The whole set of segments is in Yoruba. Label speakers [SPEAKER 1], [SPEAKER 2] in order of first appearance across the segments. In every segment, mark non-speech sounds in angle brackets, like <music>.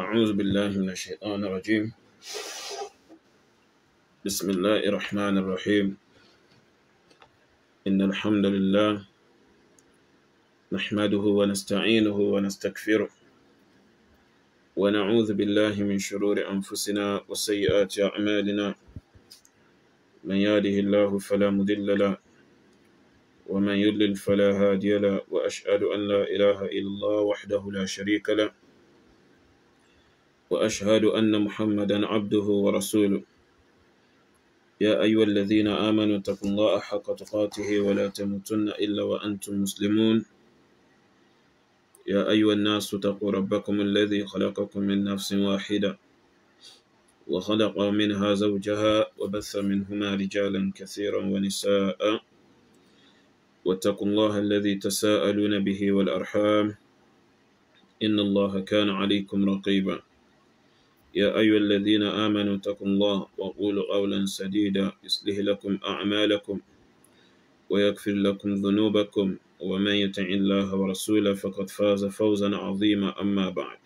[SPEAKER 1] أعوذ بالله من الشيطان الرجيم بسم الله الرحمن الرحيم إن الحمد لله نحمده ونستعينه ونستكفره ونعوذ بالله من شرور أنفسنا وسيئات أعمالنا من يهده الله فلا مضل له ومن يضلل فلا هادي له وأشهد أن لا إله إلا الله وحده لا شريك له وأشهد أن محمدا عبده ورسوله يا أيها الذين آمنوا اتقوا الله حق تقاته ولا تموتن إلا وأنتم مسلمون يا أيها الناس اتقوا ربكم الذي خلقكم من نفس واحدة وخلق منها زوجها وبث منهما رجالا كثيرا ونساء واتقوا الله الذي تساءلون به والأرحام إن الله كان عليكم رقيبا يا أيها الذين آمنوا اتقوا الله وقولوا قولا سديدا يصلح لكم أعمالكم ويغفر لكم ذنوبكم ومن يطع الله ورسوله فقد فاز فوزا عظيما أما بعد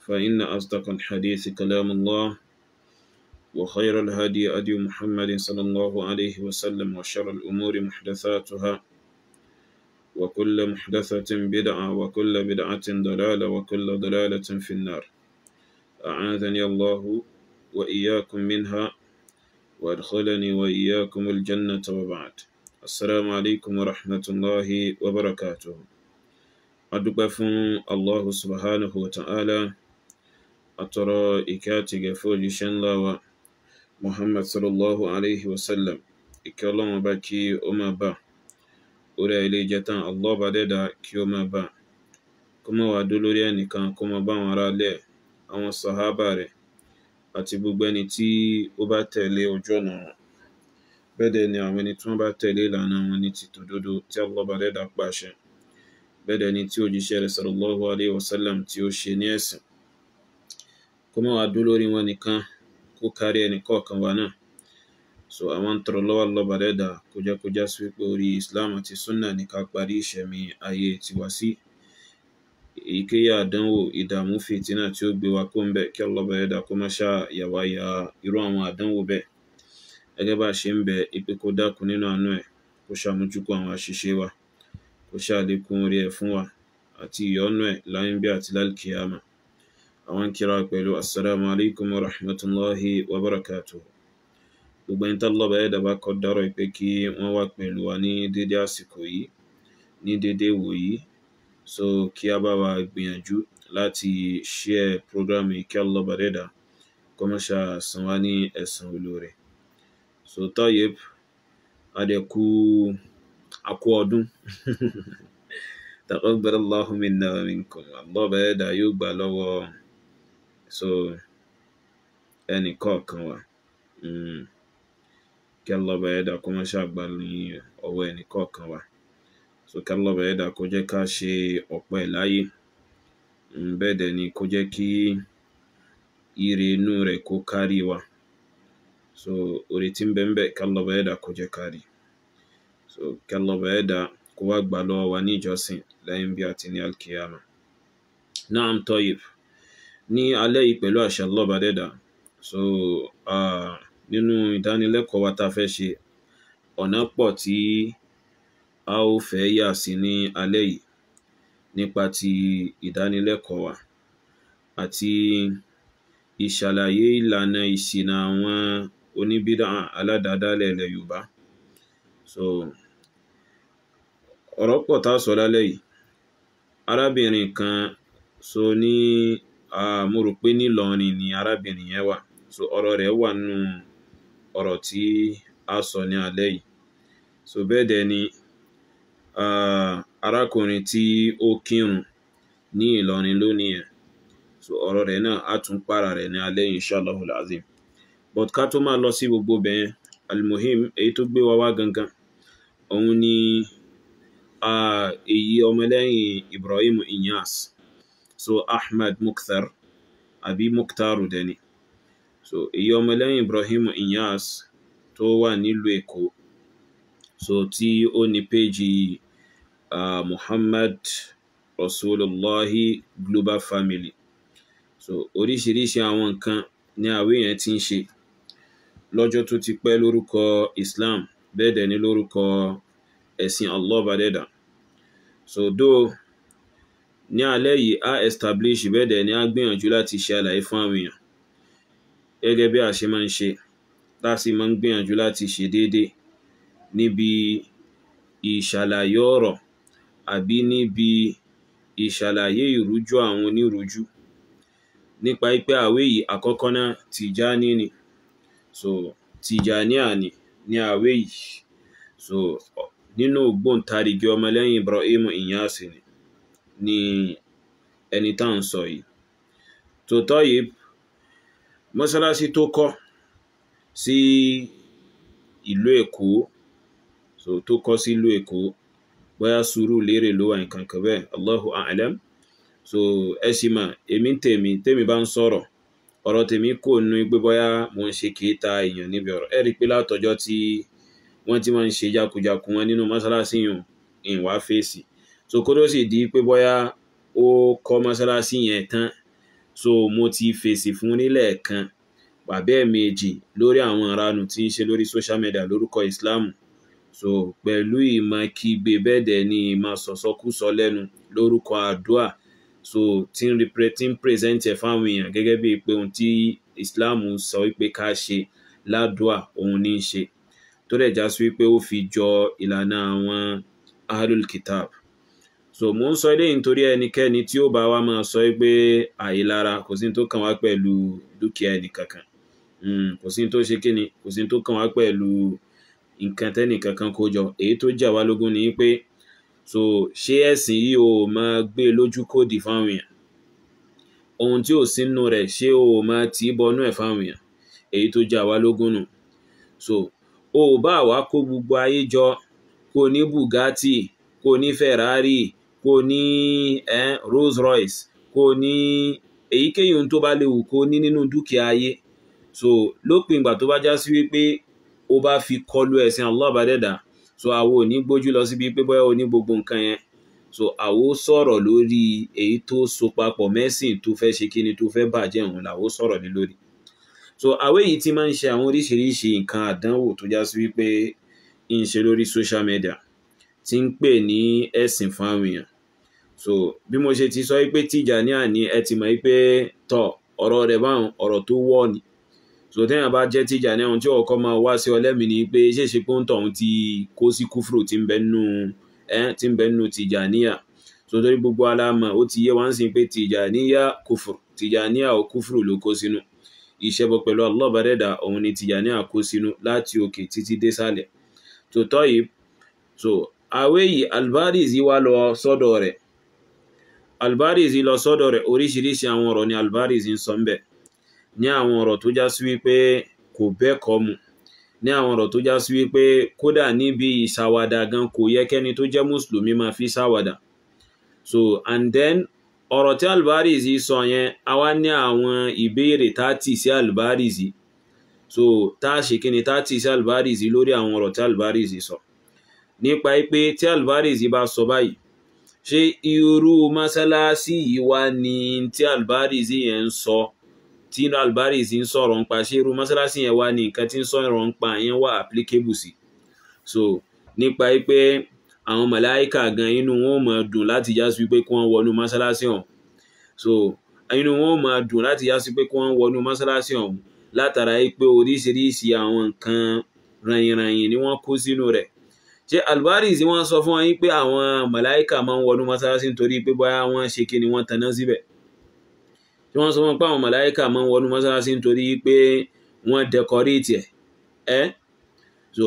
[SPEAKER 1] فإن أصدق الحديث كلام الله وخير الهدي أدي محمد صلى الله عليه وسلم وشر الأمور محدثاتها وكل محدثة بدعة وكل بدعة ضلالة وكل ضلالة في النار أعاذني الله وإياكم منها وأدخلني وإياكم الجنة وبعد السلام عليكم ورحمة الله وبركاته adúpẹ́ fún allahu subhanahu wa ta'ala àtọrọ ìkẹ́ àti ìgẹ̀ fún òjíṣẹ́ ńlá wa muhammad sallallahu alaihi wasallam ìkẹ́ ọlọ́run bá kí ó máa bá orí ilé ìjẹta allah bá dẹ́dà kí ó máa bá kó má wàá dó lórí ẹnìkan kó má bá wọn ará lẹ́ẹ̀ àwọn sàhábà rẹ̀ àti gbogbo ẹni tí ó bá tẹ̀lé ojú ọ̀nà wọn bẹ́ẹ̀dẹ̀ ni àwọn ẹni tí wọ́n bá tẹ̀lé ìlànà wọn ní ti tòdodo tí Allah bá dẹ́dà pàṣẹ bẹ́ẹ̀dẹ̀ ni tí òjíṣẹ́ rẹ̀ sallallahu alaihi wasallam tí ó ṣe ní ẹ̀sìn kó mọ́ wá dúró lórí wọn nìkan kó kárí ẹnì kọ̀ọ̀kan wa náà so àwọn tọrọ lọ́wọ́ lọ́ba dẹ́dà kó jẹ́ kó já sí wípé orí Islam àti Sunnah ní ká parí ìṣẹ̀mí ayé tiwa sí. Si èyíkéyìí àdánwò ìdààmú fìtínà tí ó gbé wa kó ń bẹ̀ kí ọlọ́ba ẹ̀dá kó má ṣáà yà wá ya irú àwọn àdánwò bẹ́ẹ̀ gẹ́gẹ́ bá a ṣe ń bẹ ipe kó dákun nínú àánú ẹ̀ kó ṣàmójúkú àwọn àṣìṣe wa kó ṣàlékún orí ẹ̀ fún wa àti ìyọ́nú ẹ̀ láyé ń bí àti lálkìyàmà àwọn kíra assalamu alaikum wa rahmatulahi wa barakatuh gbogbo ẹni ba ẹ̀dá bá kọ́ dárọ̀ pé kí wọ́n wá pẹ̀lú wa ní dédé àsìkò yìí ní dédé wòyí so kí a bá wa gbìyànjú láti share program yìí kí Allah bá dẹ́dà kó má ṣe san wá ní ẹ̀san olóore so tayeb adẹ́kú akú ọdún <laughs> taqabbalallahu minna wa minkum Allah bá dẹ́dà yóò gbà lọ́wọ́ so ẹnì kọ̀ọ̀kan wa hmm. kí Allah bá dẹ́dà kó má ṣe àgbà ní ọwọ́ ẹnì kọ̀ọ̀kan wa so kálọ́bà ẹ̀dá kó jẹ́ ká ṣe ọ̀pọ̀ láyé bẹ́ẹ̀ dẹ̀ ni kó jẹ́ kí ire inú rẹ̀ kó kárí wa so orí tí ń bẹ ń ẹ̀dá kó jẹ́ kárí so kálọ́bà ẹ̀dá kó wá gbà lọ́wọ́ wa ní ìjọsìn lẹ́yìn bí àti ní alkiyama naam toyib ní alẹ́ yìí pẹ̀lú àṣà lọ́ba dẹ́dà so uh, nínú ìdánilẹ́kọ̀ọ́ wa tá a fẹ́ ṣe ọ̀nà pọ̀ tí. a ó fẹ́ yà sí ní alẹ́ yìí nípa ti ìdánilẹ́kọ̀ọ́ wa àti ìṣàlàyé ìlànà ìṣìnà àwọn oníbídà aládàádálẹ̀ ilẹ̀ Yorùbá. So, ọ̀rọ̀ pọ̀ tá a sọ lálẹ́ yìí arábìnrin kan so ní mo rò pé nílọrin ni arábìnrin yẹn wà so ọ̀rọ̀ rẹ̀ wà nínú ọ̀rọ̀ tí a sọ ní alẹ́ arákùnrin tí ó kírun ní Ìlọrin lónìí yẹn so ọ̀rọ̀ rẹ̀ náà á tún para rẹ̀ ní alẹ́ inshallahul azim but ká tó máa lọ sí gbogbo bẹ̀yẹn almuhim èyí tó gbé wa wá gangan òun ni èyí ọmọlẹ́yìn Ibrahim Inyas so Ahmad Mukhtar àbí Mukhtaru dẹni so èyí ọmọlẹ́yìn Ibrahim Inyas tó wà nílùú Èkó so tí ó ní péjì yìí uh, Muhammad Rasulullahi Global Family so oríṣiríṣi àwọn nǹkan ní àwé yẹn ti ń ṣe lọ́jọ́ tó ti pẹ́ lórúkọ Islam bẹ́ẹ̀ dẹ̀ ni lórúkọ ẹ̀sìn Allah badẹ́dà so though ní alẹ́ yìí a establish bẹ́ẹ̀ dẹ̀ ni a gbìyànjú láti ṣe àlàyé fún àwọn èèyàn gẹ́gẹ́ bí a ṣe máa ń ṣe láti máa ń gbìyànjú láti ṣe déédéé níbi ìṣàlàyé ọ̀rọ̀ àbí níbi ìṣàlàyé ìrújú àwọn onírújú nípa pé àwé yìí àkọ́kọ́ náà Tìjání ni so Tìjàníyà ni ní àwé yìí so nínú ògbóǹtarìgì ọmọlẹ́yìn Ibrahim Inyasi ni ni ẹni tá à ń sọ yìí tó yìí mọ́sálásí tó kọ́ sí ìlú Èkó so tó kọ́ sí ìlú Èkó bóyá sùúrù lérè ló wà nǹkan kan bẹ́ẹ̀ allahu a'lam so ẹ sì mà èmi ń tèmi tèmi bá ń sọ̀rọ̀ ọ̀rọ̀ tèmi kò nu pé bóyá mo ń ṣe kéta èèyàn níbi ọ̀rọ̀ ẹ rí i pé látọjọ́ tí wọ́n ti máa ń ṣe jákujàku wọn nínú mọ́ṣáláṣí yùn ìwà fèsì so kó tó sì di pé bóyá ó kọ́ mọ́ṣáláṣí yẹn tán so mo ti fèsì fún nílẹ̀ kan bàbá ẹ̀ méjì lórí àwọn aráàlú tí ń ṣe lórí social media lórúkọ ìsìláàmù so pẹ̀lú ìmọ̀ kígbe bẹ́ẹ̀ dẹ̀ ni ìmọ̀ sọ̀sọ́kùsọ lẹ́nu lórúkọ àdúà so tí ń tí ń pírẹsẹ́ǹtì ẹ̀ fáwọn èèyàn gẹ́gẹ́ bíi pé ohun tí Islam sọ wípé ká ṣe ládùà òun ní í ṣe tó dẹ̀ já sí wípé ó fi jọ ìlànà àwọn ahlul kitab so mo ń sọ eléyìí nítorí ẹnikẹ́ni tí ó bá wa máa sọ pé àìlára kò sí tó kàn wá pẹ̀lú dúkìá ẹnìkankan hmm, kò sí tó ṣe kíni kò sí tó kàn wá pẹ̀lú nǹkan tẹ́nìkan kan kó jọ èyí tó jà wá lógún ni pé so ṣé ẹ̀sìn yìí o máa gbé lójú kòdì fáwọn èèyàn ohun tí ò sínú rẹ̀ ṣé o máa tì í bọnú ẹ̀ fáwọn èèyàn èyí tó jà wá lógún nù so o bá wa kó gbogbo ayé jọ kó ní Bugatti kó ní Ferrari kó ní eh, Rolls Royce kó ní èyíkéyìí ohun tó bá léwu kó ní nínú dúkìá ayé so lópin ìgbà tó bá já sí wípé ó bá fi kọlu ẹ̀sìn Allah bá dẹ́dà so àwọn ò ní gbójú lọ síbi pé bóyá o ní gbogbo nǹkan yẹn so àwọn sọ̀rọ̀ lórí èyí tó so papọ̀ mẹ́sìn tó fẹ́ ṣe kíni tó fẹ́ bàjẹ́ òun làwọn sọ̀rọ̀ lé lórí so àwọn èyí tí máa ń ṣe àwọn oríṣiríṣi nǹkan àdánwò tó já sí wípé ń ṣe lórí social media tí ń pè ní ẹ̀sìn fún àwọn èèyàn so bí mo ṣe ti sọ wípé Tijani àní ẹ ti mọ̀ wípé tọ̀ ọ̀rọ̀ rẹ̀ báwọn ọ̀rọ̀ tó wọ̀ ni so téèyàn bá jẹ́ tíjà ní ohun tí ọkọ máa wá sí ọlẹ́mì ni pé ṣèṣe pé ń tọ̀hún ti kó sí kúfúrò tí ń bẹ nù ẹ́ tí ń bẹ nù tìjàníyà so torí gbogbo aláàmà ó ti yé wá ń sìn pé tìjàníyà kúfúrò tìjàníyà ò kúfúrò ló kó sínú ìṣẹ́bọ pẹ̀lú Allah Ọba Adẹ́dàá òun ni tìjàníyà kó sínú láti òkè títí dé sálẹ̀ tó tọ́ yìí so àwẹ̀ yìí Al-Barizi wá lọ sọ́dọ̀ rẹ̀ Al-Barizi lọ sọ́dọ̀ rẹ̀ oríṣiríṣi àwọn ọ̀rọ̀ ni Al-Barizi ń sọ ń bẹ̀ẹ́ ní àwọn ọ̀rọ̀ tó já sí wípé kò bẹ́ẹ̀kọ́ mu ní àwọn ọ̀rọ̀ tó já sí wípé kódà níbi ìsàwàdà gan kò yẹ kẹ́ni tó jẹ́ mùsùlùmí máa fi sàwàdà so and then ọ̀rọ̀ tí Albarizi sọ yẹn a wá ní àwọn ìbéèrè tá sí Albarizi so tá a ṣe kíni tá a tì sí Albarizi lórí àwọn ọ̀rọ̀ tí Albarizi sọ nípa pé tí Albarizi bá sọ báyìí ṣé irú mọ́sálásí yìí wá ní tí Albarizi yẹn ń sọ. So, tí Al-Bari sì ń sọ̀rọ̀ ń pa ṣé irú mọ́ṣáláṣí yẹn wá ní nǹkan tí ń sọ̀rọ̀ ń pa yẹn wá applicable sí so nípa pé àwọn màláìkà gan inú wọn ò máa dùn láti já sí pé kí wọ́n wọnú mọ́ṣáláṣí ọ̀hún so inú wọn ò máa dùn láti já sí pé kí wọ́n wọnú mọ́ṣáláṣí ọ̀hún látara pé oríṣiríṣi àwọn nǹkan ràyìnràyìn ni wọ́n kó sínú rẹ̀ ṣé Al-Bari tí wọ́n sọ fún wọn yín pé àwọn màláìkà máa ń wọnú mọ́ṣáláṣí nítorí pé bóyá wọ́n ṣe kí ni wọ́n tanná síbẹ̀ tí wọ́n sọ fún pé àwọn màláìkà máa ń wọnú mọ́sálásí nítorí pé wọ́n dẹkọréètì ẹ̀ ẹ́ so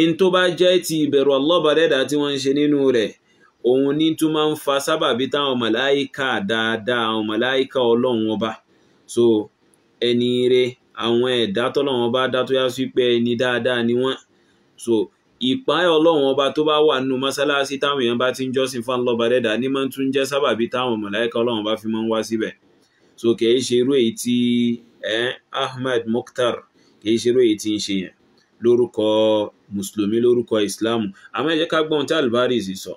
[SPEAKER 1] in tó bá jẹ́ ti ìbẹ̀rù ọlọ́bàdẹ́dà tí wọ́n ń ṣe nínú rẹ̀ òun ní tún máa ń fa sábàbí táwọn màláìkà dáadáa àwọn màláìkà ọlọ́run ọba so ẹni rẹ̀ àwọn ẹ̀dá tọ́lọ́run ọba dá tó yá sí pé ẹni dáadáa ni wọ́n so ìpáyà ọlọ́run ọba tó bá wà nínú mọ́sálásí táwọn èèyàn bá ti ń jọ́sìn fún ọlọ́bàdẹ́dà ní máa ń tún jẹ́ sábàbí táwọn màláìkà ọlọ́run ọba fi máa ń wá síbẹ̀. Si so kìí ṣe irú èyí tí Ahmed Mukhtar kìí ṣe irú èyí tí ń ṣe yẹn lórúkọ mùsùlùmí lórúkọ ìsìláàmù àmọ́ ẹ ká gbọ́n tí Alvarez sọ.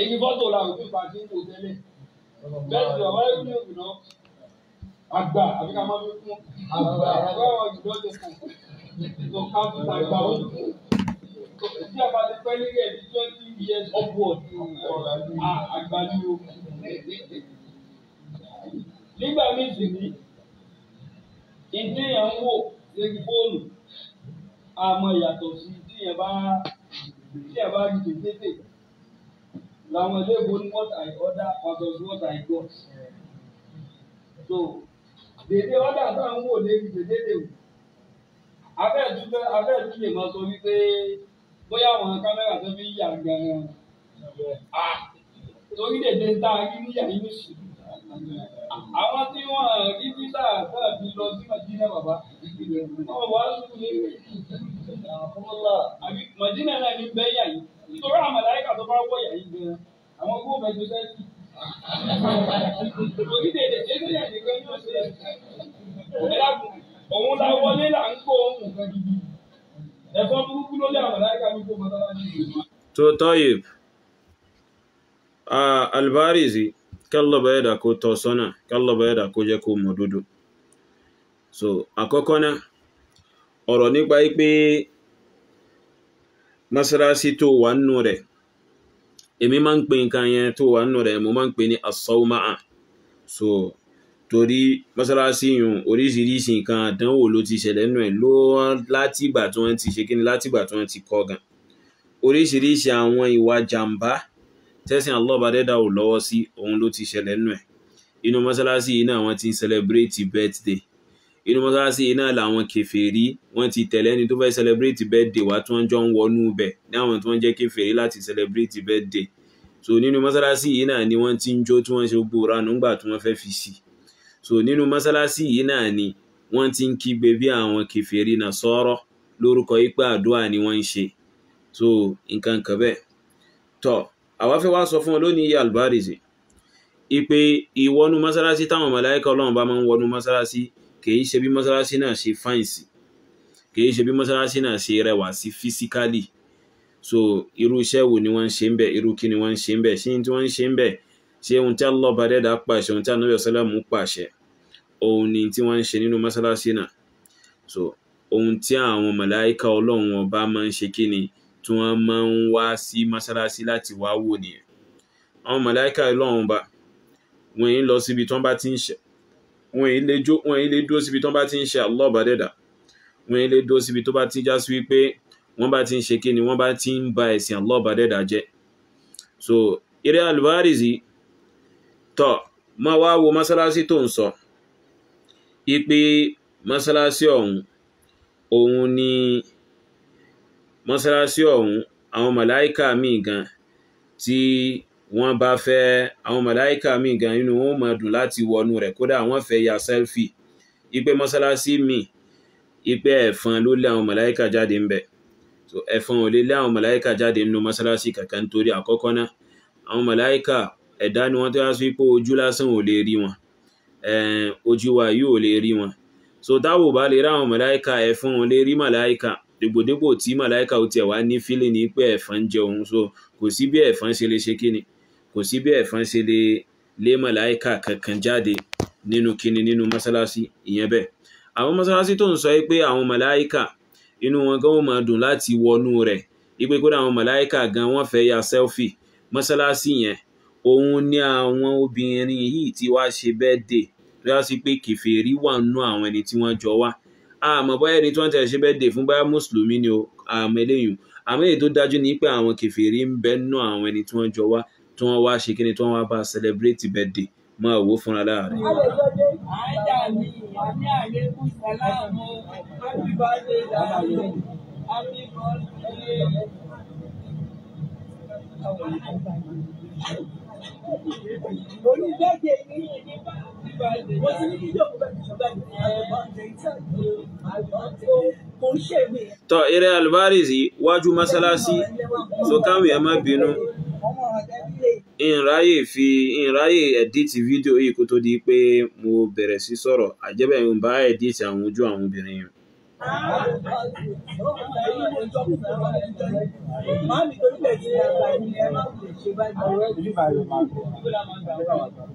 [SPEAKER 2] èyí fọ́tò la òfin pàṣẹ ń wò tẹ́lẹ̀ bẹ́ẹ̀ ni ọ̀rọ̀ ẹ̀rú yóò gbìnà àgbà àbí ká má fi kún àgbà àgbà wọn jùlọ ti kù lọ ká fún àgbà wọn jù tí a bá ti pẹ́ nílé ẹ̀ ní twenty years upward àgbà ni o nígbà míì sì ní ìdíyàn ń wò lórí fóònù àmọ́ ìyàtọ̀ sí ìdíyàn bá ìdíyàn bá rí tètè làwọn eléèbó ní what I order versus what I got so dèdè ọ̀dà tá ń wò lórí tètè wò abẹ́ẹ̀túbẹ́ abẹ́ẹ̀tú lè máa sọ wípé bóyá àwọn kámẹ́rà tó fi ń yà gan-an ah, torí dèdè tá a rí níyà yín sí àwọn tí wọ́n rí títà káàbí lọ sí màjínà bàbá wọ́n wá sùn ní màjínà náà ní bẹ́ẹ̀ yà yìí nítorí àwọn màláíkà tó bá wọ̀ yà yìí gan àwọn kó bẹ jọ sẹ́yìn. ògidè èdè tí ó yàn nìkan yóò ṣe ẹ̀dàkùn òun la wọlé là ń kó ohun kan gidi ẹ̀fọn burúkú ló lé àwọn màláíkà mi kó mọ́tálá ní ìlú.
[SPEAKER 1] tó tọ́yìb albarizi kẹ́lọ́ bá ẹ̀dà kó tọ́ sọ́nà kẹ́lọ́ bá ẹ̀dà kó jẹ́ kó mọ̀ dúdú so àkọ́kọ́ náà ọ̀rọ̀ nípa pé mọ́sálásí tó wà nù rẹ̀ èmi máa ń pè nǹkan yẹn tó wà nù rẹ̀ mo máa ń pè ní asọ́wọ́máà so torí masarasi yùn oríṣiríṣi nǹkan àdánwò ló ti ṣẹlẹ̀ nù ẹ̀ ló látìgbà tí wọ́n ti ṣe kí ni látìgbà tí wọ́n ti kọ́ gan oríṣiríṣi àwọn ìwà jàǹbá tẹ́sìn Allah bá dẹ́dà ò lọ́wọ́ sí òun ló ti ṣẹlẹ̀ nù ẹ̀ inú mọ́sálásí yìí náà wọ́n ti ń celebrate birthday inú mọ́sálásí yìí náà làwọn kèfèrí wọ́n ti tẹ̀lé ẹni tó fẹ́ celebrate birthday wá tí wọ́n jọ ń wọnú bẹ̀ ní àwọn tí wọ́n jẹ́ kèfèrí láti celebrate birthday so nínú mọ́sálásí yìí náà ni wọ́n ti ń jó tí wọ́n ṣe gbó ranú gbà so nínú mọ́sálásí yìí náà ni wọ́n ti ń kígbe bí àwọn kèfèrí náà sọ̀rọ̀ ni wọ́n so nǹkan kan bẹ́ẹ̀ àwa fẹ́ wá sọ fún ọ lónìí yà ipe ìwọnú mọ́sálásí táwọn màláíkà ọlọ́run bá máa ń wọnú mọ́sálásí kìí ṣe bí mọ́sálásí náà ṣe fáìnsì kìí ṣe bí mọ́sálásí náà ṣe rẹwà sí físíkálì so irú iṣẹ́ wo ni wọ́n ń ṣe ń bẹ̀ irú kí ni wọ́n ń ṣe ń bẹ̀ ṣé tí wọ́n ń ṣe ń bẹ̀ ṣé ohun tí Allah bá dẹ́dà pàṣẹ ohun tí Ànábì ọ̀sálàmù pàṣẹ ohun ni tí wọ́n ń ṣe nínú mọ́sálásí náà so ohun tí àwọn màláíkà ọlọ́run ọba máa ń ṣe kí ni tí wọ́n máa ń wá sí mọ́ṣáláṣí láti wá wò nìyẹn àwọn màláíkà Ọlọ́run bá wọn yìí lọ síbi tí wọ́n bá ti ń ṣe wọn yìí lè dúró síbi tí wọ́n bá ti ń ṣe Allah bá dẹ̀dà yìí lè dúró síbi tó bá ti já sí wípé wọ́n bá ti ń ṣe kíni wọ́n bá ti ń ba ẹ̀sìn Allah bá jẹ́ so eré alùbárìsì tọ́ máa wá wo mọ́ṣáláṣí tó ń sọ ipe mọ́ṣáláṣí ọ̀hún òun ni. So, mọ́sálásí ọ̀hún àwọn màláíkà míì gan tí wọ́n bá fẹ́ àwọn màláíkà míì gan inú wọn máa dùn láti wọnú rẹ̀ kódà wọ́n fẹ́ ya sẹ́lfì ipe mọ́sálásí míì ipe ẹ̀fọn ló lé àwọn màláíkà jáde ń bẹ̀ so ẹ̀fọn ò lè lé àwọn màláíkà jáde nínú mọ́sálásí kankan nítorí àkọ́kọ́ náà àwọn màláíkà ẹ̀dá ni wọ́n tó yá sí pé ojú lásán ò lè rí wọn ojú wa yìí ò lè rí wọn so táwo bá lè rí àwọn màláíkà ẹ̀fọn ò lè rí màláíkà dègbòdègbò tí màláìka ò tiẹ̀ wá ní fílì ní pé ẹ̀fọn ń jẹ òun so kò sí bí ẹ̀fọn ṣe lè ṣe kíni kò sí bí ẹ̀fọn ṣe lè lé màláìka kankan jáde nínú kíni nínú mọ́sálásí ìyẹn bẹ́ẹ̀ àwọn mọ́sálásí tó ń sọ pé àwọn màláìka inú wọn gan máa dùn láti wọnú rẹ̀ ipe kódà àwọn màláìka gan wọ́n fẹ́ ya selfie mọ́sálásí yẹn òun ni àwọn obìnrin yìí ti wá ṣe bẹ́ẹ̀ dè lọ́sí pé kẹfẹ́rí wà nú àwọn ẹni tí wọ́n jọ wá àmọ́ bóyá ẹni tí wọ́n tẹ̀lé ṣe birthday fún bóyá mùsùlùmí ni o àmọ́ eléyìí àmọ́ èyí tó dájú ni pé àwọn kèfèrí ń bẹ nínú àwọn ẹni tí wọ́n jọ wá tí wọ́n wá ṣe kí ni tí wọ́n wá bá celebrate birthday máa wò fúnra láàrin.
[SPEAKER 2] Onídàájẹ́ mi ò bá mo ti ní fídíò kó bẹ́ẹ̀ ìjọba kò ń ṣe mí.
[SPEAKER 1] tọ eré alibarizi wájú mọ́sálásí
[SPEAKER 2] so káwọn èèyàn má
[SPEAKER 1] bínú ìráyè fi ìráyè ẹ̀díìtì fídíò yìí kó tó di pé mo bẹ̀rẹ̀ sí sọ̀rọ̀ àjẹ́bẹ̀ ń bá ẹ̀díìtì àwọn ojú
[SPEAKER 3] àwọn obìnrin yìí.
[SPEAKER 2] Máàmì tó ń bẹ̀ sí àgbà ni ẹ máa ń lè ṣe báyìí.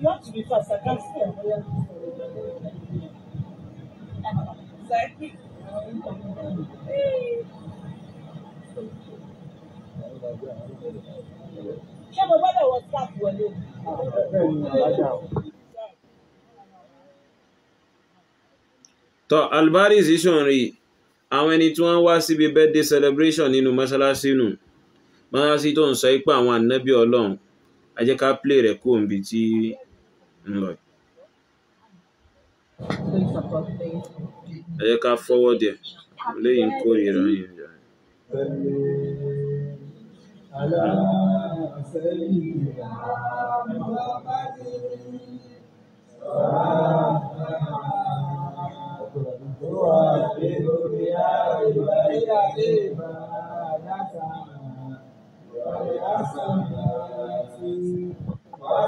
[SPEAKER 2] You have to be fast. I can see a lawyer. Exactly. Ṣé mo gbọ́dọ̀ wọ sáàpù wọlé?
[SPEAKER 1] Tọ́ Albaris ṣọ̀nrí àwọn ẹni tí wọ́n wá síbi birthday celebration nínú mọ́ṣáláṣí nù mọ́ṣáláṣí tó ń sọ ipò àwọn ànábì Ọlọ́run a jẹ́ ká play rẹ̀ kó ń bi tí Look. Onye ka forward ya? Olee ihe nke o yiri anyị?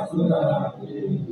[SPEAKER 2] Thank you.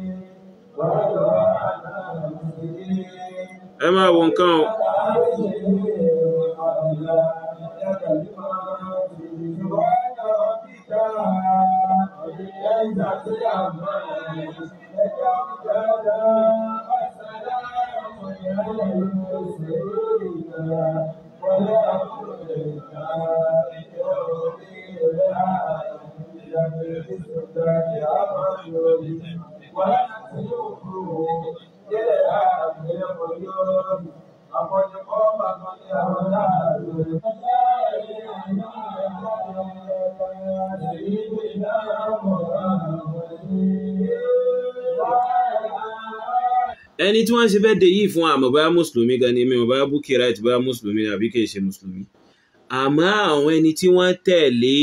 [SPEAKER 1] ẹ máa wo nǹkan o
[SPEAKER 2] Thank you ẹni
[SPEAKER 1] tí wọ́n ṣe fẹ́ de yìí fún àmọ́ bá mùsùlùmí gan ni mi ò bá Bukky Right bá mùsùlùmí àbí kì í ṣe mùsùlùmí àmọ́ àwọn ẹni tí wọ́n tẹ̀lé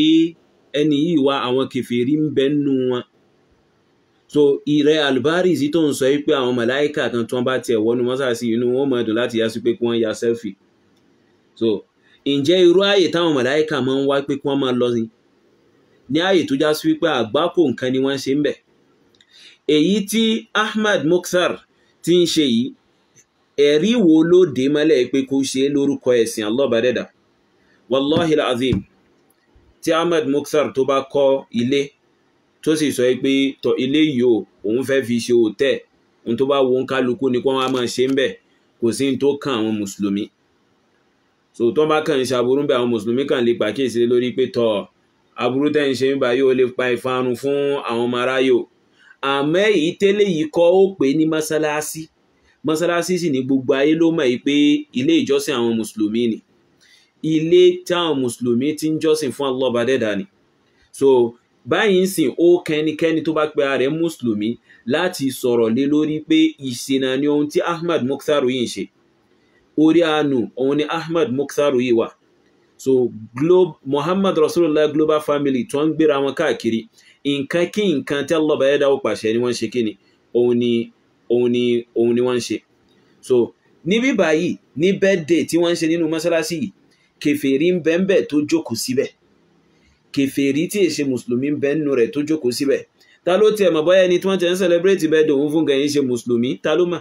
[SPEAKER 1] ẹni yìí wá àwọn kèfèrí ń bẹ nínú wọn so ìrẹ́ alibariz tó ń sọ yìí pé àwọn màláìkà kan tí wọ́n bá tiẹ̀ wọnú mọ́sáàsì inú wọn mọ̀ ẹ̀dùn láti yasí pé kí wọ́n ya selfie so ǹjẹ́ irú ààyè táwọn màláìkà máa ń wá pé kí wọ́n máa lọ sí ní ààyè tó já sí wípé àgbákò nǹkan ni wọ́n ṣe ń bẹ̀ èyí tí Ahmad Mukhtar ti ń ṣe yìí ẹ̀rí wo ló dé mọ́lẹ̀ pé kó ṣe lórúkọ ẹ̀sìn allọ́bàdẹ́dà wallahi alazim tí Ahmad Mukhtar tó bá kọ́ ilé tó sì sọ pé tọ ilé yìí òun fẹ́ fi ṣe òtẹ́ ohun tó bá wo kálukú ni kó máa ṣe ń bẹ̀ kò sí tó kan àwọn mùsùlùmí so tó bá kàn ń ṣàbúrú bẹ àwọn mùsùlùmí kàn lè pàkíyèsí lórí pé tọ aburú tẹ́ ń ṣe ń bá yóò lè pa ìfarun fún àwọn ọmọ aráyò àmọ́ èyí tẹ́lẹ̀ yìí kọ́ ó pè ní mọ́sálásí mọ́sálásí sì ní gbogbo ayé ló mọ̀ pé ilé ìjọsìn àwọn mùsùlùmí ni ilé táwọn mùsùlùmí ti ń jọ́sìn fún Allah dẹ́dà ni so báyìí ń sìn ó kẹnikẹ́ni tó bá pe ara rẹ̀ mùsùlùmí láti sọ̀rọ̀ lé lórí pé ìṣìnà ni ohun tí Ahmad Mukhtar yìí ń ṣe orí àánú òun ni Ahmad Mukhtar yìí wà so globe Muhammad Rasulullah Global Family tó ń gbéra wọn káàkiri nǹkan kí nǹkan tí Allah bá yẹ dáwọ́ pàṣẹ ni wọ́n ń ṣe kí ni òun ni òun ni ni wọ́n ń ṣe so níbí báyìí ní bẹ́ẹ̀dẹ̀ tí wọ́n ń ṣe nínú mọ́ṣáláṣí yìí kèfèrí ń bẹ́ẹ̀ tó jókòó síbẹ̀ kèfèrí tí èṣe mùsùlùmí bẹ́ẹ̀ nù rẹ̀ tó jókòó síbẹ̀ ta ló tiẹ̀ mọ̀ bóyá ẹni tí wọ́n ti ń celebrate birthday òun fún gẹ̀yìn ṣe mùsùlùmí ta ló mà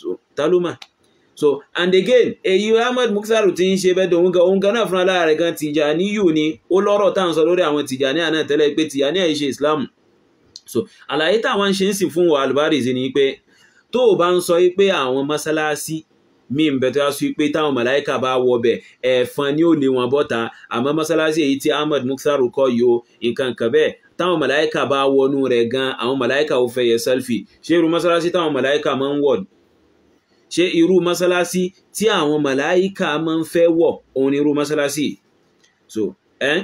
[SPEAKER 1] so ta ló mà so and again èyí Ahmed Muktar ti ń ṣe birthday òun gan òun gan náà fúnra lára rẹ̀ gan Tijani yù ni ó lọ́rọ̀ tá à ń sọ lórí àwọn Tijani àná tẹ́lẹ̀ pé Tijani àyè ṣe Islam so àlàyé táwọn ṣe ń sìn fún wa Albaris ni pé tó o bá ń sọ pé àwọn mọ́sálásí míì ń bẹ tó yá sí pé táwọn màláìka bá wọ bẹ̀ ẹ̀fọn ni ó lé wọn bọ́ta àmọ́ mọ́sálásí èyí tí Ahmad Mukhtar kọ́ yìí o nǹkan kan bẹ́ẹ̀ táwọn màláìka bá wọnú rẹ̀ gan àwọn màláìka ò fẹ́ yẹ sẹ́lfì ṣé irú mọ́sálásí táwọn màláìka máa ń wọ̀ ṣé irú mọ́sálásí tí àwọn màláìka máa ń fẹ́ wọ̀ òun ni irú mọ́sálásí so ẹ́ eh?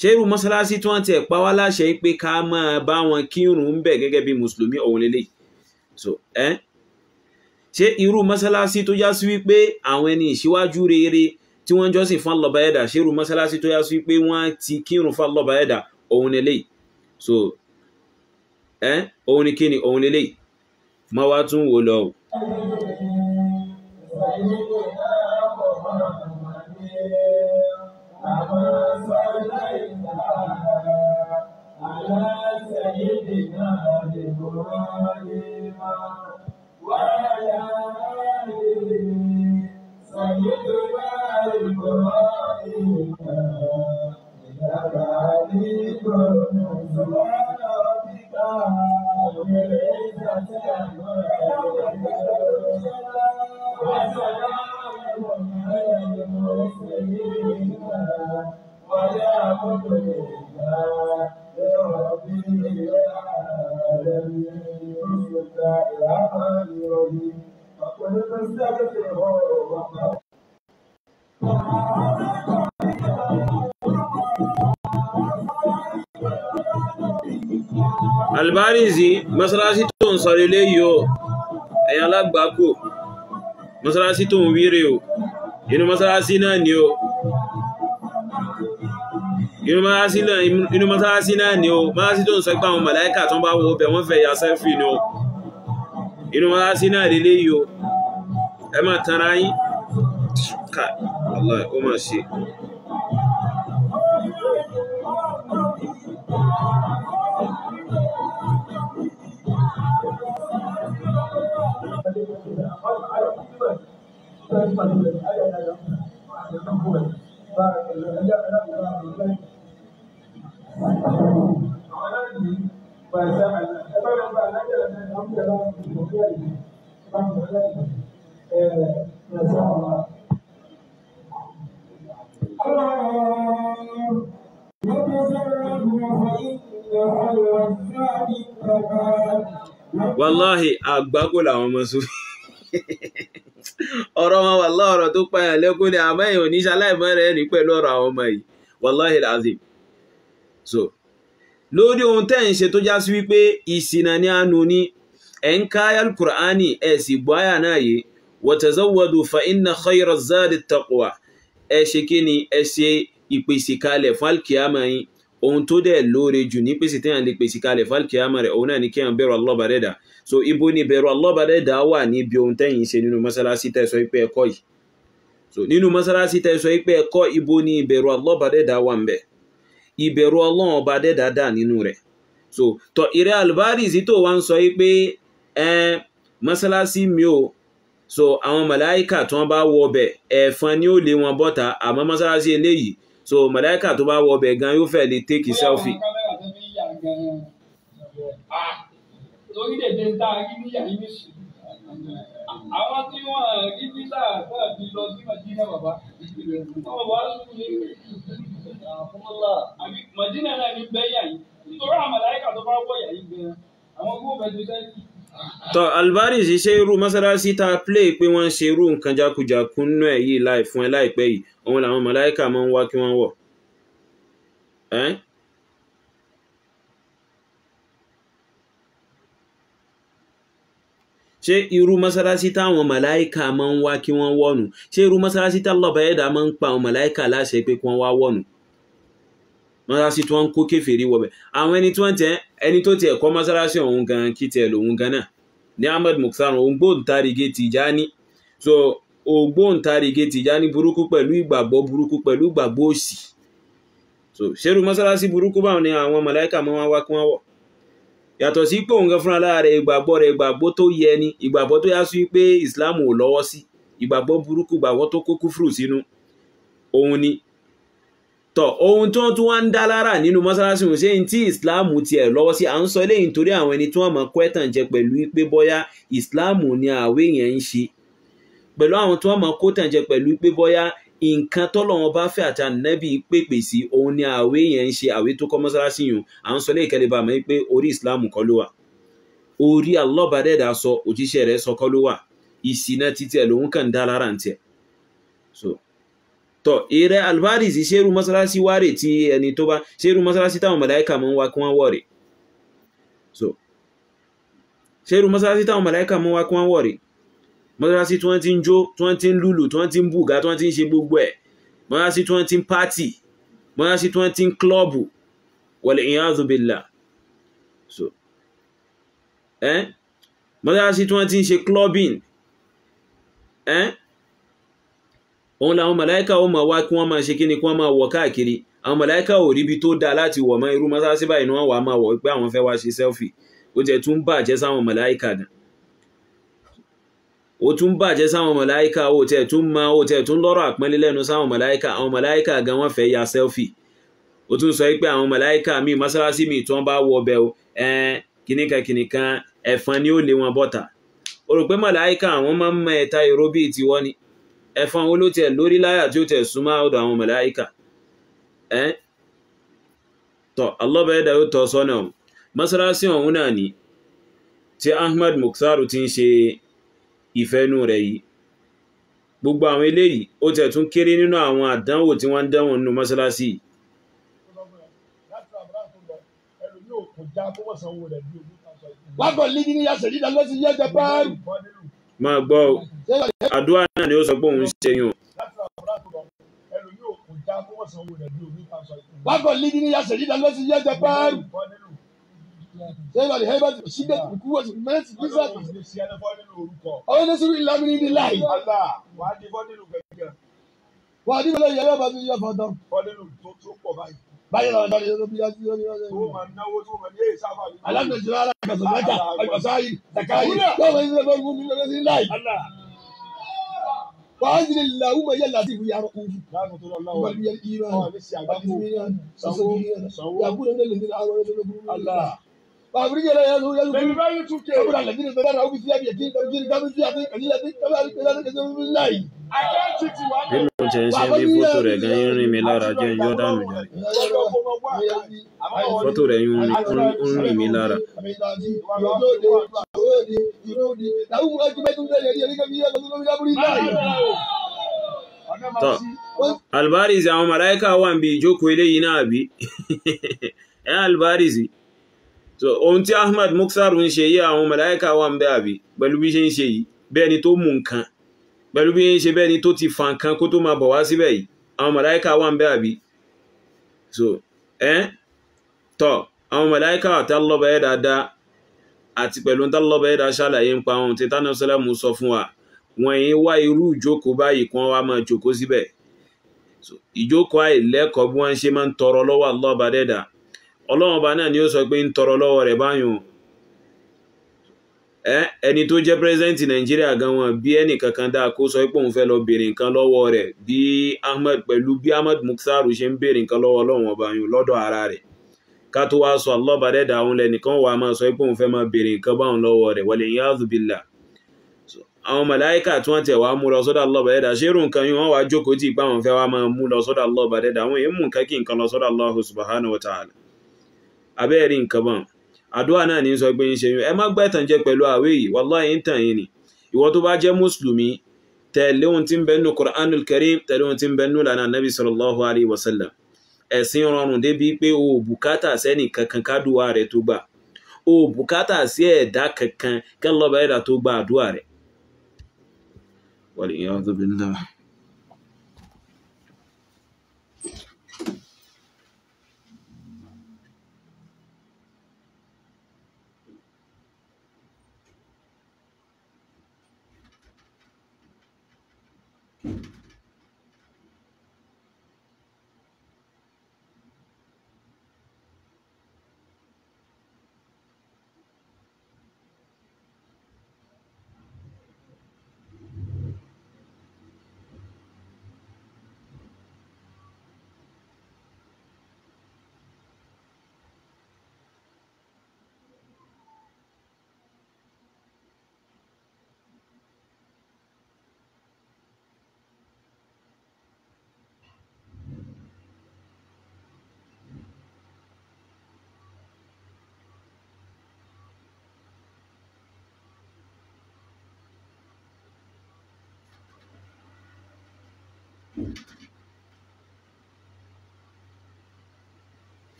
[SPEAKER 1] ṣé irú mọ́sálásí tí wọ́n ti ẹ̀ pa wá láṣẹ pé ká máa bá wọn kírun ń gẹ́gẹ́ bí mùsùlùmí òun lélẹ̀ so ẹ́ eh? ṣé irú mọ́sálásí tó já sí wípé àwọn ẹni ìṣíwájú rere tí wọ́n jọ́sìn fún lọ́ba ẹ̀dà ṣé irú mọ́sálásí tó já sí wípé wọ́n ti kírun fún lọ́ba ẹ̀dà òun ni so ẹ òun ni kíni òun ni má wá tún wò lọ.
[SPEAKER 2] Ala sayyidina وعلى آله سيدنا القرآن
[SPEAKER 1] nísì mọ́sálásí tó ń sọ̀rọ̀ ilé yìí o ẹ̀yin alágbàákò mọ́sálásí tó ń wíre o inú masalasi náà ni o inú mọ́sálásí náà ni o mọ́sálásí tó ń sọ pé àwọn màláíkà tó ń bá wo bẹ̀ wọ́n fẹ́ ya sẹ́fì ni o inú mọ́sálásí náà lélé yìí o ẹ máa tanra yín
[SPEAKER 3] ká Allah ó máa ṣe
[SPEAKER 2] wàláhì
[SPEAKER 1] àgbákò làwọn ọmọ sófin <laughs> ọ̀rọ̀ wọn wàlá ọ̀rọ̀ tó payàn lẹ́kún ni àmọ́ èèyàn ní ṣaláìmọ́ rẹ̀ ní pẹ̀lú ọ̀rọ̀ àwọn ọmọ yìí wàláhì azim so lórí ohun tẹ́ ń ṣe tó já sí wípé ìsìnà ni àánú ní ẹ̀ ń ká alukur'ani ẹ̀ sì gbọ́ àyà náà yìí wọ̀tẹ̀zọ́wọ́dù fa inna khayra zadi taqwa ẹ ṣe kí ni ẹ ṣe ìpèsè kalẹ̀ fún alkiyama ohun tó dẹ̀ lóore jù ní pèsè téèyàn lè pèsè kalẹ̀ fún rẹ̀ òun náà ni kéèyàn bẹ̀rù Allah bàrẹ́dà so ibo ni ìbẹ̀rù alọ́bàdẹ́ dá wà níbi ohun tẹ́yìn ṣe nínú mọ́sálásí tẹ́sọ ipẹ́ ẹ̀kọ́ yìí so nínú mọ́sálásí tẹ́sọ ipẹ́ ẹ̀kọ́ ibo ni ìbẹ̀rù alọ́bàdẹ́ dá wà ń bẹ̀ ìbẹ̀rù ọlọ́run ọba dẹ́dà dà nínú rẹ̀ so tọ ìrẹ́ albaris tó wá ń sọ pé ẹ mọ́sálásí mi ò so àwọn màláìkà tó wọ́n bá wọ ọbẹ̀ ẹ̀fọn ni ó lé wọn bọ́ta àmọ́ mọ́sálásí eléyìí so màláìkà tó bá wọ ọbẹ̀ gan yóò fẹ́ lè take selfie
[SPEAKER 2] lórílẹ̀-èdè tá a rí níyà yìí nìṣó. àwọn tí wọ́n rí nígbà náà fi lọ sí màdínà bàbá wọ́n wá sùn ní àbí màdínà náà ní bẹ́ẹ̀ yà nítorí àwọn màláíkà tó bá wọ̀ yà yìí àwọn gbọ́dọ̀ bẹ́ẹ̀ tó sẹ́yìn
[SPEAKER 1] tọ́ albaris ṣe irú mọ́sálásí tá a play pé wọ́n ṣe irú nǹkan jákujàku nínú ẹ̀ yìí láì fún ẹ láìpẹ́ yìí òun làwọn mọ̀láìkà máa ń wá kí wọ́n wọ̀ ṣé irú mọ́sálásí táwọn màláìka máa ń wá kí wọ́n wọ̀nù ṣé irú mọ́sálásí tálọ́bà ẹ̀dá máa ń pa àwọn màláìka láṣẹ pé kí wọ́n wá wọ̀nù mọ́sálásí tí wọ́n ń kó kèfèrí wọ̀bẹ̀ àwọn ẹni tí wọ́n tẹ ẹni tó tiẹ̀ kọ́ mọ́sálásí ọ̀hún gan kí tiẹ̀ lòun gan náà ní Ahmad Mukhtar ògbóǹtarìgì Tijani so ògbóǹtarìgì Tijani burúkú pẹ̀lú ìgbàgbọ́ burúkú pẹ̀lú ìgbàgbọ́ òsì so ṣerú mọ́sálásí burúkú báwọn ni àwọn màláìka máa wá kí wọ́n wọ̀ yàtọ̀ sí pé òun gan fúnra lára rẹ̀ ìgbàgbọ́ rẹ̀ ìgbàgbọ́ tó yẹ ni ìgbàgbọ́ tó yá sí pé islam ò lọ́wọ́ sí ìgbàgbọ́ burúkú ìgbàgbọ́ tó kó kúfùrù sínú òun ni tọ ohun tí wọ́n tún wá ń dá lára nínú mọ́sálásí òun ṣe ń tí islam tiẹ̀ lọ́wọ́ sí à ń sọ eléyìí nítorí àwọn ẹni tí wọ́n mọ̀ kọ́ẹ̀tàn jẹ pẹ̀lú pé bọ́yá islam ni àwé yẹn ń ṣe pẹ̀lú àwọn tí wọ́n mọ̀ kọ́ẹ̀tàn jẹ pẹ̀lú pé bọ́yá nǹkan tọ́lọ́wọ́n bá fẹ́ àti ànábì pèpè sí òun ni àwé yẹn ń ṣe àwé tó kọ́ mọ́sálásí yìí à ń sọ lẹ́yìn kẹlẹ́bà mọ́ pé orí ìsìláàmù kọ́ ló wà orí alọ́bàdẹ́dà sọ òjíṣẹ́ rẹ̀ sọ kọ́ ló wà ìsìnà títí ẹ̀ lòun kàn dá lára ń tiẹ̀ so tọ eré alvarez ṣerú mọ́sálásí wárè tí ẹni tó bá ṣerú mọ́sálásí táwọn màláíkà mọ́ wá kí wọ́n wọ̀ rè so ṣerú mọ́sálásí táwọn màláíkà mọ́ wá kí wọ́n wọ̀ rè mọ́sálásí tí wọ́n ti ń jó tí wọ́n ti ń lùlù tí wọ́n ti ń bùgá tí wọ́n ti ń ṣe gbogbo ẹ̀ mọ́sálásí tí wọ́n ti ń pátì mọ́sálásí tí wọ́n ti ń klọ́ọ̀bù wọlé ìyá àzùbìlà so ẹ́ mọ́sálásí tí wọ́n ti ń ṣe clubbing ẹ́ òun làwọn màláìka ó máa wá kí wọ́n máa ṣe kí ni kí wọ́n máa wọ̀ káàkiri àwọn màláìka ò ríbi tó dáa láti wọ̀ mọ́ irú mọ́sálásí báyìí ni wọ́n wà á máa wọ̀ pé àwọn fẹ́ wá ṣe selfie ó jẹ́ tún bàjẹ́ sáwọn màláìka dàn ó tún bàjẹ́ sáwọn mọ̀láíkà ó tẹ̀ tún máa ó tẹ̀ tún lọ́rọ̀ àpọ́nlé lẹ́nu sáwọn mọ̀láíkà àwọn mọ̀láíkà gan fẹ́ ya selfie ó tún sọ pé àwọn mọ̀láíkà míì mọ́sálásí míì tí wọ́n bá wọ ọbẹ̀ o ẹ̀ẹ́n kìnìkan kìnìkan ẹ̀fọn ni ó lé wọn bọ́ta ó rò pé àwọn máa mọ ẹ̀ta bíi tiwọ́ ni ẹ̀fọn wo ló tiẹ̀ lórí láyà tí ó súnmọ́ ọ̀dọ̀ àwọn ìfẹ́nú rẹ̀ yìí gbogbo àwọn eléyìí ó tẹ̀ tún kéré nínú àwọn àdánwò tí wọ́n ń dánwò nínú mọ́sálásí máa gbọ́ àdúrà náà ni ó sọ pé òun
[SPEAKER 2] ṣe yùn wákọ̀ lídí ní yàtọ̀ yídá lọ́sí yẹ́ jẹ pẹ́ẹ́rù Sẹ́yìnbàdì Herbert Ṣídẹ́tì Kúwọ́sì Mẹ́tì Bísàtì. Ọ̀rẹ́ ní sùúrù ìlànà ní láì. Wà á di bọ́dínù gẹ̀gẹ̀. Wà á di bọ́dínù yẹ̀yẹ́ bá tún fọ́dọ̀. Bọ́dínù tó pọ̀ báyìí. Báyọ̀ lọ dárí ló bí yájú lórí ọ̀rẹ́ yìí. Ó máa náwó tó máa ní èyí sábà. Alámìnàjì rárá kàtó mẹ́ta àgbàsáyì ní ilé bọ́ọ̀lù mi lọ́wọ́ sí láì. وأبرج لا يزول يزول أقول الذين بدأوا بثياب يدين كبير كبير ثياب قليلة كبير كبير كبير بالله nínú tẹ̀ ṣe ń bí fọ́tò rẹ̀ gan yín rìn mí lára jẹ́ ń yọ́ dànù jàre fọ́tò rẹ̀ yín ń rìn mí lára. tọ́
[SPEAKER 1] albarizi àwọn màláíkà wà ń bi ìjókòó eléyìí náà bí ẹ̀ albarizi so ohun tí ahmed mukhtar ń ṣe yí àwọn màláíkà wà ń bẹ àbí pẹ̀lú bí ṣe ń ṣe yìí bẹ́ẹ̀ ni tó mú nǹkan pẹ̀lú bí ṣe bẹ́ẹ̀ ni tó ti fa nǹkan kó tó máa bọ̀ wá síbẹ̀ yìí àwọn màláíkà wà ń bẹ àbí so ẹ́ tọ́ àwọn màláíkà àti alọ́bà ẹ̀ dáadáa àti pẹ̀lú tálọ́bà ẹ̀ dáa ṣàlàyé ń ohun tí tánàṣẹ́lẹ̀mù sọ fún wa wọ́n yìí wá irú ìjókòó báyìí kan wá máa jókòó síbẹ̀ ìjókòó àìlẹ́kọ̀ọ́ bí wọ́n ṣe máa ń tọrọ lọ́wọ́ alọ́bà dẹ́dàá ọlọ́run ọba náà ni ó sọ pé ń tọrọ lọ́wọ́ rẹ̀ báyìí ẹni tó jẹ́ pírẹsidẹ́ǹtì nàìjíríà gan wọn bí ẹnì kankan dáa kó sọ pé òun fẹ́ lọ béèrè nǹkan lọ́wọ́ rẹ̀ bí ahmed pẹ̀lú bí ahmed mukhtar ṣe ń béèrè nǹkan lọ́wọ́ ọlọ́run ọba lọ́dọ̀ ara rẹ̀ ká tó wáá sọ dẹ́dà sọ pé òun fẹ́ máa nǹkan lọ́wọ́ abẹ́ẹ̀rí nǹkan bọ̀n àdúrà náà ní sọ pé ń ṣe yín ẹ má gbà ìtàn jẹ pẹ̀lú àwé yìí wallahi ń tàn yín ni ìwọ tó bá jẹ́ mùsùlùmí tẹ̀lé ohun tí ń bẹ nínú Qur'anul Karim tẹ̀lé ohun tí ń bẹ nínú lànà nabi sallallahu alayhi wa sallam ẹ̀sìn rọrùn débi pé o bùkátà sẹ́nì kankan kádùá rẹ̀ tó gbà o bùkátà sí ẹ̀dá kankan kẹ́lọ́bà tó gbà àdúrà rẹ̀. wal iyadhu billah.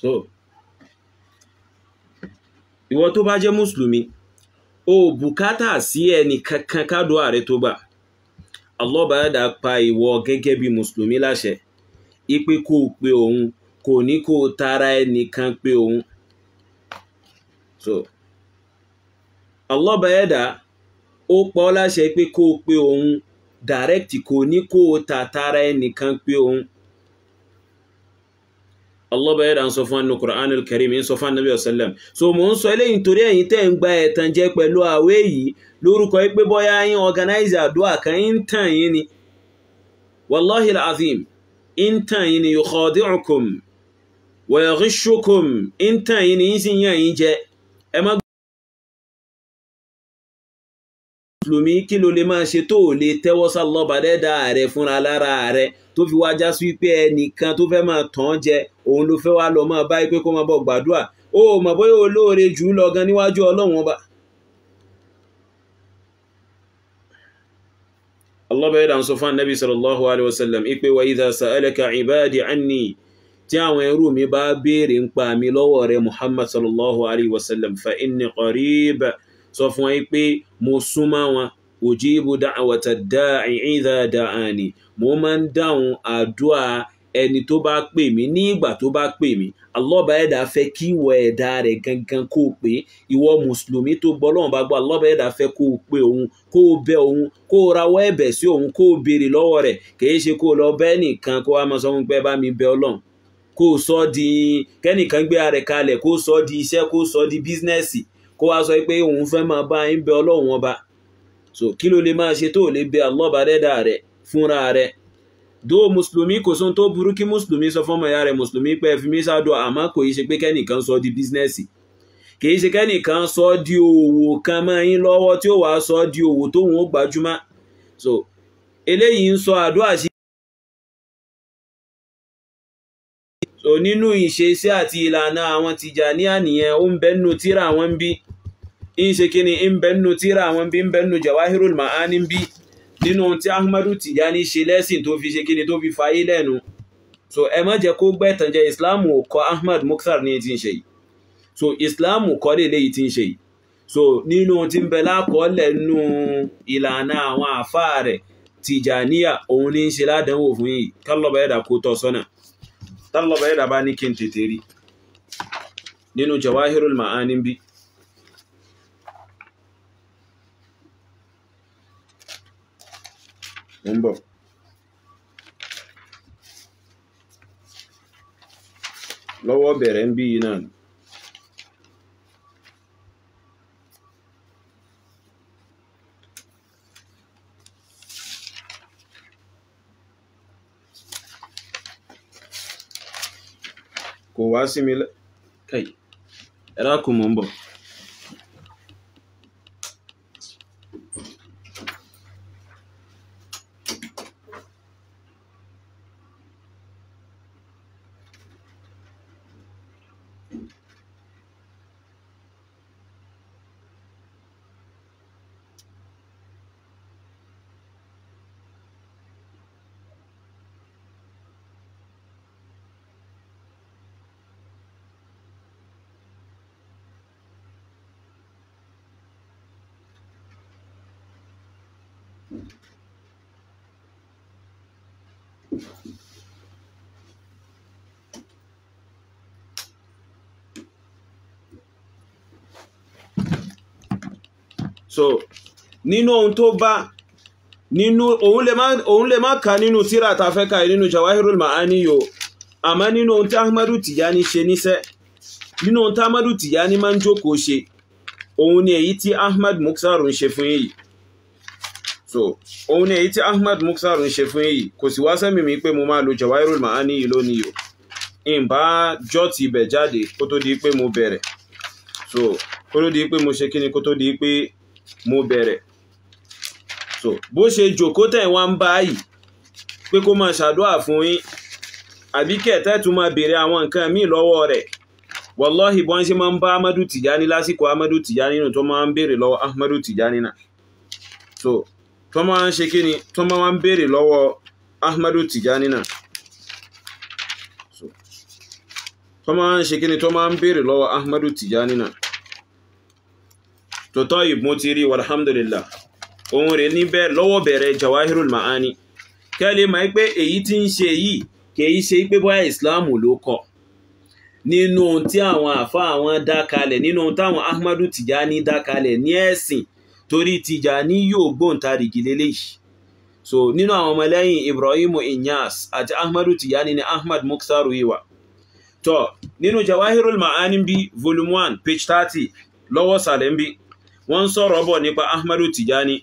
[SPEAKER 1] so ìwọ tó bá jẹ́ mùsùlùmí o bùkátà sí ẹni kankan kado rẹ tó pa ìwọ gẹ́gẹ́ bí mùsùlùmí láṣẹ ipe kó pe òun kò ní kó o tara ẹnìkan pe òun so ó pa pé kó pe òun direct kò ní kó o tara ẹnìkan pe òun. Allah bá yẹ́dà ń sọ fún ẹnu Qur'an al-Karim ń sọ fún Ànábì ọ̀sẹ̀lẹ̀m so mo ń sọ eléyìí torí ẹ̀yin tẹ́ ń gba ẹ̀tàn jẹ pẹ̀lú àwẹ̀ yìí lórúkọ pé bọ́yá yín organizer àdúrà kan ń tàn yín ni wallahi al-azim ń tàn yín ni yukhadi'ukum wa yaghishukum ń tàn yín ni yín sì yàn yín jẹ ẹ má mùsùlùmí kí ló lè máa ṣe tó ò lè tẹ́wọ́ sálọ́ba dẹ́dà rẹ̀ fúnra lára rẹ̀ tó fi wá já sí wípé ẹnìkan tó fẹ́ máa tàn án jẹ òun ló fẹ́ wá lọ máa bá pé kó máa bọ̀ gbàdúrà ó mọ̀ bóyá olóore jù lọ gan níwájú ọlọ́run ọba. Allah yìí dàn sọ fún anabi sallallahu alayhi wa sallam ipe wa idha sa'alaka ibadi anni tí àwọn ẹrú mi bá béèrè ń pa mi lọ́wọ́ rẹ̀ muhammad sallallahu alayhi wa sallam fa inni qarib sọ fún wọn pé mo súnmọ́ wọn ujibu da'wata da'i idha da'ani mo máa ń dáhùn àdúrà ẹni tó bá pè mí ní ìgbà tó bá pè mí alọ́ba ẹ̀dá fẹ́ kí ìwọ ẹ̀dá rẹ̀ gangan kó o pè é ìwọ mùsùlùmí tó gbọ́ lọ́wọ́n bá gbọ́ alọ́ba ẹ̀dá fẹ́ kó o pè òun kó o bẹ òun kó o rawọ́ ẹ̀bẹ̀ sí òun kó o béèrè lọ́wọ́ rẹ̀ kìí ṣe kó o lọ bẹ́ẹ̀ nìkan kó o wá máa sọ fún pé bá mi bẹ ọlọ́run kó o sọ di kẹ́nìkan gbé ara rẹ̀ kalẹ̀ kó o sọ di iṣẹ́ kó o sọ di bísínẹ́sì kó wá sọ pé òun fẹ́ máa bá yín bẹ ọlọ́run ọba so kí ló lè máa ṣe tó lè bẹ alọ́ba dẹ́dà rẹ̀ fúnra rẹ̀ dó mùsùlùmí kò sóhun tó burú kí mùsùlùmí sọ fọ́mọ ìyá rẹ̀ mùsùlùmí pé fi mí ṣáàdùn àmọ́ kò í ṣe pé kẹ́nìkan sọ di bísínẹ́sì kì í ṣe kẹ́nìkan sọ di òwò kan mọ́ yín lọ́wọ́ tí ó wàá sọ di òwò tóun ó gbajúmọ̀ so eléyìí ń sọ àdúrà sí ọ̀rọ̀ nínú ìṣesí àti ìlànà àwọn Tìjàníyà nìyẹn ó ń bẹ́nu tíra wọn bí ń ṣe kí ni ń bẹ́nu tíra wọn bí ń bẹ́nu Jawahirul Ma'ani bí nínú tí Ahmadu Tìjàní ṣe lẹ́sìn tó fi ṣe kí ni tó fi fàyè lẹ́nu so ẹ má jẹ́ kó gbẹ́ tànjẹ Islamu kọ́ Ahmad Mukhtar ní ti ń ṣe yìí so Islamu kọ́ lè léyìí ti ń ṣe yìí so nínú tí ń bẹ lákọọ́lẹ̀ nínú ìlànà àwọn àfáà rẹ̀ Tìjàníyà òun ní ń ṣe ládánwò Talaba Baida bá ní kí n tètè rí nínú Jawahirul Ma'ani bí ń bọ̀ lọ́wọ́ bẹ̀rẹ̀ ń bí yìí kò wá sí mi ẹ dákun ń bọ̀. so nínú ohun tó bá nínú òun lè má ka nínú tírà tá fẹ́ ka nínú jawahirul ma'ani yo àmọ́ nínú ohun tí ahmadu tijani ṣe níṣẹ́ nínú ohun tí ahmadu tijani máa ń jókòó ṣe òun ni èyí tí ahmad mukhtar ń ṣe fún yìí so òun ni èyí tí ahmad mukhtar ń ṣe fún yìí kò sì wá sẹ́mi mi pé mo máa lo jawahirul ma'ani yìí lónìí o ìbá jọ́ ti ibẹ̀ jáde kó tó di pé mo bẹ̀rẹ̀ so kó tó di pé mo ṣe kíni kó tó di pé mo bẹ̀rẹ̀ so bó ṣe jòkó tẹ̀ wá ń báyìí pé kó máa ṣàdúrà fún yín àbí kẹ̀tẹ́ tún máa béèrè àwọn nǹkan míì lọ́wọ́ rẹ̀ wàláhì bọ́n ṣe máa ń bá Ahmadu Tijani lásìkò Ahmadu Tijani nù tó máa ń béèrè lọ́wọ́ Ahmadu Tijani náà so tó máa ń ṣe kí ni tó máa ń béèrè lọ́wọ́ Ahmadu Tijani náà tó máa ń ṣe kí ni tó máa ń béèrè lọ́wọ́ Ahmadu Tijani náà tó tọ́yìb mo ti rí walhamdulillah ohun rẹ̀ níbẹ̀ lọ́wọ́ bẹ̀rẹ̀ jawahirul ma'ani kẹ́lẹ̀ mọ̀ pé èyí tí ń ṣe yìí kìí ṣe pé bóyá ìsìláàmù ló kọ nínú ohun tí àwọn àfa àwọn dákalẹ̀ nínú ohun táwọn ahmadu tijani dákalẹ̀ ní ẹ̀sìn torí tijani yóò gbóǹtarìgì lélẹ́yìí so nínú àwọn ọmọlẹ́yìn ibrahim inyas àti ahmadu tijani ni ahmad muktaru iwa tó nínú jawahirul ma'ani bí volume one page thirty lọ́wọ́ sàlẹ̀ ń wọ́n ń sọ̀rọ̀ bọ̀ nípa ahmadu tijani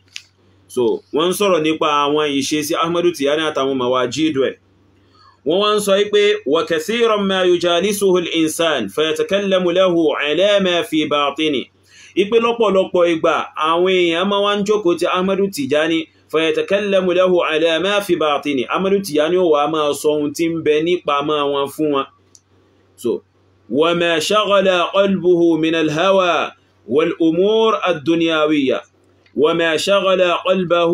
[SPEAKER 1] so wọ́n ń sọ̀rọ̀ nípa àwọn ìṣesí ahmadu tijani àtàwọn mawajidu ẹ̀ wọ́n wá ń sọ pé wa kathiran ma yujalisuhu al-insan fayatakallamu lahu ipe lọ́pọ̀lọpọ̀ ìgbà àwọn èèyàn máa ń jókòó ti ahmadu tijani fayatakallamu lahu ahmadu tijani ó wà máa sọ ohun tí ń bẹ nípa máa wọn fún wọn so wa ma shaghala qalbuhu min والأمور الدنيوية وما شغل قلبه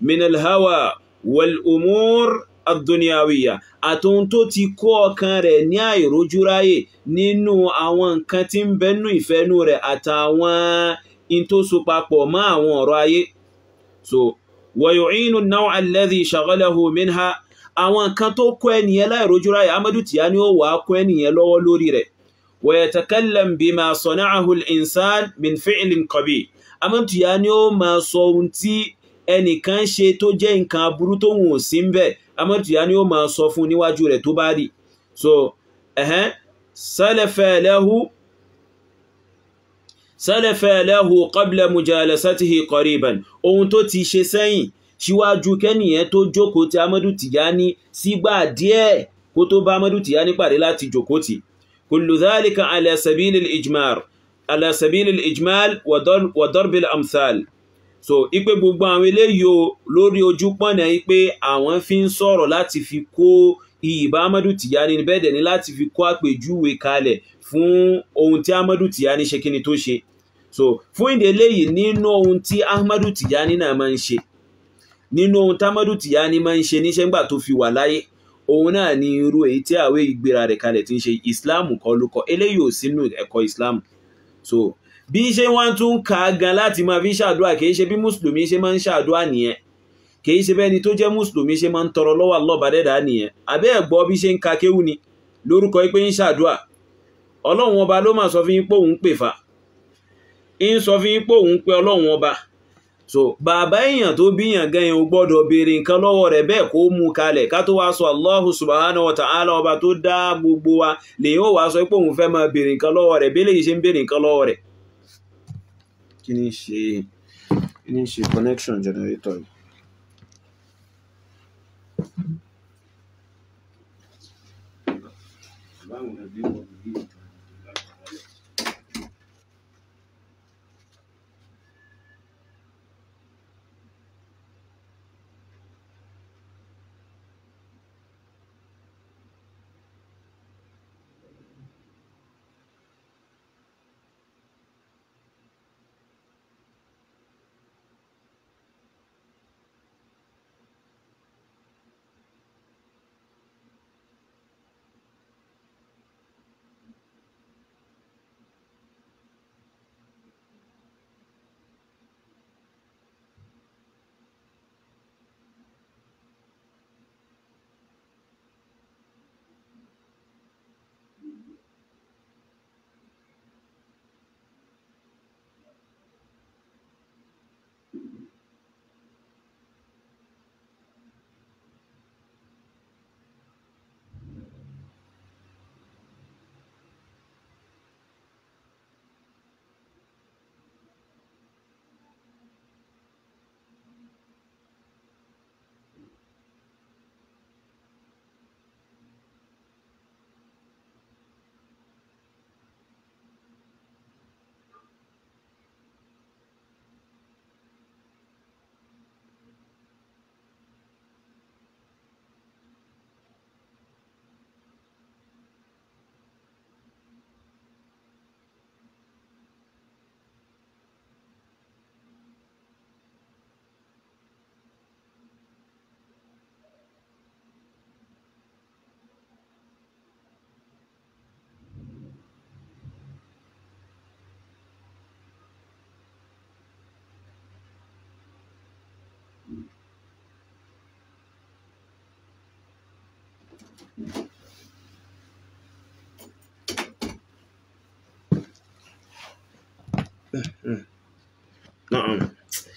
[SPEAKER 1] من الهوى والأمور àdúnyàwíyà àtòun tó ti kó ọkàn rẹ̀ ní àìrójúráyè nínú àwọn nǹkan tí ń bẹnú ìfẹ́nú rẹ̀ àtàwọn in tó so papọ̀ mọ́ àwọn ọ̀rọ̀ ayé so wọ̀yọ̀ínú náà alladhi shaghalahu minha àwọn nǹkan tó kó ẹnìyẹn láìrójúráyè amadu tìyá ni ó wà á kó ẹnìyẹn lọ́wọ́ lórí rẹ̀ ويتكلم بما صنعه الإنسان من فعل قبيح àmọ́ tìyà ni ó máa sọ ohun tí ẹnìkan ṣe tó jẹ́ nǹkan aburú tó wùn ò sí ń bẹ̀ àmọ́ tìyà ni ó máa sọ fún níwájú rẹ̀ tó bá rí so ẹ̀hẹ́n sálẹ̀fẹ̀ lẹ́hu sálẹ̀fẹ̀ lẹ́hu qabla mujalasatihi qariban ohun tó ti ṣe sẹ́yìn síwájú kẹ́nìyàn tó jókòó ti amadu tìyà ní sígbà díẹ̀ kó tó bá amadu tìyà ní pàdé láti jókòó tì í كل ذلك على سبيل الإجمال على سبيل الإجمال وضرب, وضرب الأمثال so ipe gbogbo àwọn eléyìí o lórí ojú pọ́nà ipe àwọn fi ń sọ̀rọ̀ láti fi kó ìyìnbá amadu tìyani bẹ́ẹ̀ dẹ̀ ni láti fi kó àpèjúwe kalẹ̀ fún ohun tí amadu tìyani ṣe kíni tó ṣe so fún ìdí eléyìí nínú ohun tí ahmadu tìyani náà máa ń ṣe nínú ohun tí amadu tìyani máa ń ṣe níṣẹ́ ńgbà tó fi wà láyé òun náà ni irú èyí tí àwé ìgbéra rẹ̀ kalẹ̀ tí ń ṣe islam kọ́ ló kọ́ eléyìí ò sínú ẹ̀kọ́ islam so bí ṣe wọ́n tún kà gan láti máa fi ṣàdúrà kì í ṣe bí mùsùlùmí ṣe máa ń ṣàdúrà nìyẹn kì í ṣe bẹ́ni tó jẹ́ mùsùlùmí ṣe máa ń tọrọ lọ́wọ́ lọ́ba dẹ́dà nìyẹn àbẹ́ ẹ̀gbọ́ bí ṣe ń ka kéwù ni lórúkọ pé ń ṣàdúrà ọlọ́run ọba ló máa sọ fi ń pòun pè fà ń sọ fi ń pòun pé ọlọ́run ọba so bàbá èèyàn tó bíyàn gan yẹn gbọ́dọ̀ béèrè nǹkan lọ́wọ́ rẹ̀ bẹ́ẹ̀ kó mú kalẹ̀ ká tó wá sọ Allahu subhanahu wa ta'ala ọba tó dá gbogbo wa lèyìn ó wá sọ pé òun fẹ́ máa béèrè nǹkan lọ́wọ́ rẹ̀ bí eléyìí ṣe ń béèrè nǹkan lọ́wọ́ rẹ̀ kí ni ṣe kí ni ṣe connection generator yìí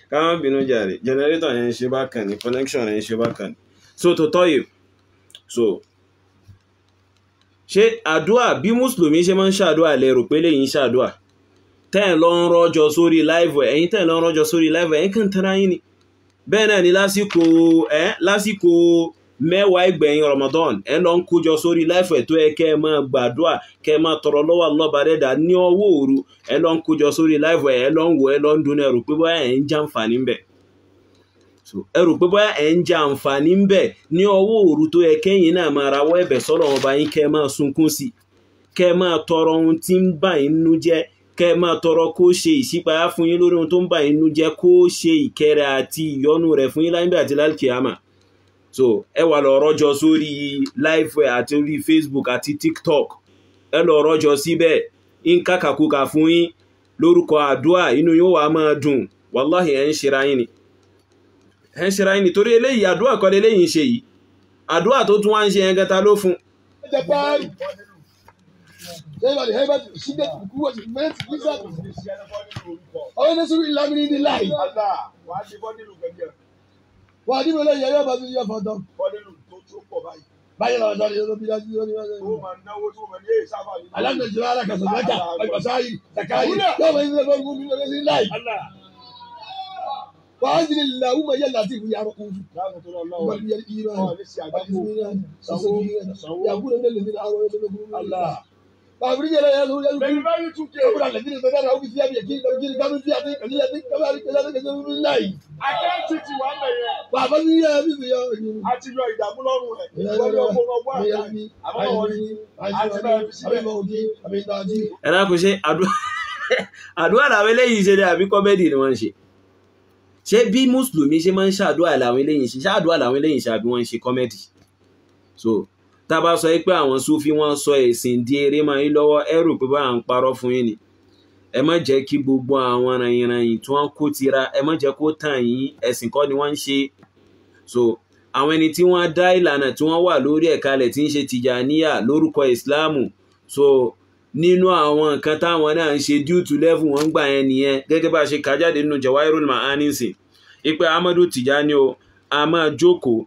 [SPEAKER 1] káwọn bínú jàre generator yẹn ń ṣe bákan ni connection yẹn ń ṣe bákan ni so tó tọ́ yìí so ṣé àdúà bí mùsùlùmí ṣe máa ń ṣàdúà lérò pé lẹ́yìn ṣàdúà tẹ́ẹ̀ lọ ń rọ́jọ sórí láìvọ̀ ẹ̀yin tẹ́ẹ̀ lọ ń rọ́jọ sórí láìvọ̀ ẹ̀yin kàn tẹ́ra yín ni bẹ́ẹ̀ náà ni lásìkò ẹ̀ lásìkò mẹ́wàá ìgbẹ̀yìn Ramadan ẹ lọ ń kójọ sórí láìfẹ̀ tó yẹ kẹ́ ẹ máa gbàdúrà kẹ́ ẹ máa tọrọ lọ́wọ́ lọ́ba dẹ́dà ní ọwọ́ òru ẹ lọ ń kójọ sórí láìfẹ̀ ẹ lọ ń wò ẹ lọ ń dun ẹrù pé bóyá ẹ ń jàǹfààní ń bẹ̀ ẹrù pé bóyá ẹ ń jàǹfààní ń bẹ̀ ní ọwọ́ òru tó yẹ kẹ́yìn náà máa rawọ́ ẹ̀bẹ̀ sọ́lọ̀ ọba yín kẹ́ ẹ máa sunkún sí kẹ́ ẹ máa tọrọ ohun tí ń bà yín nú jẹ́ kẹ́ ẹ máa tọrọ kó ṣe ìṣípayá fún yín lórí ohun tó ń bà yín nú jẹ́ kó ṣe ìkẹrẹ àti ìyọ́nú rẹ̀ fún yín láyé àti lálùkìyàmà so ẹ wà lọ rọ́jọ sórí Liveware àti orí Facebook àti TikTok ẹ lọ rọ́jọ síbẹ̀ ń kàkàkùkà fún yín lórúkọ àdúà inú yóò á máa dùn wàláhì ẹ ń ṣera yín ni ẹ̀ ń ṣera yín ni torí eléyìí àdúà kọ́ lélẹ́yìn ṣe yìí àdúà tó tún wá ń ṣe yẹn gẹta ló fún.
[SPEAKER 2] ìlànà wà á dìbò lẹ́yìn ẹ̀yọ́ bá mi yẹ fọ́tọ́. kọ́lẹ́lù tó tó pọ̀ báyìí. báyìí lọ́wọ́ sọ́ni yóò bí dájú yóò ní wájú. ó máa náwó tó máa ní èyí sábà yìí. alágbèjì rárá kẹsàn-án mẹ́ta ọ̀gbọ̀sáyì sàkáyì yóò máa ń lé lọ́gbọ́n mi lọ́gbọ́n sí láì. wà á dìbò làwù máa yẹ láti ìwé yàrá kún fún. láàrín tó lọ Babrijele ya zuwa ya zuwa. Kabura la jiri bada na ukisi ya biya jiri na jiri kabi siya ti kabi ya ti kabi ya ti kabi ya ti kabi ya ti. Akẹ́ ti ti wà mẹ́ yẹn. Bàbá mi yẹ mi fi yọ. A ti yọ ìdààmú lọ́rùn rẹ̀. Ìwọ́n yóò kó lọ àgbà. Àbáwọ̀ wọ́n ni. A ti
[SPEAKER 1] bẹ̀rẹ̀ àdúrà làwọn eléyìí ṣe ni àbí kọ́mẹ́dì ni wọ́n ń ṣe. Ṣé bí Mùsùlùmí ṣe máa ń ṣàdúrà làwọn eléyìí ṣe? Ṣé làwọn eléyìí ṣe àbí wọ́n ń ṣe kọ́mẹ́dì? So tá a bá sọ pé àwọn sufi wọn sọ ẹ̀sìn di eré máa yín lọ́wọ́ ẹ rò pé bá à ń parọ́ fún yín ni ẹ má jẹ́ kí gbogbo àwọn ràyìnràyìn tí wọ́n kó tira ẹ má jẹ́ kó tàn yín ẹ̀sìn kọ́ ni wọ́n ń ṣe so àwọn ẹni tí wọ́n dá ìlànà tí wọ́n wà lórí ẹ̀ka lẹ̀ tí ń ṣe tìjàníyà lórúkọ ìsìláàmù so nínú àwọn nǹkan táwọn náà ń ṣe due to level wọn gbà yẹn nìyẹn gẹ́gẹ́ bá a ṣe kà nínú Jawairul Ma'ani sìn ipe Ahmadu Tijani o a máa jókòó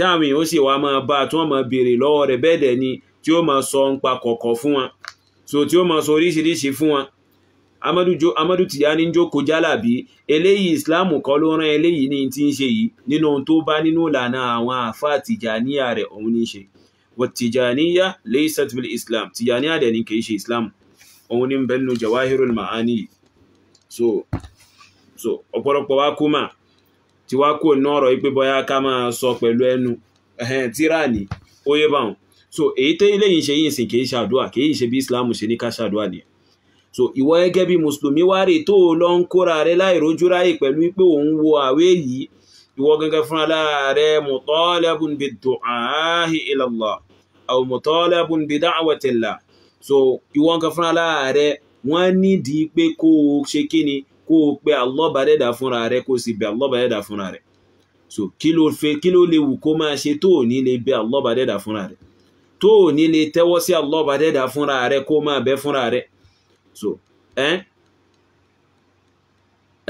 [SPEAKER 1] tí àwọn èèyàn ó sì wá máa bá tí wọ́n máa béèrè lọ́wọ́ rẹ̀ bẹ́ẹ̀ dẹ̀ ni tí ó máa sọ ń pa fún wọn so tí ó máa sọ oríṣiríṣi fún wọn amadu tijani ń jókòó jálàbí eléyìí islam kọ́ ló rán eléyìí ní ti ń ṣe yìí nínú ohun tó bá nínú ìlànà àwọn àáfàá tìjàníyà rẹ̀ òun ní ṣe wàtìjàníyà laysat bil islam tìjàníyà dẹ̀ ní kìí ṣe islam òun ní bẹ́ẹ̀ nínú jawahirul ma'ani so so ọ̀pọ̀lọpọ̀ wa kú máa tí wá kúrò ní ọ̀rọ̀ wípé bóyá ká máa sọ pẹ̀lú ẹnu tíra oyè báwọn so èyí tẹ́ ilé yìí ṣe yìí sìn kìí ṣàdúà kìí ṣe bí Islam ṣe ní ká ṣàdúà nìyẹn so ìwọ gẹ́gẹ́ bí mùsùlùmí wá rè tó lọ ń kóra rẹ láì rojú ráyè pẹ̀lú pé òun wo àwé yìí ìwọ gẹ́gẹ́ fúnra láàrẹ mutalabun bid-du'ahi ila Allah aw mutalabun bi so ìwọ gẹ́gẹ́ fúnra láàrẹ wọ́n nídìí pé kó o ṣe kíni kó o pe Allah dẹ́dà fúnra rẹ kó o sì bẹ Allah dẹ́dà fúnra rẹ so kí ló fẹ́ kí ló lè wù kó máa ṣe tó ò ní lè bẹ Allah dẹ́dà fúnra rẹ tó ò ní lè tẹ́wọ́ sí Allah fúnra rẹ kó o máa bẹ fúnra rẹ so ẹ́n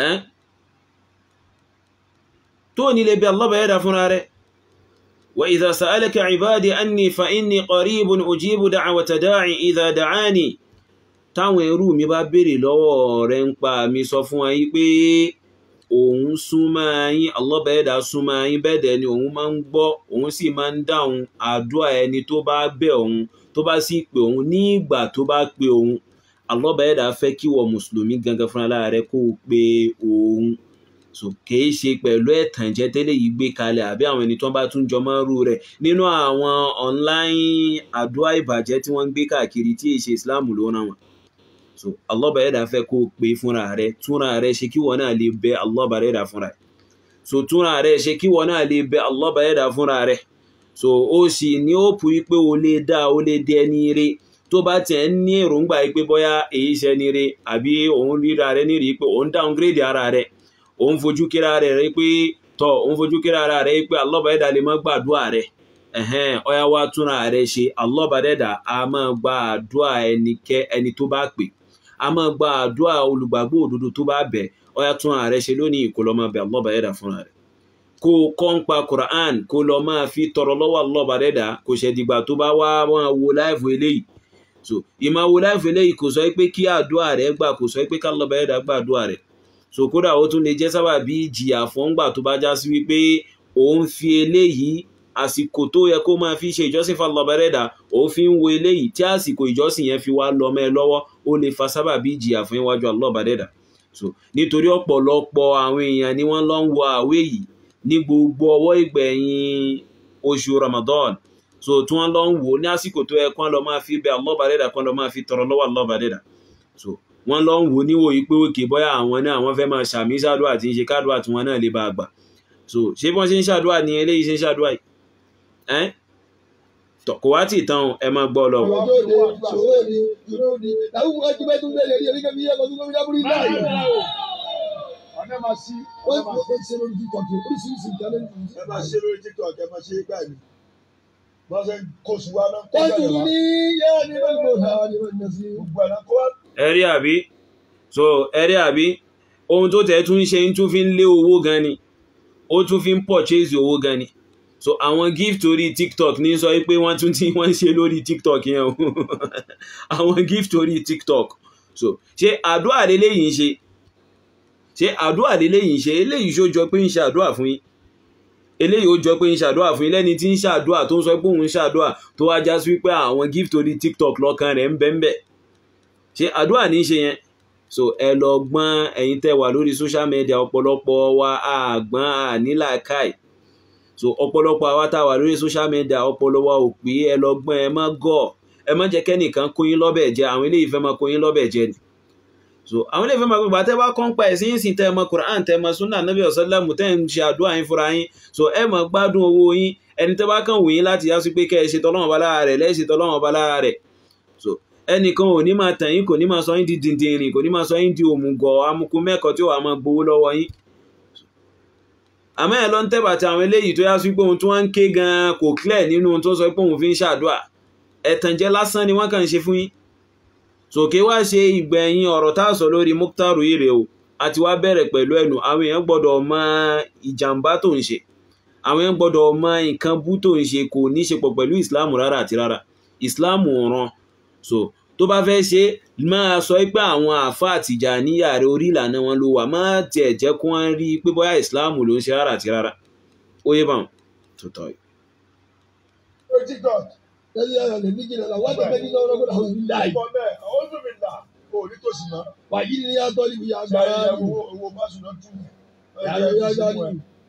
[SPEAKER 1] ẹ́n tó ò ní lè bẹ Allah fúnra rẹ وإذا سألك عبادي أني فإني قريب أجيب دعوة داعي إذا دعاني táwọn ẹrú mi bá béèrè lọ́wọ́ rẹ ń pa mi sọ fún wọn pé òun súnmọ́ yín ọlọ́bẹ̀ẹ́dà súnmọ́ yín bẹ́ẹ̀dẹ̀ ni òun máa ń gbọ́ òun sì máa ń dáhùn àdúrà ẹni tó bá bẹ̀ òun tó bá sì pè òun ní ìgbà tó bá pè òun ọlọ́bẹ̀ẹ́dà fẹ́ kí wọ mùsùlùmí gangan fúnra láàrẹ kó o pe òun so kìí ṣe pẹ̀lú ẹ̀tànjẹ tẹ́lẹ̀ yìí gbé kalẹ̀ àbí àwọn ẹni tó bá tún jọ mọ́ rú rẹ̀ nínú àwọn online àdúrà ìbàjẹ́ tí wọ́n ń gbé káàkiri tí èṣe Islam ló ràn so Allah bá ẹ̀dá fẹ́ kó pé fúnra rẹ túnra rẹ ṣe kí wọ́n náà lè bẹ Allah bá ẹ̀dá fúnra rẹ so túnra rẹ ṣe kí wọ́n náà lè bẹ Allah bá ẹ̀dá fúnra rẹ so ó sì ní ó pu pé o lè dá o lè dẹ ní ire tó bá tiẹ̀ ń ní èròǹgbà pé bóyá èyí ṣe ní ire àbí òun ríra rẹ ní rí pé òun downgrade ara rẹ òun fojú kíra rẹ rí pé tọ òun fojú kíra ara pé Allah bá ẹ̀dá lè má gbàdúrà rẹ ẹ̀hẹ́n ọ̀yá wa túnra rẹ̀ ṣe Allah bá a máa gba àdúrà ẹnikẹ́ ẹni tó bá pè a máa gba àdúrà olùgbàgbọ́ òdodo tó bá bẹ̀ ó tún ààrẹ ṣe lónìí kó lọ máa bẹ̀ Allah bá yẹ̀dà fúnra rẹ̀ kó kọ́ńpa Quran kó lọ máa fi tọrọ lọ́wọ́ Allah bá yẹ̀dà kó ṣe dìgbà tó bá wá wọn wo láìfò eléyìí so ìmọ̀ wo láìfò eléyìí kò sọ pé kí àdúrà rẹ̀ gbà kò sọ pé kálọ́ bá gbà àdúrà rẹ̀ so kódà ó tún lè jẹ́ sábàbí ìjìyà fún gbà tó bá já sí wípé òun fi eléyìí àsìkò tó yẹ kó máa fi ṣe ìjọsìn fàlọ́bẹ̀rẹ̀dà òfin wo eléyìí tí àsìkò ìjọsìn yẹn fi wá lọ́mọ ẹ lọ́wọ́ ó lè fa sábàbí ìjìyà fún iwájú alọ́bàdẹ́dà so nítorí ọ̀pọ̀lọpọ̀ àwọn èèyàn ni wọ́n lọ ń wọ àwẹ̀ yìí ní gbogbo ọwọ́ ìgbẹ̀yìn oṣù Ramadan so tí wọ́n lọ ń wò ní àsìkò tó yẹ kán lọ máa fi bẹ alọ́bàdẹ́dà kán lọ máa fi tọrọ lọ́wọ́ alọ́bàdẹ́dà so wọ́n lọ ń wò níwò yìí pé òkè bọ́yá àwọn náà wọ́n fẹ́ so ṣé bọ́n ni eléyìí ṣe ń ẹ́n kò wá tì tán
[SPEAKER 2] ẹ máa gbọ́ lọ. Ẹ máa ṣe lórí TikTok, oríṣiríṣi ìjọba ní ìlú. é gbà ní
[SPEAKER 1] ẹ̀rí àbí so ẹ̀rí àbí ohun tó tẹ̀ tún ṣe ń tún fi ń lé owó gan ni ó tún fi ń purchase owó gan ni so àwọn gift orí tiktok ní sọ pé wọ́n tún ti wọ́n ṣe lórí tiktok yẹn o <laughs> àwọn gift orí tiktok so ṣé àdúrà lélẹ́yìí ń ṣe ṣé àdúrà lélẹ́yìí ń ṣe eléyìí ṣó jọ pé ń ṣe àdúrà fún yín eléyìí ó jọ pé ń ṣàdúrà fún yín lẹ́ni tí ń ṣàdúrà tó ń sọ pé òun ń ṣàdúrà tó wá já sí wípé àwọn gift orí tiktok lọ́kàn rẹ̀ ń bẹ́ńbẹ́ ṣé àdúrà ní í ṣe yẹn so ẹ lọ gbọ́n ẹ̀yin tẹ́ wà lórí social media ọ̀pọ̀lọpọ̀ wa àgbọ́n ànílàkàì so ọ̀pọ̀lọpọ̀ àwa tá a wà lórí social media ọpọlọ wa ò pé ẹ lọ gbọ́n ẹ mọ́ gọ̀ ẹ mọ́ jẹ́ kẹ́nìkan kó yín lọ́bẹ̀ jẹ àwọn ilé ìfẹ́ máa kó yín lọ́bẹ̀ jẹ ni so àwọn ilé ìfẹ́ máa gbàgbà tẹ́ bá kọ́ ń pa ẹ̀sìn ìsìn tẹ́ mọ Quran tẹ́ mọ sunna nabi ọ̀sọ́lámù tẹ́ ń ṣe àdúrà yín fúnra yín so ẹ mọ̀ gbádùn owó yín ẹni tẹ́ bá kàn wù yín láti yá sí pé kẹ́ ẹ ṣe tọ́lọ́wọ́n bá lára rẹ̀ lẹ́ẹ̀ ṣe tọ́lọ́wọ́n bá so ẹnìkan ò ní máa tàn yín kò ní máa sọ yín di dìndìnrìn kò ní máa sọ yín di òmùgọ̀ amukun tí ó wà máa gbowó lọ́wọ́ yín àmọ́ ẹ̀ lọ ń tẹ́bà tí àwọn eléyìí tó yá sí pé ohun tí wọ́n ń ké gan-an kò clear nínú ohun tó sọ pé òun fi ń ṣàdúà ẹ̀tànjẹ lásán ni wọ́n kàn ń ṣe fún yín sòkè wá ṣe ìgbẹ̀yìn ọ̀rọ̀ tá a sọ lórí muktaru ire o àti wá bẹ̀rẹ̀ pẹ̀lú ẹnu àwọn èèyàn gbọ́dọ̀ mọ ìjàmbá tó ń ṣe àwọn èèyàn gbọ́dọ̀ mọ nǹkan bú tó ń ṣe kò ní ṣe pọ̀ pẹ̀lú ìsìláàmù rárá àti rárá ìsìláàmù ọ̀ràn so tó bá fẹ́ ṣe máa sọ pé àwọn àáfàá Tìjàníyà rẹ orí ìlànà wọn ló wà má tiẹ̀ jẹ́ kó wọ́n rí pé bóyá Islam ló ń ṣe rárá àti rárá ó yé báwọn tó tọ́ yìí.
[SPEAKER 2] wàyí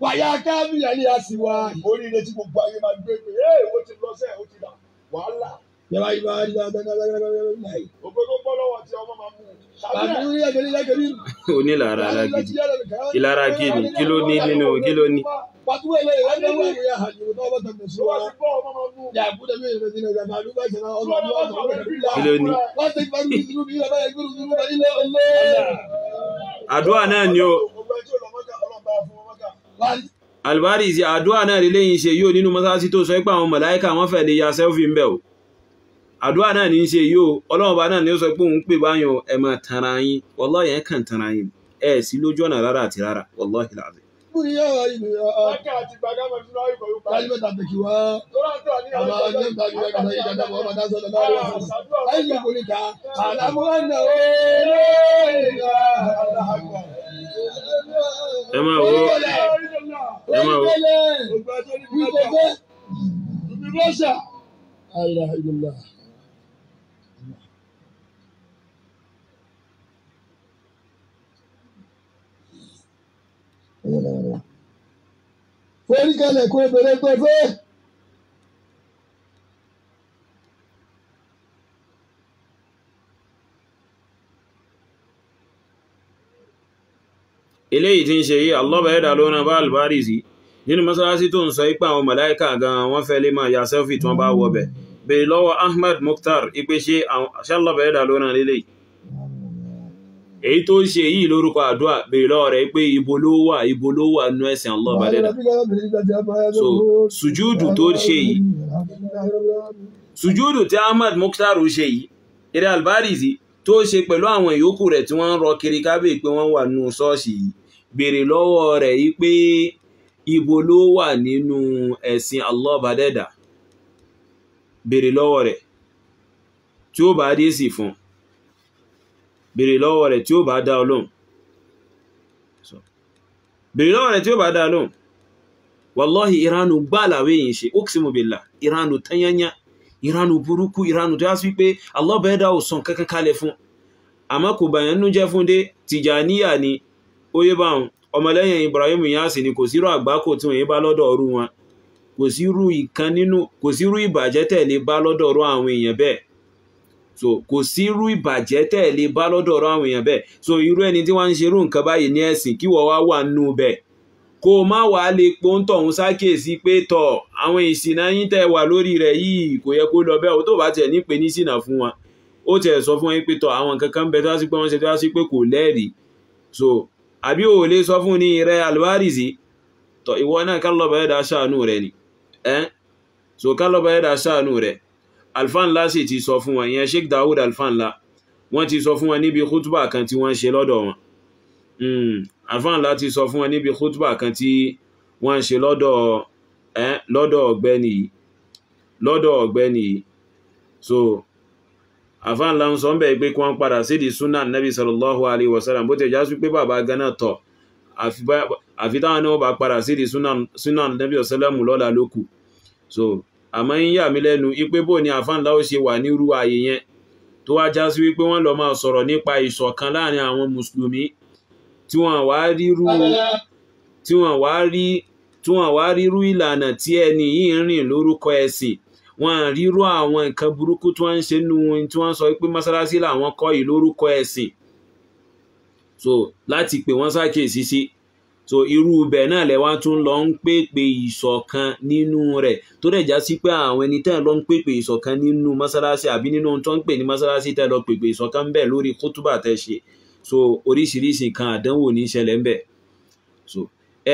[SPEAKER 2] wàyà káàmì yàrá àti wà oríire tí gbogbo ayé máa gbé pé ẹ o ti lọ sẹ o ti dà wàhálà. yàrá yìí máa ń yàrá yàrá yàrá yàrá láì. tí ọmọ máa mú un.
[SPEAKER 1] Oní ìlara ara gidi.
[SPEAKER 2] Ìlara gidi kí ló nínú kí ló ní. Kí ló ní.
[SPEAKER 1] ni o alibari ti àdúrà náà rí léyìn ṣe yóò nínú mọ́sáàsì tó sọ pé àwọn màláíkà wọ́n fẹ̀ lè ya selfie ń bẹ̀ o àdúrà náà ní ṣe yóò ọlọ́run bá náà ní ó sọ pé òun pè báyọ̀ ẹ̀ máa tanra yín wallahi yẹn kàn tanra yín ẹ̀ sí lójú ọ̀nà rárá àti rárá wallahi láàbẹ̀
[SPEAKER 2] buriya ibuya. Kalima ta beki wa. Aba ne ta bi ka yi dada wa mata sɔrɔ n'a ye wa. Ayi ni boli ta. Alamu na o ye ne ka. Ẹ máa wo. Ẹ máa wo. Wíwọ́sà. Ayi la ayi la. foríkalẹ̀ kó obìnrin tó fẹ́.
[SPEAKER 1] eléyìí tí ń ṣe yí allọ́bà ẹ̀dà lónà bá albarizi nínú masalasi tó ń sọ ipa àwọn màláíkà gan wọ́n fẹ́ lè máa ya selfie tí bá wọ́bẹ̀ bèèrè lọ́wọ́ ahmad mukhtar ipé ṣe allọ́bà ẹ̀dà lónà lélẹ́yìí èyí tó ń ṣe yìí lórúkọ àdúrà bèrè lọ́wọ́ rẹ̀ pé ibo ló wà ibo ló wà nú ẹ̀sìn Allah bá dẹ́dà
[SPEAKER 2] so sùjúdù tó ṣe yìí
[SPEAKER 1] sùjúdù tí Ahmad Mukhtar ṣe yìí eré albarizi tó ṣe pẹ̀lú àwọn ìyókù rẹ̀ tí wọ́n ń rọ kiri kábè pé wọ́n wà nú ṣọ́ọ̀ṣì yìí bèrè lọ́wọ́ rẹ̀ pé ibo ló wà nínú ẹ̀sìn Allah bá dẹ́dà bèrè lọ́wọ́ rẹ̀ tí ó bá dé sí fún un bèrè lọ́wọ́ rẹ̀ tí ó bá dá ọ lóhùn bèrè lọ́wọ́ rẹ̀ tí ó bá dá ọ lóhùn wallahi iranu gbá yìí ṣe uksimu iranu tanyanya iranu burúkú iranu tó yá sí pé Allah bá ẹ̀dá òsàn kankan kalẹ̀ fún àmọ́ kò bàyàn nú jẹ́ fún dé tìjàníyà ni ó yé bá wọn ọmọlẹ́yìn Ibrahim Inyas ni kò sírò àgbákò tí wọ́n yé bá lọ́dọ̀ ọrú wọn kò sírò ìkan nínú kò sírò ìbàjẹ́ tẹ̀lé bá lọ́dọ̀ ọrú àwọn èèyàn bẹ́ẹ̀ so kò sí irú ìbàjẹ́ tẹ̀ lè bá lọ́dọ̀ ọ̀rọ̀ àwọn èèyàn bẹ́ẹ̀ so irú ẹni tí wọ́n ń ṣerú nǹkan báyìí ní ẹ̀sìn kí wọ́n wá wà nù bẹ́ẹ̀ kó o má wàá lè pọ́ńtọ̀ ń ṣàkíyèsí pé tọ̀ àwọn ìsìnà yín tẹ̀ wà lórí rẹ̀ yìí kò yẹ kó lọ bẹ́ẹ̀ o tó bá tiẹ̀ ní pè ní sìnà fún wọn ó tiẹ̀ sọ fún yín pé tọ̀ àwọn nǹkan kan bẹ tó wá sí pé wọ́n ṣe tó wá sí pé kò lẹ́rìí so àbí ò lè sọ fún ní rẹ alùbárìsì tọ̀ ìwọ náà ká lọ́ba ẹ̀dá ṣàánú rẹ ni ẹ́ so ká lọ́ba ẹ̀dá ṣàánú rẹ alfanla sì ti sọ fún wọn ìyẹn sheikh dawood alfanla wọ́n ti sọ fún wọn níbi khutba kan tí wọ́n ṣe lọ́dọ̀ wọn hmm, alfanla ti sọ fún wọn níbi khutba kan tí wọ́n ṣe lọ́dọ̀ lọ́dọ̀ ọ̀gbẹ́ni yìí lọ́dọ̀ ọ̀gbẹ́ni yìí so àfáànlá ń sọ ń bẹ̀ pé kí wọ́n padà sídi súnà nẹ́bí sallallahu alaihi wasallam bó ti já sí pé bàbá gánà tọ̀ àfi táwọn náà bá padà sídi súnà nẹ́bí sallallahu lọ́la lókù so àmọ́ ń yà mí lẹ́nu ipé bò ní àfáǹlá ó ṣe wà nírú ààyè yẹn tó wá já sí wípé wọ́n lọ máa sọ̀rọ̀ nípa ìṣọ̀kan láàrin àwọn mùsùlùmí tí wọ́n wá rírú tí wọ́n wá rí tí wọ́n wá rírú ìlànà tí ẹni yìí ń rìn lórúkọ ẹ̀sìn wọ́n rírú àwọn nǹkan burúkú tí wọ́n ń ṣe nínú tí wọ́n sọ pé mọ́sálásí làwọn kọ́ yìí lórúkọ ẹ̀sìn so láti pè wọ́n ṣàkíyèsí sí. Si so irú ibẹ̀ náà lẹ́wà tún lọ ń pèpè ìṣọ̀kan nínú rẹ̀ tó dẹ̀ já sí pé àwọn ẹni tẹ́ lọ ń pèpè ìṣọ̀kan nínú mọ́sálásí àbí nínú tó ń pè ní mọ́sálásí tẹ́ lọ pèpè ìṣọ̀kan ń bẹ̀ lórí kútùbà tẹ́ ṣe so oríṣiríṣi nǹkan àdánwò ní ṣẹlẹ̀ ń bẹ̀ so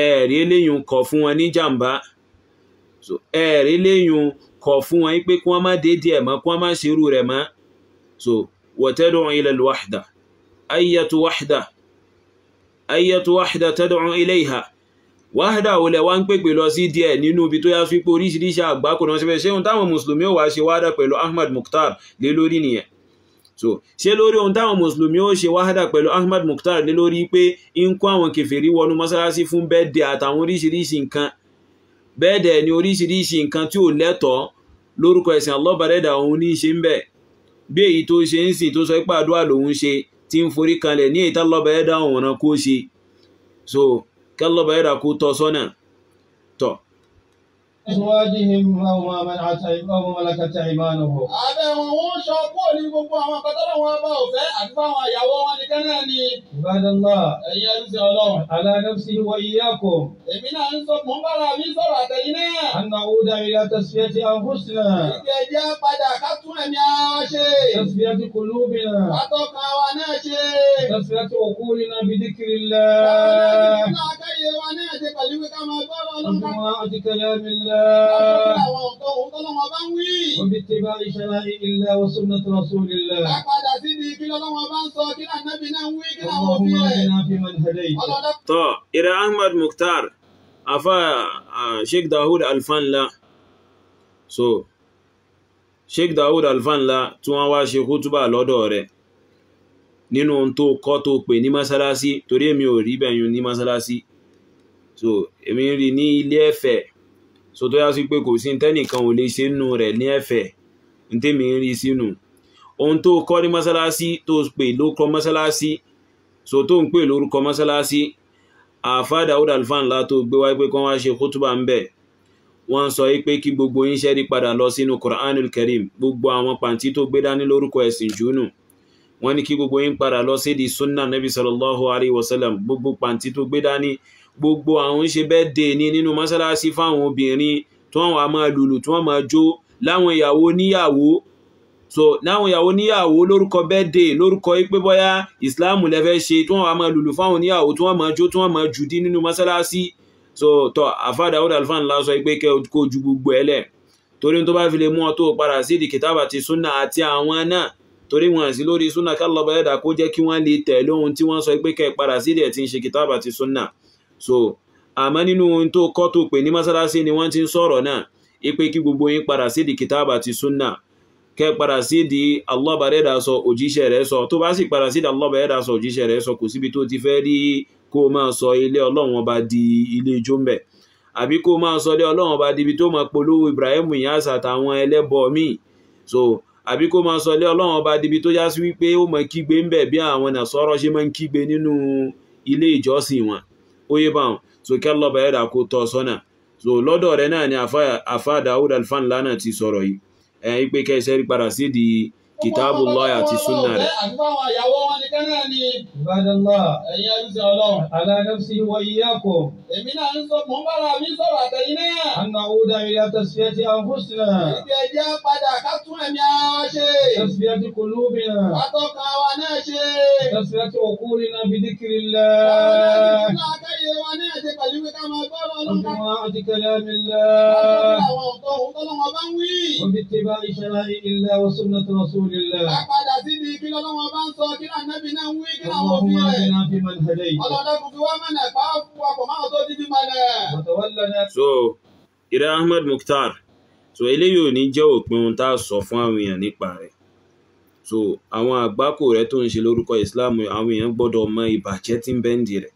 [SPEAKER 1] ẹ̀ẹ̀rí eléyìí kọ̀ fún wọn ní jàǹbá so ẹ̀ẹ̀rí eléyìí kọ̀ fún wọn pé kí wọ́n má dédé ẹ̀ mọ́ kí wọ́n má ṣerú rẹ̀ mọ́ so wọ́tẹ́dùn ilẹ̀ wàhdà ayyatu wàhdà ayyatu wahda tad'u ilayha wahda olè wá ń pèpè lọ sí díẹ̀ nínú ibi tó yá sí pé oríṣiríṣi àgbákò náà ṣẹfẹ́ ṣéhun táwọn mùsùlùmí ò wá ṣe wahda pẹ̀lú Ahmad Mukhtar lé lórí nìyẹn so ṣé lórí ohun táwọn mùsùlùmí ó ṣe wahda pẹ̀lú Ahmad Mukhtar lé lórí pé ń kó àwọn kèfèrí wọnú mọ́sálásí fún bẹ́ẹ̀dẹ̀ àtàwọn oríṣiríṣi nǹkan bẹ́ẹ̀dẹ̀ ni oríṣiríṣi nǹkan tí ò lẹ́tọ̀ọ́ lórúkọ ẹ̀sìn Allah bàrẹ́dà òun ní í ṣe ń bẹ̀ bí èyí tó ṣe ń sìn tó sọ ipá àdúrà tí ń forí kanlẹ̀ ní ìtàlọ́bà ẹ̀dá òun kó ṣe so kẹ́lọ́bà ẹ̀dá kó tọ́ sọ́nà
[SPEAKER 4] أزواجهم أو ما منعت أو ما ملكت أيمانهم. Àbẹ̀wò wọn sọ kúrò ní gbogbo àwọn akọ́tọ́rọ̀ wọn bá òfẹ́ àti fáwọn ìyàwó wọn ní Kẹ́nà ni.
[SPEAKER 2] Ibadallah. Ẹ̀yin ẹ̀rú sí Ọlọ́run. Ala nafsihi wa iyyakum.
[SPEAKER 4] Èmi náà ń sọ mò ń bára mi sọ̀rọ̀ àtẹ̀yìn náà. Anna
[SPEAKER 2] Uda ila tasfiyati anfusina.
[SPEAKER 4] Ìgbẹ́ jẹ́ padà ká tún ẹ̀mí ara wa ṣe.
[SPEAKER 2] Tasfiyati qulubina.
[SPEAKER 4] Atọ́ka wa náà ṣe.
[SPEAKER 2] Tasfiyati uqulina bi dhikrillah.
[SPEAKER 4] Àwọn ọmọ náà ti kàlí dáadáa. Omi ti bá iṣẹ́ láyé ilẹ̀ wa súnmọ́ tó lọ sórí ilẹ̀. Ẹ padà sí ibi kí lọ́lọ́wọ́ bá ń sọ kí lànàbí náà ń wí kí làwọn òbí
[SPEAKER 2] rẹ̀. Tọ́
[SPEAKER 1] Ìrẹ̀ Ahmad Mukhtar, àfa Sheikh Dawud Alfanla. So Sheikh Dawud Alfanla tí wọ́n wá ṣe kútúbà lọ́dọ̀ rẹ̀ nínú ohun tó kọ́ tó pè ní mọ́sálásí torí èmi ò rí bẹ̀yùn ní mọ́sálásí so èmi rí ní ilé ẹ̀fẹ̀ so tó yá sí pé kò sí tẹ́nìkan ò lè ṣe nù rẹ̀ ní ẹ̀fẹ̀ ní tèmi ń rí sínú ohun tó kọ́ ní mọ́sálásí tó pè lórúkọ mọ́sálásí so tó ń pè lórúkọ mọ́sálásí àfa Dawud Alfan la tó gbé wáyé pé kí wọ́n wá ṣe kútùbà ń bẹ̀ wọ́n sọ pé kí gbogbo yín ṣẹ́rí padà lọ sínú Qur'anul Karim gbogbo àwọn pàǹtí tó gbé dání lórúkọ ẹ̀sìn júnù wọ́n ní kí gbogbo yín padà lọ sí di sunna Nabi sallallahu alayhi wa sallam gbogbo pàǹtí tó gbé dání gbogbo àwọn ṣe birthday ní nínú mọ́sálásí fáwọn obìnrin tí wọ́n wà máa lùlù tí wọ́n máa jó láwọn ìyàwó níyàwó so láwọn ìyàwó níyàwó lórúkọ birthday lórúkọ pé bóyá ìsìláàmù lẹ́fẹ́ ṣe tí wọ́n wà máa lùlù fáwọn níyàwó tí wọ́n máa jó tí wọ́n máa jùdí nínú mọ́sálásí so tọ àfáà Dáúdà alfan lásọ pé kẹ kó ju gbogbo ẹ lẹ̀ torí tó bá fi lè mú ọ tó padà sí di kìtàbà ti súnà àti àwọn náà torí wọn sí lórí súnà kálọ̀bọ̀ ẹ̀dà kó jẹ́ kí wọ́n lè tẹ̀lé ohun tí wọ́n sọ pé kẹ́ padà sí di ẹ̀ tí ń ṣe kìtàbà ti súnà so àmọ́ nínú ohun tó kọ́ tó pè ní mọ́sálásí ni wọ́n ti ń sọ̀rọ̀ náà ipe kí gbogbo yín padà sí di kìtàbà ti súnà kẹ padà sí di Allah bá rẹ̀ dà sọ òjíṣẹ́ rẹ̀ sọ tó bá sì padà sí di Allah bá rẹ̀ dà sọ òjíṣẹ́ rẹ̀ sọ kò síbi tó ti fẹ́ rí kó máa sọ ilé ọlọ́run ọba di ilé ijó àbí kó máa sọ ilé ọlọ́run ọba di ibi tó máa polówó Ibrahim Inyas àtàwọn ẹlẹ́bọ míì so àbí kó máa sọ ilé ọlọ́run ọba di ibi tó já sí wípé ó máa kígbe ń bẹ̀ bí àwọn nàṣọ́rọ́ ṣe máa ń kígbe nínú ilé ìjọsìn wọn ó yé so kí Allah bá ẹ̀dà kó tọ́ sọ́nà so lọ́dọ̀ rẹ̀ náà ni àfa Dawud Alfanlana ti sọ̀rọ̀ yìí ẹ̀ ń pé kẹ́ ẹ padà sí di kìtàbù lọ́yà àti súnà rẹ̀.
[SPEAKER 4] Èmi náà ń sọ mọ́ bára mi sọ̀rọ̀ àtẹ̀yìn náà. Anna Uda ilẹ̀ tasfiya ti an husna. Ibi ẹ̀jẹ̀ padà ká tún ẹ̀mí ara wa ṣe. Tasfiya ti kulubina. Atọ́ka wa náà ṣe. Tasfiya ti okuri na
[SPEAKER 2] bi dikirillah. Báwo ni a
[SPEAKER 4] ká yẹ wa náà ṣe pẹ̀lú pé ká máa gbọ́ lọ́nà ká. Ọdún wa ti bá ń wí. Wọ́n fi tẹ́ bá ìṣẹ̀lá
[SPEAKER 1] so ire Ahmed Mukhtar so eléyìí ò ní jẹ́ òpin ohun tá a sọ fún àwọn èèyàn nípa rẹ̀ so àwọn àgbákò rẹ̀ tó ń ṣe lórúkọ Islam àwọn èèyàn gbọ́dọ̀ mọ ìbàjẹ́ tí ń bẹ́ǹdì rẹ̀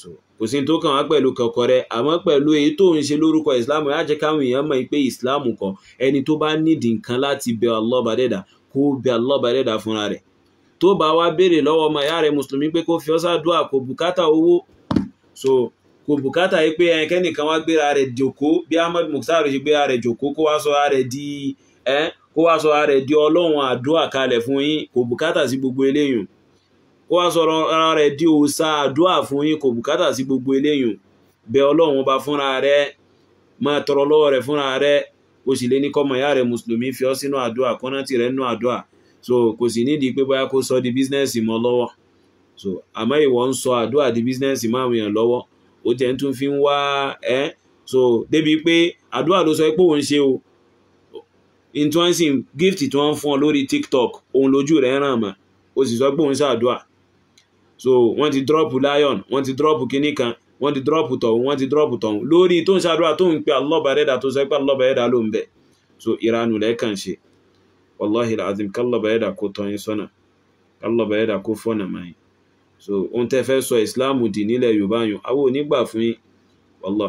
[SPEAKER 1] so kò sí tó kàn wá pẹ̀lú kọ̀kọ̀ rẹ̀ àmọ́ pẹ̀lú èyí tó ń ṣe lórúkọ islam á jẹ́ káwọn èèyàn mọ̀ pé islam kọ́ ẹni tó bá nídìí nǹkan láti bẹ Allah dẹ́dà kó bẹ alọ́ba ẹlẹ́dà fúnra rẹ̀ tó bá wá béèrè lọ́wọ́ ọmọ ìyá rẹ̀ mùsùlùmí pé kó fi ọ́sà dúà kò bùkátà owó so kò bùkátà yìí pé ẹnikẹ́nìkan wá gbéra rẹ̀ jòkó bí Ahmed Mukhtar ṣe gbéra rẹ̀ jòkó kó wá sọ rẹ̀ di ẹ́ kó wá sọ rẹ̀ di ọlọ́run àdúà kalẹ̀ fún yín kò bùkátà sí gbogbo eléyìí kó wá sọ ara rẹ̀ di òòṣà àdúà fún yín kò bùkátà sí gbogbo eléyìí bẹ ọlọ́run ọba fúnra rẹ̀ máa tọrọ lọ́wọ́ rẹ̀ fúnra rẹ̀ o sì lè ní kọ́mọ ìyá rẹ̀ mùsùlùmí fi ọ́ sínú àdúrà kọ́nàtì rẹ̀ nínú àdúrà so kò sì nídìí pé bóyá kó sọ di bísínẹ́sì mọ́ lọ́wọ́ so àmọ́ ìwọ ń sọ àdúrà di bísínẹ́sì mọ́ àwọn èèyàn lọ́wọ́ ó tẹ̀ ń tún fi ń wá ẹ́ so débi pé àdúrà ló sọ pé òun ṣe o intuansin gift tí wọ́n fún ọ lórí tiktok òun lójú rẹ̀ ràn mọ́ o sì sọ pé òun ṣàdúrà so wọ́n ti drop lion wọ́n ti drop kinní kan wọ́n ti drop tọ̀hún wọ́n ti drop tọ̀hún lórí tó ń ṣàdúrà tó ń pe alọ́ba ẹ̀dá tó sọ pé alọ́ba ẹ̀dá ló ń bẹ̀ so ìranù lẹ́ẹ̀kan ṣe wàláhì azim kálọ́ba ẹ̀dá kó tọ́ yín sọ́nà kálọ́ba ẹ̀dá kó fọ́nà mọ́ yín so ohun tẹ́ fẹ́ sọ ìsìláàmù dì nílẹ̀ yorùbá yun àwọn onígbà fún yín wàlá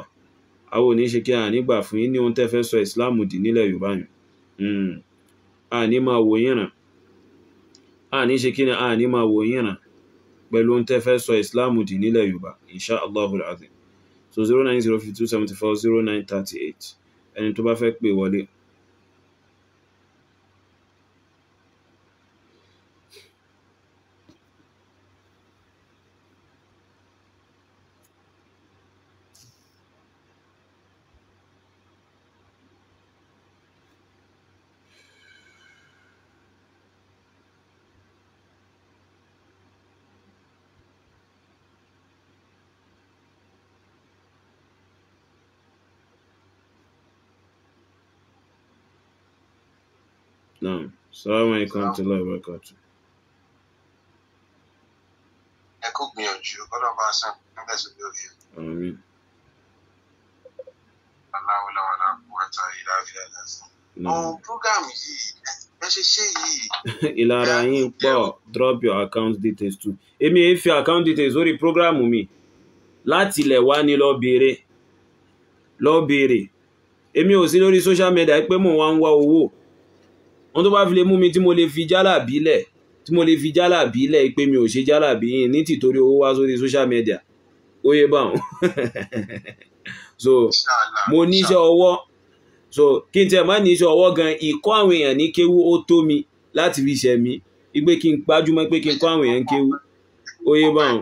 [SPEAKER 1] àwọn oníṣe kí ànígbà fún yín ní ohun tẹ́ fẹ́ sọ ìsìláàmù dì nílẹ̀ yorùbá yun àní hmm. máa wò yín ràn àní ṣe kí ni àní pẹ̀lú ohun tẹ́ fẹ́ sọ Islam dì nílẹ̀ Yorùbá insha Allahul azim so zero nine zero ẹni tó bá fẹ́ pè wọlé. Naam.
[SPEAKER 5] Assalamu alaikum warahmatullahi to Ẹ kú gbìyànjú, ọlọ́run bá sàn nígbà tí mi ò rí. Àmín. Aláwọ̀lá wà láàbù wáta ìlà àfíà lásán. Ọ̀hún púrógàmù yìí, ẹ
[SPEAKER 1] ṣe ṣé yìí. <laughs> Ìlara yín pọ̀, drop your account details too. Èmi èé fi account details sórí program, mi. Láti ilẹ̀ wá ni lọ béèrè. Lọ béèrè. Èmi ò sí lórí social media pé mò ń wá ń wá owó wọ́n tó bá fi lè mú mi tí mo lè fi jálà bílẹ̀ tí mo lè fi jálà bílẹ̀ pé mi ò ṣe jálà yín ní tìtorí owó wá sórí social media ó yé báwọn <laughs> so mo níṣẹ́ ọwọ́ so kí n tẹ̀ má níṣẹ́ ọwọ́ gan ìkọ́ àwọn èèyàn ní kéwú ó tó mi láti fi ṣẹ̀ mí igbe kí n gbájúmọ́ pé kí n kọ́ àwọn èèyàn kéwú ó yé báwọn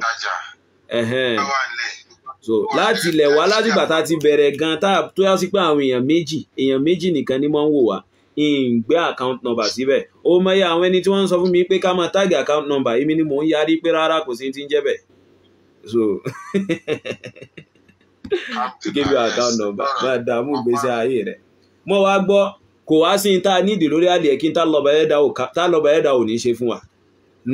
[SPEAKER 1] so láti ilẹ̀ wá látìgbà tá a ti bẹ̀rẹ̀ gan tá a tó yá sí pé àwọn èèyàn méjì èèyàn méjì nìkan ni máa ń wò wá ìgbé account number síbẹ̀ ó mọyé àwọn ẹni tí wọ́n ń sọ fún mi pé ká máa tag account number èmi ni mò ń yarí pé rárá kò sí ti ń jẹ́ bẹ̀ so
[SPEAKER 3] <laughs>
[SPEAKER 1] give your account number máa dààmú ìgbésí ayé rẹ̀ mo wá gbọ́ kò wá sí ta nídìí lórí adìẹ kí n tá lọ́ba ẹ̀dá ò ní ṣe fún wa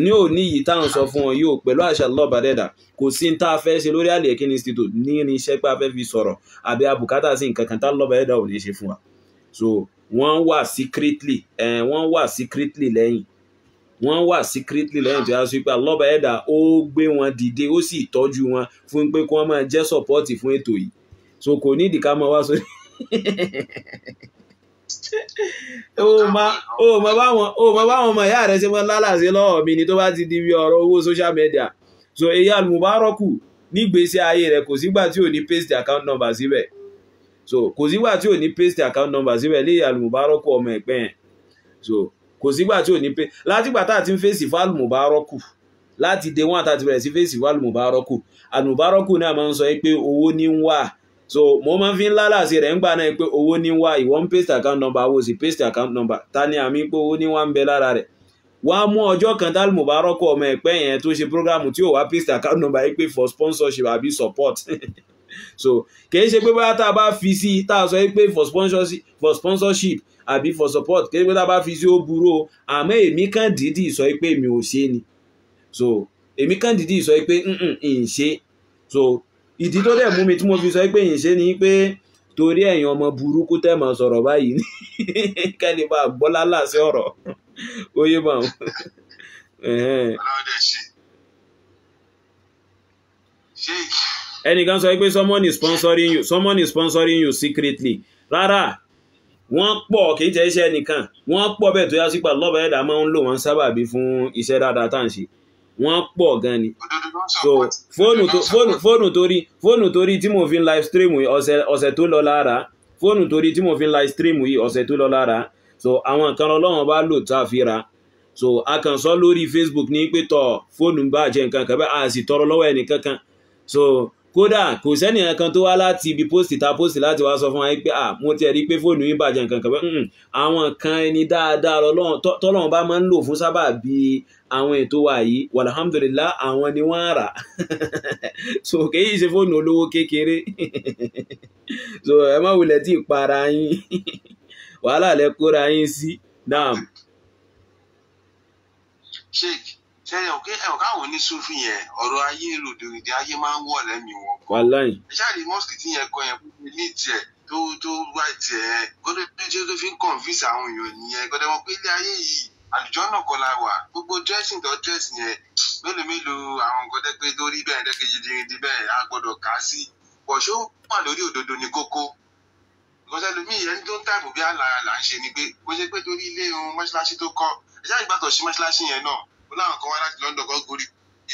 [SPEAKER 1] ní òní yìí táwọn sọ fún wọn yóò pẹ̀lú àṣà lọ́ba dẹ́dà kò sí ní tá a fẹ́ ṣe lórí àlẹ́ kí ni institute ní irinṣẹ́ pé a fẹ́ fi sọ̀rọ̀ àbí abùkátà sí nǹkan kan tá lọ́ba dẹ́dà ò ní ṣe fún wa so wọ́n wà secretly ẹ̀ wọ́n wà secretly lẹ́yìn wọ́n wà secretly lẹ́yìn tí a sọ pé alọ́ba ẹ̀dá ó gbé wọn dìde ó sì tọ́jú wọn fún pé kí wọ́n máa jẹ́ sọ́pọ́ọ̀tì fún ètò yìí so kò nídìí ká máa wá sórí <laughs> o ma o ma báwọn o ma báwọn ọmọ ìyá rẹ ṣe mọ lálàsí lọ́wọ́ mi ni tó bá ti di bí ọ̀rọ̀ owó social media so Eyal Mubaraku nígbésí ayé rẹ kò sígbà tí ò ní paste account number síbẹ̀. Si so kò sígbà tí ò ní paste account number síbẹ̀ lè alùmùbárọ́kù ọmọ ẹ̀gbẹ́ yẹn so kò sígbà tí ò ní paste látìgbà tá a ti ń fèsì fún alùmùbárọ́kù láti day one tá a ti bẹ̀rẹ̀ sí fèsì fún alùmùbárọ́kù alùmùbárọ́kù náà máa ń sọ pé owó ní ń wà so mo máa ń fi ń lálàsí rẹ̀ ń gbà náà pé owó ní ń wà ìwọ ń paste account number wo sì paste account number ta ni àmì pé owó ní wà ń bẹ lára rẹ̀ wọ́n á mú ọjọ́ kan dálùmù bá ọmọ ẹ̀pẹ́ yẹn tó ṣe prógrámù tí ò wá paste account number yìí pé for sponsorship àbí support <laughs> so kìí ṣe pé bóyá tá a bá fi sí tá a sọ pé for sponsorship for sponsorship àbí for support kìí ṣe pé tá a bá fi sí ó burú o àmọ́ èmi kàn dídì sọ pé mi ò ṣe ni so èmi kàn dídì sọ pé n ṣe so ìdí tó dẹ̀ mú mi tí mo fi sọ pé n ṣe ni pé torí ẹ̀yin ọmọ burúkú tẹ́ máa sọ̀rọ̀ báyìí ní <laughs> kẹ́lẹ́ bá gbọ́lá láṣẹ ọ̀rọ̀ oyè bá wọn. <laughs> ọlọ́run dẹ̀ ṣe ṣéèkì ẹnìkan sọ pé someone is sponsoring you someone is sponsoring you secretly rárá wọ́n pọ̀ kì í tẹ́ iṣẹ́ nìkan wọ́n pọ̀ bẹ́ẹ̀ tó yá sípa lọ́bàá ẹ̀dá máa ń lò wọ́n sábàbí fún iṣẹ́ dáadáa tá à ń ṣe wọ́n pọ̀ gan ni so fóònù tó fóònù fóònù torí fóònù torí tí mo fi ń live stream yìí ọ̀sẹ̀ ọ̀sẹ̀ tó lọ lára fóònù torí tí mo fi ń live stream yìí ọ̀sẹ̀ tó lọ lára so àwọn nǹkan ọlọ́run bá lò tá a fi ra so a kàn sọ lórí Facebook ní pé tọ̀ fóònù bá jẹ́ nǹkan kan bẹ́ẹ̀ a sì tọrọ lọ́wọ́ ẹnì kankan so kódà kò sẹ́ni kan tó wá láti ibi pósìtì ta pósìtì láti wá sọ fún wa pé à mo ti rí pé fóònù yín bàjẹ́ nǹkan kan pé àwọn kan ẹni dáadáa tọ́lọ́run bá máa ń lò fún sábà bí àwọn ètò wa yìí wàlhámdùlélá àwọn ni wọ́n rà <laughs> so kèyí ṣe fóònù olówó kékeré <laughs> so ẹ má wulẹ̀ tí ì para yín <laughs> wàhálà lẹ kóra yín sí naam.
[SPEAKER 5] sheik ṣe ẹ òkè ẹ òkè àwọn oníṣòfin yẹn ọ̀rọ̀ ayé ròdòrìdì ayé máa ń wọ̀ lẹ́mìí wọn. wàláì. ẹ ṣáà rí mọ́sìkì tí yẹn kọ yẹn ní tiẹ̀ tó tó wá tiẹ̀ gbọ́dọ̀ tí ó fi ń kọ̀ǹfìsì àwọn èèyàn nìyẹn gbọ́dọ̀ wọn pé ilé ayé yìí àlùjọ náà kọ́ la wà gbogbo dressing tó dress yẹn mélòó mélòó àwọn nǹkan tẹ́ tó rí bẹ́ẹ̀ dẹ́kejì díndín bẹ́ẹ̀ á gbọ́dọ̀ kà á sí pọ̀ṣó wà lórí òdodo ní kókó ìgbọ́sẹ̀ lómi ìyẹn tó ń tàbí bí àlàyé là ń ṣe ni pé kò ṣe pé torí ilé ohun mọ́ṣáláṣí tó kọ́ ẹ̀ṣá ìgbà tó mọ́ṣáláṣí yẹn náà ó láwọn kan wá láti London kan gorí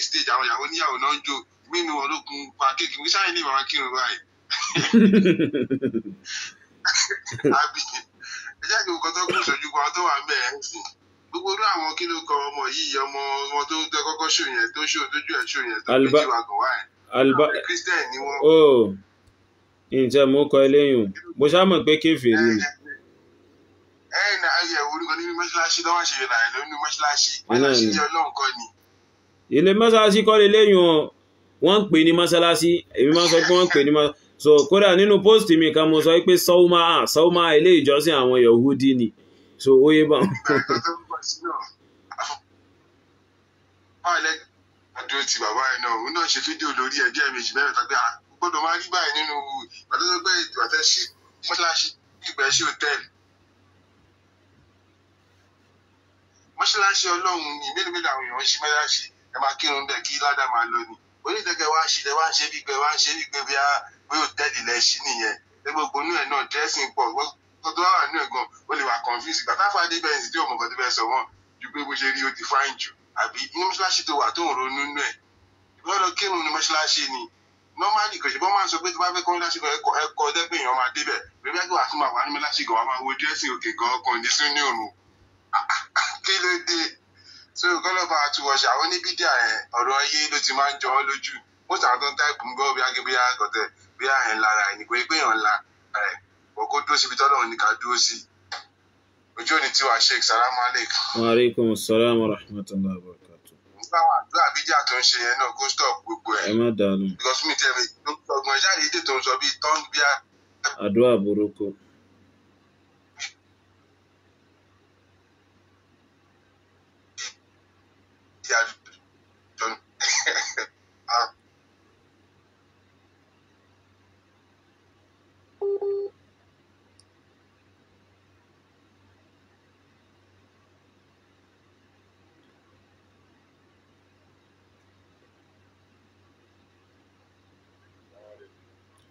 [SPEAKER 5] stage àwọn ìyàwó níyàwó náà ń jó mímu wọn pa kéèkì wí sáyẹn ní ìbára kírun báyìí. <laughs>
[SPEAKER 3] ẹ jẹ́ kí nǹkan tó kún ìṣojú kan tó wà ń bẹ̀
[SPEAKER 5] gbogbo irú àwọn kí ló kọ ọmọ yìí ọmọ ọmọ tó tẹ kọ́kọ́ ṣò yẹn tó ṣò tójú ẹ̀ ṣò yẹn tó méjì wà gàn ẹ̀ àwọn Christian ni
[SPEAKER 1] oh, ǹjẹ́ mo kọ eléyìí mo ṣá mọ̀ pé kéfì ni
[SPEAKER 5] ẹ̀yìn na ayé ẹ̀wò orúkọ nínú mọ́ṣáláṣí tó wá ṣe ìlànà ìlú nínú mọ́ṣáláṣí mọ́ṣáláṣí jẹ́ ọlọ́run kọ́ ni.
[SPEAKER 1] ilé mọ́ṣáláṣí kọ́ leléyìn o wọ́n ń pè ní mọ́ṣáláṣí èmi máa ń sọ pé wọ́n ń pè ní mọ́ṣáláṣí so kódà nínú post mi kan mo sọ pé sọ́ọ́mà sọ́ọ́mà ilé ìjọsìn àwọn Yahudi ni so ó yé bá wọn.
[SPEAKER 5] àdúró ti bàbá ẹ náà òun náà ṣe fídíò lórí ẹbí mọ́ṣáláṣí ọlọ́run ni mélòó àwọn èèyàn ń ṣe ẹ máa kírun bẹ́ẹ̀ kí ládà máa lọ ni onídẹ̀gẹ̀ wá ṣe ẹ wá ṣe bí gbẹ wá ṣe bí gbẹ bí a bí òtẹ́ẹ̀lì lẹ ṣí nìyẹn ẹ gbogbo inú ẹ̀ náà dressing pọ̀ gbogbo àwọn àánú ẹ̀ gan lè wà confused ìgbà táfà bẹ́ẹ̀ sì tí òmùgọ̀ tó bẹ́ẹ̀ sọ wọ́n ju pé bó ṣe rí ó ti fáìn jù àbí inú mọ́ṣáláṣí tó wà tó ń ronú nú ẹ̀ ìgbọ́dọ̀ kírun ní mọ́ṣáláṣí ni normally kò ṣe bọ́ máa ń sọ pé tó bá fẹ́ kọ́ mọ́ṣáláṣí kan ẹ̀kọ́ ọdẹ́gbẹ̀yàn máa débẹ̀ bẹ́ẹ̀ bí wàá tún máa wà ní mọ́ṣáláṣí kan wàá máa wo dressing òkè gan ọkàn ìdí sínú ní òrùn kí ló dé so kọ́lọ́ba àtúwọ̀ṣe àwọn oníbídíà ọ̀rọ̀ ayé ló ti máa jọ ọ́ lójú most àwọn táìpù ń gbọ́ bí agé bí bí àyẹ̀ lára ẹ̀ nìkan pé èèyàn ńlá ẹ̀ dúró síbi ní ká dúró
[SPEAKER 1] salamu salaam wa nígbà wà àbíjà tó ń ṣe yẹn náà kó gbogbo ẹ má dànù. يعني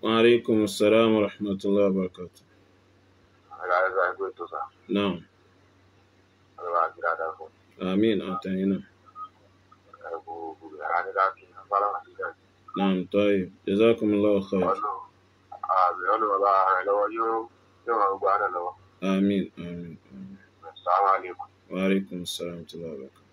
[SPEAKER 1] وعليكم السلام ورحمة الله وبركاته نعم
[SPEAKER 5] آمين أعطينا يعني نعم طيب جزاكم الله خير آمين آمين آمين السلام عليكم وعليكم السلام ورحمة الله وبركاته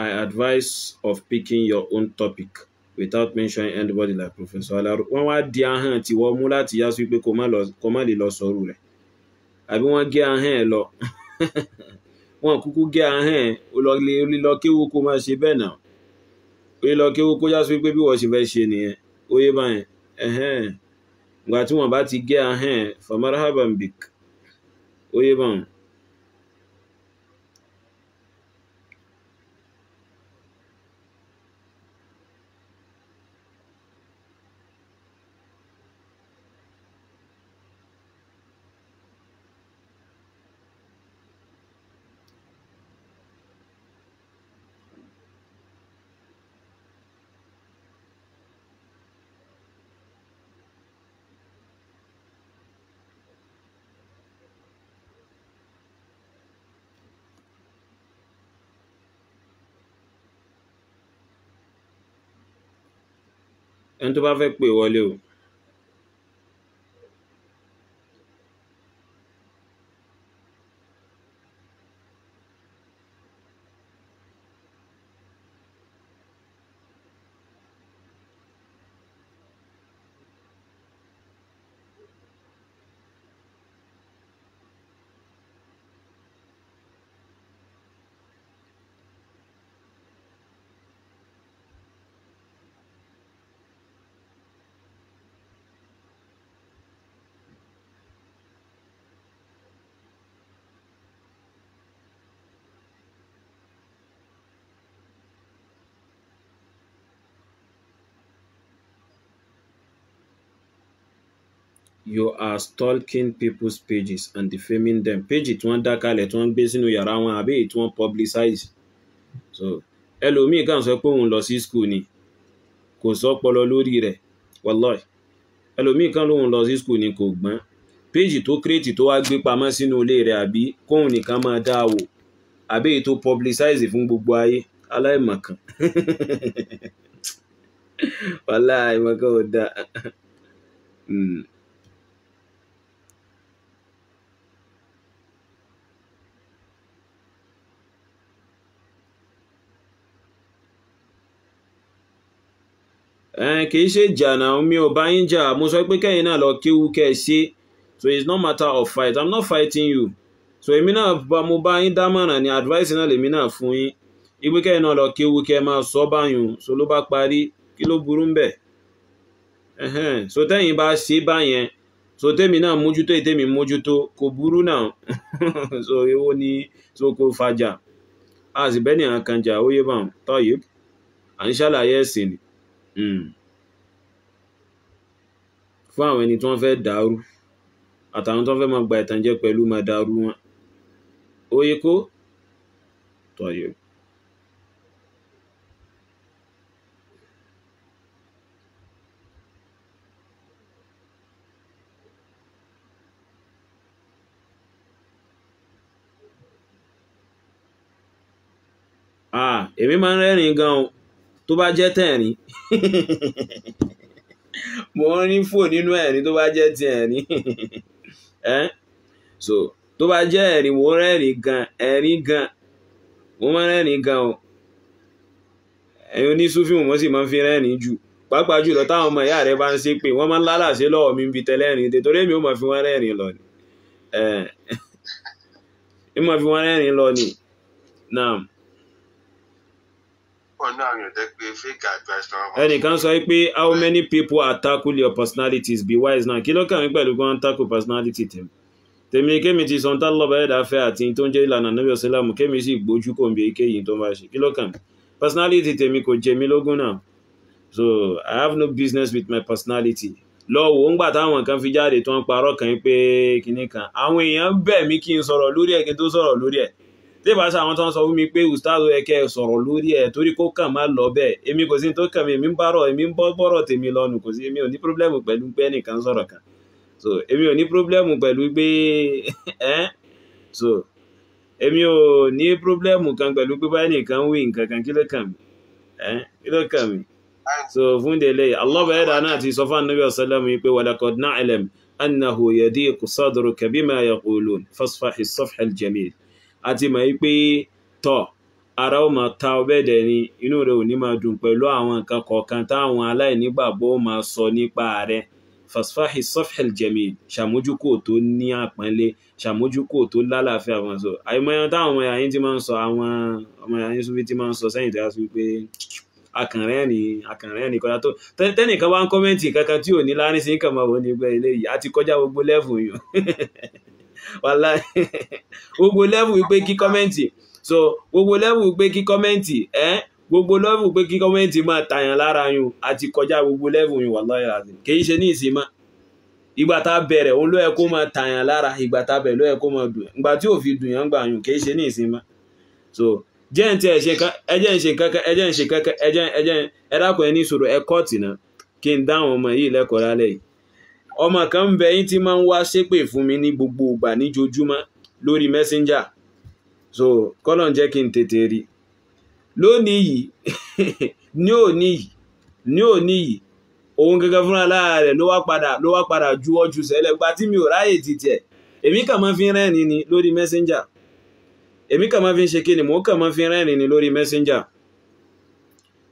[SPEAKER 1] I advise of picking your own topic without mentioning anybody like Professor Alaro. Wọ́n wá di ahọ́n tí wọ́n mú láti yá sí pé kó má lè lọ sọ̀rọ̀ rẹ̀. Àbí wọ́n gé ahọ́n ẹ̀ lọ. <laughs> Wọ́n kúkú gé ahọ́n ẹ̀ olílọ kéwò kó máa ṣe bẹ́ẹ̀ náà. Olílọ kéwò kó yá sí pé bí wọ́n ṣe fẹ́ ṣe nìyẹn. Ó yé báyẹn. Ìgbà tí wọ́n bá ti gé ahọ́n ẹ̀ Famara Habambik. Ó yé báyẹn. ẹni tó bá fẹ́ pè wọlé o. you are stalking people's pages and defaming them page tí wọ́n dá kalẹ̀ tí wọ́n gbé sínú yàrá wọn àbí èyí tí wọ́n publicize so ẹlòmíì kàn sọ pé òun lọ sí school ni kò sọpọlọ lórí rẹ̀ wallahi ẹlòmíì kàn lóun lọ sí school ni kò gbọ́n péjì tó kírètì tó wá gbé pamọ́ sínú ilé rẹ̀ àbí kóun nìkan máa dá a wò àbí èyí tó publicize fún gbogbo ayé aláìmọ̀kan <laughs> wàhálà àìmọ̀kan ò dáa. Hmm. kì í ṣe jà náà mi ò bá yín jà mo sọ pé kẹ́yìn náà lọ kéwú kẹ́ ẹ ṣe so it's not matter of fight i'm not fighting you so èmi náà mo bá yín dámọ̀ràn ní advice náà lèmi náà fún yín ìwé kẹ́yìn náà lọ kéwú kẹ́ ẹ máa sọ báyìí so ló bá parí kí ló burú ń bẹ̀ so tẹ́yìn bá ṣe báyẹn so tẹ́mi náà mójútó ìtẹ́mi mójútó kò burú náà <laughs> so èwo ni so kò fàjà a sì bẹ́ẹ̀ ni àkànjà ó bá ń tọ́yìí à ń ṣàlàyé ẹ̀sìn ni. Hmm. fún àwọn ẹni tí wọ́n fẹ́ dàrú àtàwọn tí wọ́n fẹ́ máa gba ìtànjẹ pẹ̀lú máa dàrú wọn ó yẹ kó tọ̀yọ̀. Ah, èmi máa ń rẹ́rìn gan-an tó bá jẹ́ tẹ̀rín <laughs> mo ń rí fò nínú ẹ̀rín tó bá jẹ́ ti ẹ̀rín <laughs> ẹ́ so tó bá jẹ́ ẹ̀rín mo ń gan ẹ̀rín gan mo máa ń gan o ẹ̀yin onísúfì mo sì máa ń fi rẹ́rìn jù pàápàá jùlọ táwọn ọmọ ìyá rẹ bá ń ṣe pé wọ́n máa ń lálàsé lọ́wọ́ mi ń bi tẹ́lẹ́rìn dé torí èmi ò máa fi wọ́n rẹ́rìn lọ ni ẹ̀ ẹ̀ máa fi wọ́n rẹ́rìn lọ ni naam
[SPEAKER 5] púpọ̀ ní àwọn
[SPEAKER 1] ẹnìkan sọ pé how many people are tackle your personalities be wise now kí ló kàn mí pẹ̀lú kí wọ́n tackle personality tèmi tèmi kémi ti sọ ń tálọ́bà ẹ̀dá fẹ́ àti tó ń jẹ́ ìlànà níbi ọ̀sẹ́lámù kémi sì gbójú kò ń bi èkéyìí tó ń bá ṣe kí ló kàn mí personality tèmi kò jẹ mí lógún náà so i have no business with my personality lọ wò ń gbà táwọn kan fi jáde tó ń parọ́ kan pé kinní kan àwọn èèyàn bẹ̀ mí kí n sọ̀rọ̀ lórí ẹ̀ kí n tó sọ̀rọ̀ lórí ẹ̀ tí ìbáṣà àwọn tó ń sọ fún mi pé ustaz ẹ kẹ́ sọ̀rọ̀ lórí ẹ̀ torí kó kàn má lọ bẹ́ẹ̀ èmi kò sí tó kàn mí èmi ń bárọ̀ èmi ń bọ́rọ̀ tèmi lọ́nu kò sí èmi ò ní pírọ́blẹ́mù pẹ̀lú pé ẹnìkan sọ̀rọ̀ kan so èmi ò ní pírọ́blẹ́mù pẹ̀lú pé <laughs> ẹ́ so èmi ò ní pírọ́blẹ́mù kan pẹ̀lú pé báyìí nìkan wí nǹkan kan kí ló kàn mí ẹ́ kí ló kàn mí so fún délé alọ́bàá ẹ̀dá náà ti sọ fún anabi ọ̀sálẹ́mu yìí pé wàlàkọ̀d náà ẹlẹ́m annahu yadiqu a ti mọ̀ wípé tọ̀ ara ó máa ta ọ bẹ́ẹ̀ dẹ̀ ni inú rẹ ò ní máa dùn pẹ̀lú àwọn nǹkan kọ̀ọ̀kan táwọn aláìnígbàgbọ́ ó máa sọ nípa rẹ fasfahi safhel jamil ṣàmójúkò tó ní àpọ́nlé ṣàmójúkò tó lálàáfíà wọn sọ àìmọyàn táwọn ọmọ yàyín ti máa ń sọ àwọn ọmọ yàyín súnfí ti máa ń sọ sẹ́yìn tí a sọ pé akànrẹ́rìn akànrẹ́rìn kọjá tó tẹ́nìkan wá ń kọ́mẹ́ǹtì kankan tí ò ní láárín sí kàn máa wọ ní gbẹ́ ilé kọjá gbogbo lẹ́fù yìí <laughs> wàláì <laughs> gbogbo level gbé kí kọ́mẹ́ǹtì so gbogbo level gbé kí kọ́mẹ́ǹtì ẹ́ eh? gbogbo level gbé kí kọ́mẹ́ǹtì máa tàyàn lára àti kọjá gbogbo level yun wàláì làásì kì í ṣe ní ìsìn mọ́ ìgbà tá a bẹ̀rẹ̀ òun ló kó máa tàyàn lára ìgbà tá a dùn ìgbà tí dùn yàn gbà yun kì í ṣe ní ìsìn ọmọ kan ń bẹ yín tí máa ń wá ṣépè fún mi ní gbogbo ìgbà níjojúmọ́ lórí messenger so kọ́lọ̀ ń jẹ́ kí n tètè rí lónìí yìí <laughs> ní òní yìí ní òní yìí òun gangan fúnra lára rẹ̀ ló wá padà ló wá padà juwọ́ ju sẹ́lẹ̀ gba tí mi ò ráyè ti tiẹ̀ èmi kàn máa fi rẹ́rìn ni lórí messenger èmi kàn máa fi ṣe kí ni mò ń kàn máa fi rẹ́rìn ni lórí messenger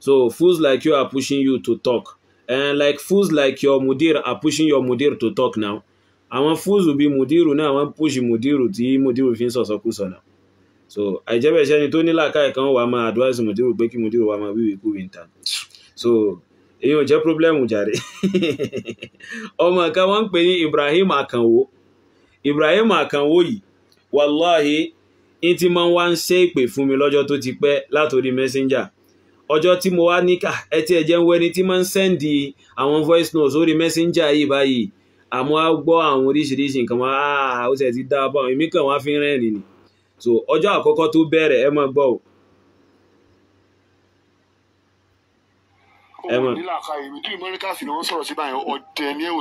[SPEAKER 1] so fools like you are pushing you to talk And like fools like your mudir are pushing your mudir to talk now àwọn fools bí mudiru náà wọ́n push mudiru tí mudiru fi ń sọ̀sọ̀kúsọ náà so àìjẹ́bẹ̀ ṣẹ́ni tó ní làákàyè kan wà máa advise mudiru pé kí mudiru wà máa wíwí kú wíńtà so èyí ò jẹ́ problem jàre <laughs> ọmọ kan wọ́n ń pè ní Ibrahim Àkànwó Ibrahim Àkànwó yìí wàláhì ní ti máa ń wá ń ṣe ìpè fún mi lọ́jọ́ tó ti pẹ́ látòrí messenger ọjọ́ tí mo wá ní ká ẹ tí ẹ jẹ́ ń wẹ́ni tí máa ń sẹ́ndì àwọn voice note sórí messenger yìí báyìí àmọ́ á gbọ́ àwọn oríṣiríṣi nǹkan wọn á ah, ó sì ti dá bá wọn èmi kàn wá fi rẹ́rìn ni so ọjọ́ àkọ́kọ́ tó bẹ̀rẹ̀ ẹ máa gbọ́ o.
[SPEAKER 6] ẹ máa nílàkàyè ìdí ìmọ̀ríkà sì ni wọ́n sọ̀rọ̀ sí báyìí ọ̀dẹ ni ẹ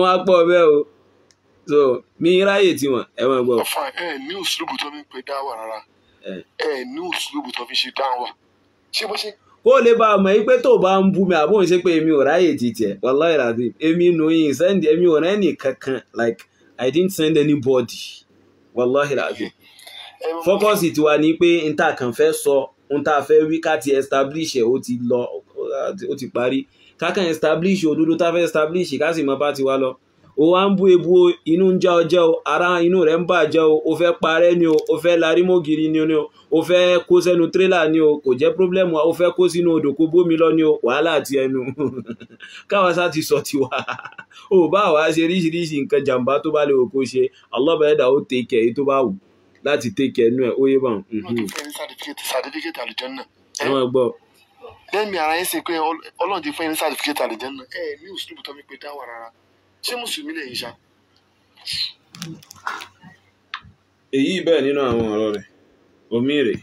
[SPEAKER 1] wá pọ̀ bẹ́ẹ̀ o so mi ráyè tiwọn ẹ máa gbọ́. ọ̀fà
[SPEAKER 6] ẹ ní òṣèlú tó ń pè dá rárá ẹ ní òṣùlùbù tó fi ṣe dáhùn wa
[SPEAKER 2] ṣé bó ṣe.
[SPEAKER 1] kó o lè bá a mọ̀ pé tó o bá ń bú mi àbóhùn ṣe pé èmi ò ráyè títẹ̀ wàláì ràdí èmi nù yín sẹ́ndì èmi ò rẹ́ni kankan like i didn't send anybody wàláì ràdí. fọ́kọ́sì tiwa ni pé n ta kàn fẹ́ sọ n ta fẹ́ wí ká ti establish ẹ̀ ó ti lọ ó ti parí ká kàn establish òdodo tá fẹ́ establish ká sì mọ bá ti wá lọ ó wá ń bú ebu inú ń já ọ jẹ́ o ara inú rẹ̀ ń bàjẹ́ o o fẹ́ parẹ́ ni o o fẹ́ larímògiri ni o o fẹ́ kó sẹ́nu tírélà ni o kò jẹ́ pírọ́blẹ́mù o fẹ́ kó sínú odò kó bómi lọ ni o wàhálà àti ẹnu <laughs> káwa sá ti sọ tiwa <laughs> o bá wa ṣe ríṣiríṣi nǹkan jàǹbá tó bá lè wò kó ṣe ọlọ́bẹ̀ẹ́dà ó tẹ̀ kẹ̀ èyí tó bá wù láti tẹ̀ kẹ̀ ẹnu ẹ̀ ó yé bọ̀.
[SPEAKER 6] sàdífíkẹ́tì àlùjànnà.
[SPEAKER 3] ẹ
[SPEAKER 1] máa gbọ́
[SPEAKER 6] lẹ́mìí ara yín sì pé ọlọ́run ti fún yín ní sàdífíkẹ́tì àlùjànnà ẹ ní òṣèlú tó mi pé dáwà rárá ṣé mùsùlùmí lè yí ṣá.
[SPEAKER 1] èyí bẹ́ẹ̀ nínú àwọn ọ̀rọ̀ rẹ̀ omi rè.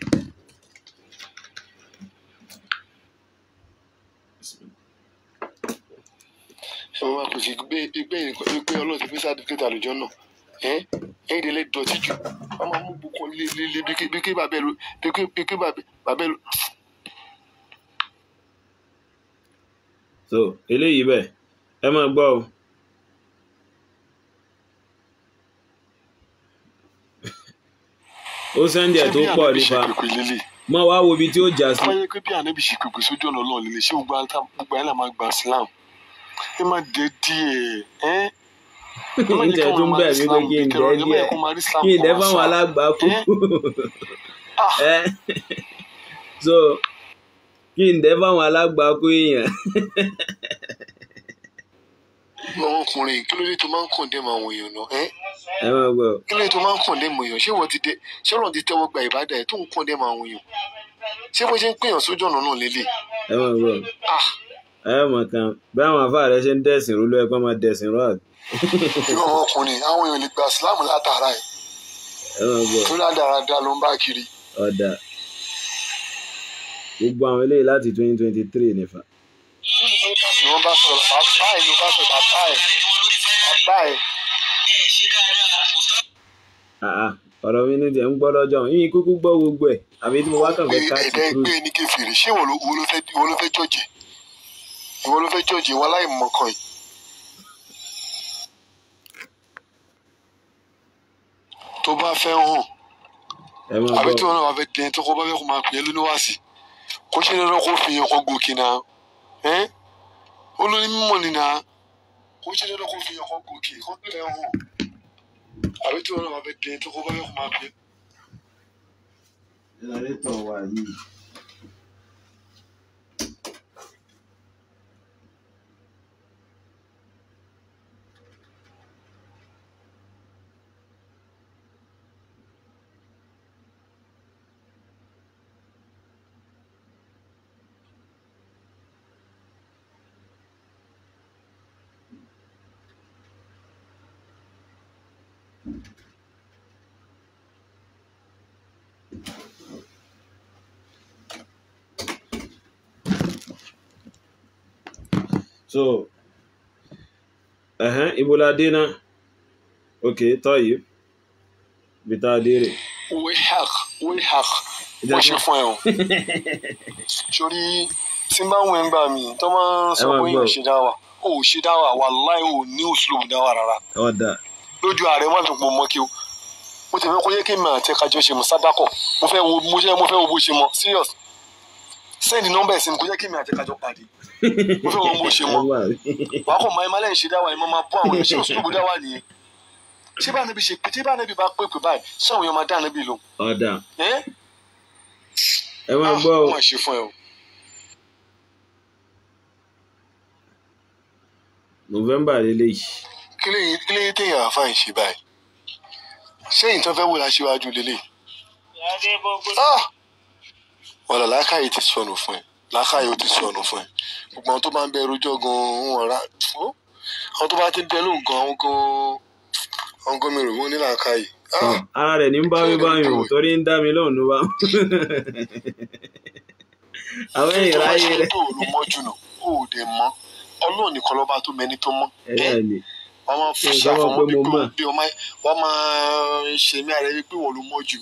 [SPEAKER 6] ṣọwọ́n máa kò sí gbé ìgbé ìgbé ọlọ́run ti fi sáàdìkẹ́tà àlùjọ náà ẹ ẹ ìdílé dọ̀tí jù wọ́n máa mú bukọ líle bí kí bàbá ẹ lò bí kí bàbá ẹ lò.
[SPEAKER 1] so eléyìí bẹ́ẹ̀ ẹ máa gbọ́ o. ó sẹ́ńdẹ̀ tó pọ̀ nípa mọ wá wo ibi tí ó jà sí. wọ́n yẹ
[SPEAKER 6] pé bí ànábì ṣe pèpè sójú ọ̀nà ọlọ́run lè ṣé gbogbo ayé là máa gba Islam ẹ má dé díẹ̀
[SPEAKER 1] níjẹ tó ń bẹ̀ mí pé kí n dẹ́ díẹ̀ kí n dẹ́ fáwọn alágbàákú <laughs> ah! so kí n dẹ́ fáwọn alágbàákú èèyàn. <laughs>
[SPEAKER 6] ọmọkùnrin kí ló dé tó máa ń kàn dé màwọn èèyàn náà ẹ máa tó máa ń kàn lé mọ̀ èèyàn ṣé wọ́n ti dé ṣé ọ̀rọ̀ ti tẹ́wọ́ gba ìbádà ẹ̀ tó ń kàn lé mọ̀ àwọn èèyàn ṣé bó ṣe ń pèèyàn sójú ọ̀nà náà lélẹ̀. ẹ máa gbọ́ ah!
[SPEAKER 1] ẹ mọ̀ kan bí àwọn afá rẹ ṣe ń dẹ̀sìn rú ló ẹ pọ́n máa dẹ̀sìn rú àbí. ìwọ
[SPEAKER 6] ọkùnrin àwọn èèyàn lè gba síláàmù látara ẹ tó ládàradà ló ń bá kiri.
[SPEAKER 1] ọ̀dà gbogbo àwọn eléyìí láti twenty twenty three nìfà.
[SPEAKER 6] ìwọ bá sọ̀rọ̀ bàbá ẹ̀ ló bá sọ̀rọ̀ bàbá ẹ̀ bàbá ẹ̀ ṣe dáadáa
[SPEAKER 1] kò sọ. Ah, ah, ọ̀rọ̀ mi ní tiẹ̀ ń gbọ́ lọ́jọ́ yín kúkú gbọ́ gbogbo ẹ̀ àbí tí mo wá kàn fẹ́ káàtì kúrú. pé
[SPEAKER 6] ní kẹfìrì ṣé ìwọ ló fẹ́ jọ̀jẹ̀ ìwọ ló fẹ́ jọ̀jẹ̀ wa láì mọ̀kàn yìí. tó bá fẹ́ hàn àbí tí wọn náà wà fẹ́ dẹ́n tó kọ́ bá fẹ́ kó máa pè é lóníwá sí kó ṣe dandan kó fi yẹn kó gòkè náà olórí mímọ́ nìyà kó ṣe dandan kó fi yẹn kó gòkè kó tẹ̀ hàn. A bɛ to yɔrɔ on bɛ tilen
[SPEAKER 1] so ẹ̀hẹ́n ibo la dé náà ok tọ́yì bìtá adéré.
[SPEAKER 2] wíhàk wíhàk mo ṣe fún
[SPEAKER 1] ẹ
[SPEAKER 6] o sórí <laughs> tí bá wọn gbà mí tó máa ń sọ pé yóò ṣe dáwà ó ṣe dáwà wàláì ò ní òṣèlú dáwà rárá lójú ààrẹ wọn fi gbọmọ kí o mo tẹ̀lé kó yẹ kí màá tẹ kájọ ṣe mọ sábàkọ mo fẹ́ wo bó ṣe mo fẹ́ wo bó ṣe mọ serious send number ẹ̀ sí mi kó yẹ kí màá tẹ kájọ pàdé mo fẹ́ wọn mo ṣe mọ́ wà á kò mọ ẹ̀ma lẹ́yìn ṣe dáwà ẹ̀ma máa bọ́ àwọn ẹ̀ṣẹ́ òṣùlùkù dáwà nìyẹn ṣé bá níbi ṣe pé tí bá níbi bá pè pè báyìí ṣé àwọn èèyàn máa dá níbi lò.
[SPEAKER 1] ọ̀dà ẹ máa ah, gbọ́ o. wọ́n ṣe fún ẹ o. november lélẹ́yìí.
[SPEAKER 6] kí lè kí lè téèyàn àfáà ń ṣe báyìí ṣé ìtàn fẹ́ wò láṣíwájú lélẹ́yìí. Ah! ọ̀làlákàyè ti sọnù fún ẹ làákàyè ó ti sọnù fún ẹ gbogbo àwọn tó bá ń bẹ rojọ́ gan-an wọn ra ó àwọn tó bá ti ń bẹ lóhùn àwọn gan àwọn gan mi rò wọ́n ní làákàyè.
[SPEAKER 3] Ah! Hmm. ara
[SPEAKER 1] rẹ̀ ní ń bá mi bá mi rò torí ń dá mi lọ́hùn ló bá.
[SPEAKER 3] <laughs>
[SPEAKER 1] àwọn èèyàn ráyè rẹ̀. tó
[SPEAKER 6] ló mọ́ jùlọ ó dẹ̀ mọ́ ọlọ́run nìkan lọ́ba tó mẹ́ni tó mọ́. wọ́n máa fi ṣàfọ̀mọ́ bí wọ́n máa ṣe mí ara ẹni pé wọ́n ló mọ́ jù.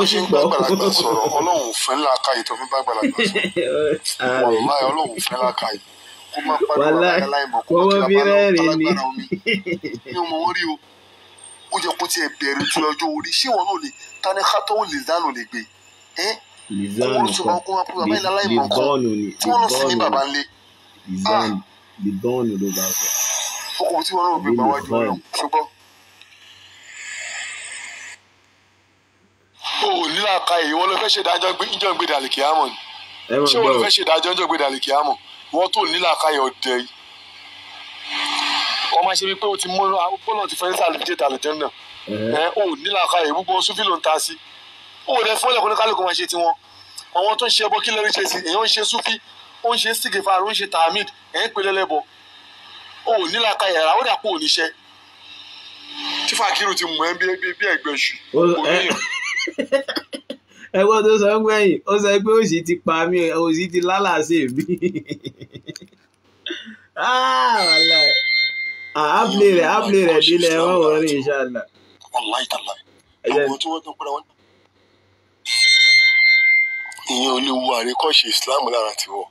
[SPEAKER 6] ó ṣe gbọ́ àgbàlagbà sọ̀rọ̀ ọlọ́run fẹ́
[SPEAKER 5] ńlá káyì tó fi bá
[SPEAKER 6] àgbàlagbà
[SPEAKER 2] sọ̀rọ̀ <laughs> wàláyé ọlọ́run fẹ́ ńlá káyì kó má pariwo
[SPEAKER 6] àgbàlagbà láìmọ̀ kó má kí lábàárọ̀ alágbára omi ní ọmọ wọn rí o ó jẹ kó tiẹ̀ bẹ̀rẹ̀ tu ọjọ́ orí ṣé wọn náà lè tani kátó lìdánù lè gbé ẹ́ kó tó máa kó má pariwo àgbàlagbà láìmọ̀ kó tí wọ́n lọ sí ní bàbá ńlẹ̀ ah ọkùnrin tí wọ́n náà gbé o nílà ka èyí wọ́n ló fẹ́ ṣe ìdájọ́ ìjọ ìgbéde àlìkí àmọ̀ ni ṣé wọ́n ló fẹ́ ṣe ìdájọ́ ìjọ ìgbéde àlìkí àmọ̀ wọ́n tó nílà ka yọ̀ dẹ̀ yìí. wọ́n máa ṣe wípé o ti mú bọ́lọ̀ ti fẹ́ẹ́ sàlùjẹ́ tàlùjẹ́ náà o nílà ka èyí gbogbo sùfì ló ń ta sí o rẹ fún ẹlẹ́kùn ní kálukú máa ṣe tiwọn àwọn tó ń ṣe ẹbọ kí lórí ṣe sí èèyàn ń ṣe sùfì ó ń ṣe sígìfàr ó ń ṣe tàmíd ẹ̀ ń pelé lẹ́bọ o nílà ka yàrá ó dà kó o níṣẹ́ tí fàkírù ti mú ẹ bí ẹgbẹ́ ṣù
[SPEAKER 1] ẹgbọ́n tó sọ gbẹ̀yìn ó sọ pé òṣì ti pa mí òṣì ti lálàsè mí
[SPEAKER 2] àáplé rẹ̀ àáplé rẹ̀ nílẹ̀ ẹ̀ wọ́n wọ́n rí ìṣàlá. ìyẹn
[SPEAKER 6] ò àríkọ́ṣe Islam lára tiwọ́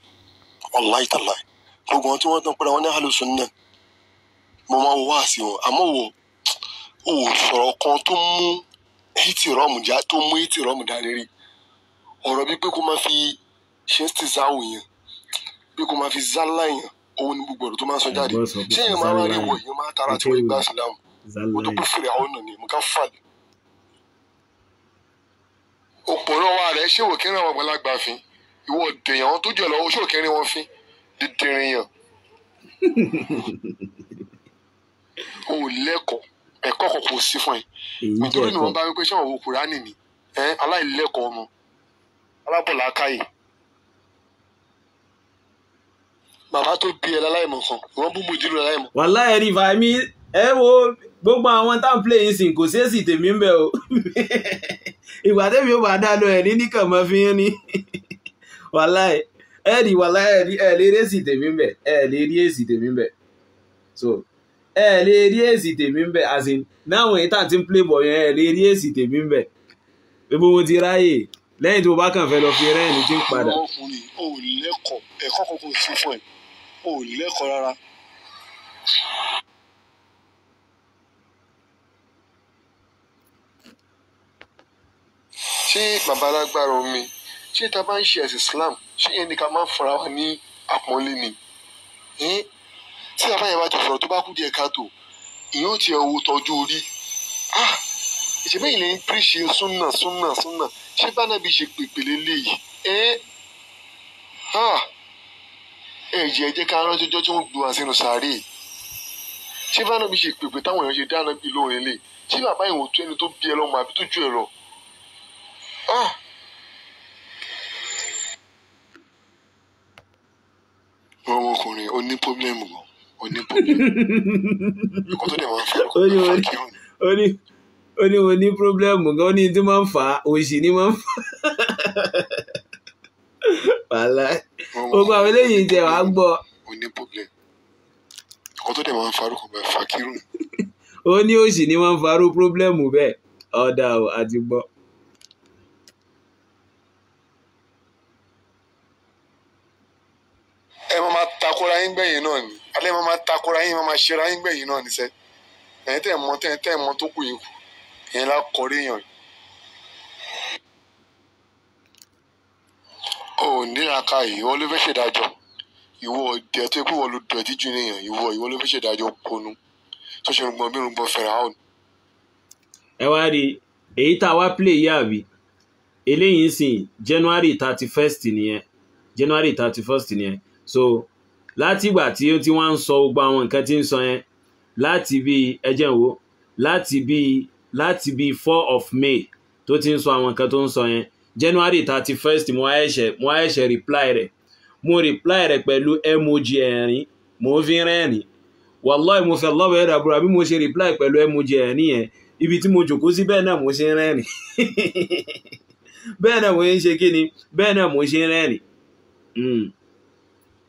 [SPEAKER 6] ọ̀la ìtàlá gbogbo wọn tí wọ́n tán pẹ́ra wọn ní àlùsùn náà mo máa wọ wá sí wọn àmọ́ wo kan tó mú ìtìrọ́ọ̀mù já tó mú ìtìrọ́ọ̀mù dání rí ọ̀rọ̀ bíi pé kó máa fi ṣe ń tìza òun yẹn bí kò máa fi zálà yẹn òun ni gbogbo ọ̀rọ̀ tó máa sọ jáde ṣé èèyàn máa rárí wọ̀ èèyàn máa tara tí wọ́n gbà sílámù ó tó pé fèrè àwọn ọ̀nà ni mo ká fà ní. òpòrọ̀ wa rẹ̀ ṣé òkèrè àwọn àgbàlagbà fin ìwọ dèèyàn tó jẹ lọ ṣé òkèrè wọn fin dídìrín yàn. <laughs> lẹ́kọ̀ọ́ ẹ̀kọ́ kan kò sí fún ẹ nítorí ni wọ́n bá wípé ṣé òwò kùránì ni ẹ aláìlẹ́kọ̀ọ́ ọmọ alábọ̀lákàyè bàbá tó bí ẹ láláìmọ̀ kan wọ́n bú mùdírù láláìmọ̀.
[SPEAKER 1] wàhálà ẹ̀rí fàmí ẹ wo gbogbo àwọn tá n play nsìn kò sí èsì tèmi ń bẹ o <laughs> ìgbà tèmi ò bá dá lọ ẹ̀ ní nìkan mọ́ fi ń ní wàhálà ẹ̀ rí wàhálà ẹ̀ lè rí èsì tèmi ń bẹ ẹ̀ lè èsì tèmi ń bẹ so ẹ eh, lè rí èsì tèmi ń bẹ̀ as in náwọn èyí tá à ti ń playboy yẹn ẹ lè rí èsì tèmi ń bẹ̀ gbogbo mo ti ráyè lẹ́yìn tí mo bá kàn fẹ́ lọ fi rẹ́ẹ̀nì tí ń padà.
[SPEAKER 6] ọkùnrin ò lẹ́kọ̀ọ́ ẹ̀kọ́ kankan sí fún ẹ̀ ò lẹ́kọ̀ọ́ rárá. ṣé babalágbára omi ṣé tá a bá ń ṣe ẹ̀sìn Islam ṣé yẹn ni ká máa ń fara wa ní àpọ́nlé ni tí àbá yẹn bá ti sọ̀rọ̀ tó bá kú díẹ̀ káàtó ìyóò ti ẹ̀ wo tọ́jú orí ah ìṣẹ̀bẹ́ yìí lè ń píríṣe súnà súnà súnà ṣé bánabi ṣe pèpèlè léyìí ẹ ah! ẹ jẹ́ ẹ jẹ́ ká rántí ọjọ́ tí wọ́n gbé wa sínú sàárè ṣé bánabi ṣe pèpè táwọn èèyàn ṣe dáná bí lóore lè ṣé bàbá ìwọ̀n tó ẹni tó bí ẹ lọ́mọ àbí tó ju ẹ lọ. ah ọmọkùnrin ó ní pọ́blẹ́mù gan oníbòmí nǹkan tó dẹ̀ wọ́n fẹ́ ló ń fa kírun.
[SPEAKER 1] ó ní mo ní pírọ́blẹ́mù gan ní tí máa ń fà á òṣì ni máa ń fà á. wàhálà gbogbo àwọn eléyìí jẹ wàá gbọ́. o ní pírọ́blẹ́mù
[SPEAKER 6] nǹkan tó dẹ̀ wọ́n fa ló ń fa kírun.
[SPEAKER 1] ó ní òṣì ni máa ń fa pírọ́blẹ́mù bẹ́ẹ̀ ọ̀dà àti gbọ́.
[SPEAKER 6] ẹ máa takora yín gbẹ̀yìn náà ni alẹ́ máa máa takora yín máa máa ṣera yín gbẹ̀yìn náà níṣẹ́ ẹ̀yin tẹ̀ mọ tẹ̀ tẹ̀ mọ tó kù yín kù ẹ̀yin la kọrí yàn. o níraka yìí ìwọ ló fẹ́ ṣèdájọ́ ìwọ ọ̀dẹ̀ tó kú ìwọ ló dọ̀tí jù nìyàn ìwọ ìwọ ló fẹ́ ṣèdájọ́ ponu tó ṣe rúgbọ́n bí rúgbọ́n fẹ̀rẹ̀ àwọn.
[SPEAKER 1] ẹ wá rí èyí tá a wá play yá àbí eléyìí sìn January thirty first nìyẹn January thirty first nìyẹn so látìgbà tí ó ti wọ́n ń sọ gbogbo àwọn nǹkan tí ń sọ yẹn láti bí ẹjẹ́ wo láti bí láti bí four of May tó ti ń sọ àwọn nǹkan tó ń sọ yẹn January thirty first mo ẹ̀ṣẹ̀ mo ẹ̀ṣẹ̀ reply rẹ̀ mo reply rẹ̀ pẹ̀lú emoji ẹ̀rín mo fi rẹ́rìn wàláì mo fẹ́ lọ́wọ́ ẹ̀rọ àbúrò àbí mo ṣe reply pẹ̀lú emoji ẹ̀rín yẹn ibi tí mo jòkó sí bẹ́ẹ̀ náà mo ṣe rẹ́rìn
[SPEAKER 3] <laughs>
[SPEAKER 1] bẹ́ẹ̀ náà mo ń ṣe kí ni bẹ́ẹ̀ náà mo ṣe rẹ́rìn. Hmm.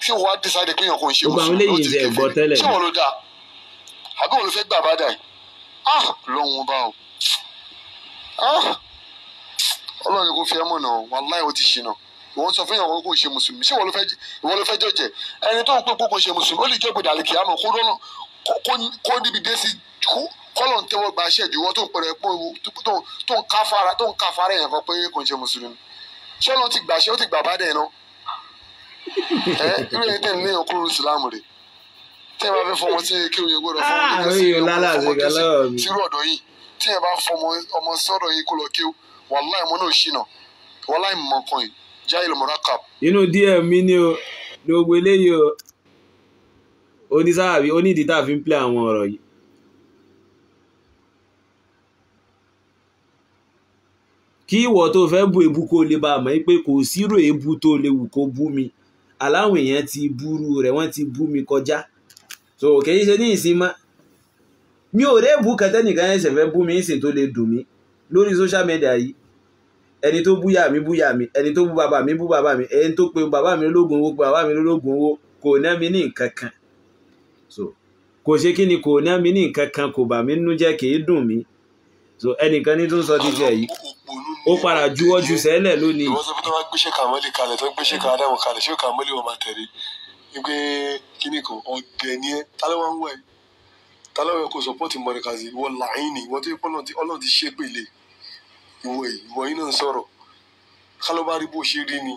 [SPEAKER 6] tí wọ́n á decide pé èèyàn kò ń ṣe mùsùlùmí ló ti ṣé wọ́n ló dáa àbí wọ́n ló fẹ́ gbà bá dà yìí ah lóhun bá o ah ọlọ́run kò fi ẹ́ mọ̀nà wàláhì ó ti ṣìnà ìwọ sọ fún ìyàwó kò ṣe mùsùlùmí ṣé ìwọ ló fẹ́ jọ̀jẹ̀ ẹni tó ń pè kó kò ṣe mùsùlùmí ó lè jẹ́ gbèdà àlèkè àmọ́ kó lọ́nà kó níbi dé sí kọ́lọ̀ ń tẹ́wọ́ gba iṣẹ́ ìdíwọ́ tó ń pẹ̀rẹ̀ pé tó ń ká fara èèyàn kan pé kò ń ṣe mùsùlùmí ṣé ọlọ́run ti gbà ṣé ó ti gbà bá dẹ̀ náà ẹ n lè tẹ̀ ní okuru islam rè tí ẹ bá fẹ́ fọmọ sí kí o yẹ gbọ́dọ̀ fọmọ ah, tó sí ọmọ tó sí sírú ọ̀dọ̀ yìí tí ẹ bá fọmọ ọmọ sọ́dọ̀ yìí kó lọ kí o wàláì mọ́ náà ṣìnà wàláì mọ̀ kan yìí jahil murakab.
[SPEAKER 1] inú díẹ̀ mi ni o gbogbo eléyìí o onísáàbí onídìí tá a fi ń play àwọn ọ̀rọ̀ yìí. kí ìwọ tó fẹ́ bu èébú kó lè bá a mọ̀ pé kò sírò èébú tó lè wù kó bú mi aláwọn èèyàn ti búrú rẹ̀ wọ́n ti bú mi kọjá so kìí ṣe ní ìsìn mọ́ mi ò rẹ́ bú kẹtẹ́nìkan ẹ̀ṣẹ̀ fẹ́ bú mi ìsìn tó lè dùn mí lórí social media yìí ẹni tó búyà mi búyà mi ẹni tó bú bàbá mi bú bàbá mi ẹni tó pe bàbá mi lóògùn owó pe bàbá mi lóògùn owó kò ná mi ní nǹkan kan so kò ṣe kí ni kò ná mi ní nǹkan kan kò bà mí nínú jẹ́ kì í dùn mí so ẹnìkan ní tó ń sọ ti jẹ yìí ó padà juwọ́ ju sẹ́lẹ̀ lónìí. ìwọ́n sọ
[SPEAKER 6] pé tó bá gbéṣẹ́ kàmọ́lì kalẹ̀ tó gbéṣẹ́ kan adáwọ̀ kalẹ̀ ṣé kàmọ́lì wọn máa tẹ̀lé wípé kíní kan ọ̀dẹ̀ ni ẹ tálẹ́wọ̀n wẹ̀ tálẹ́wọ̀n kò sọpọ́ọ̀tì mọ̀rẹ́kàsì wọ́n làyìn ni wọ́n tó yẹ ọlọ́run ti ṣe pèlè ìwọ ìwọ yìí náà sọ̀rọ̀ kálọ́ bá rí bó ṣe rí ni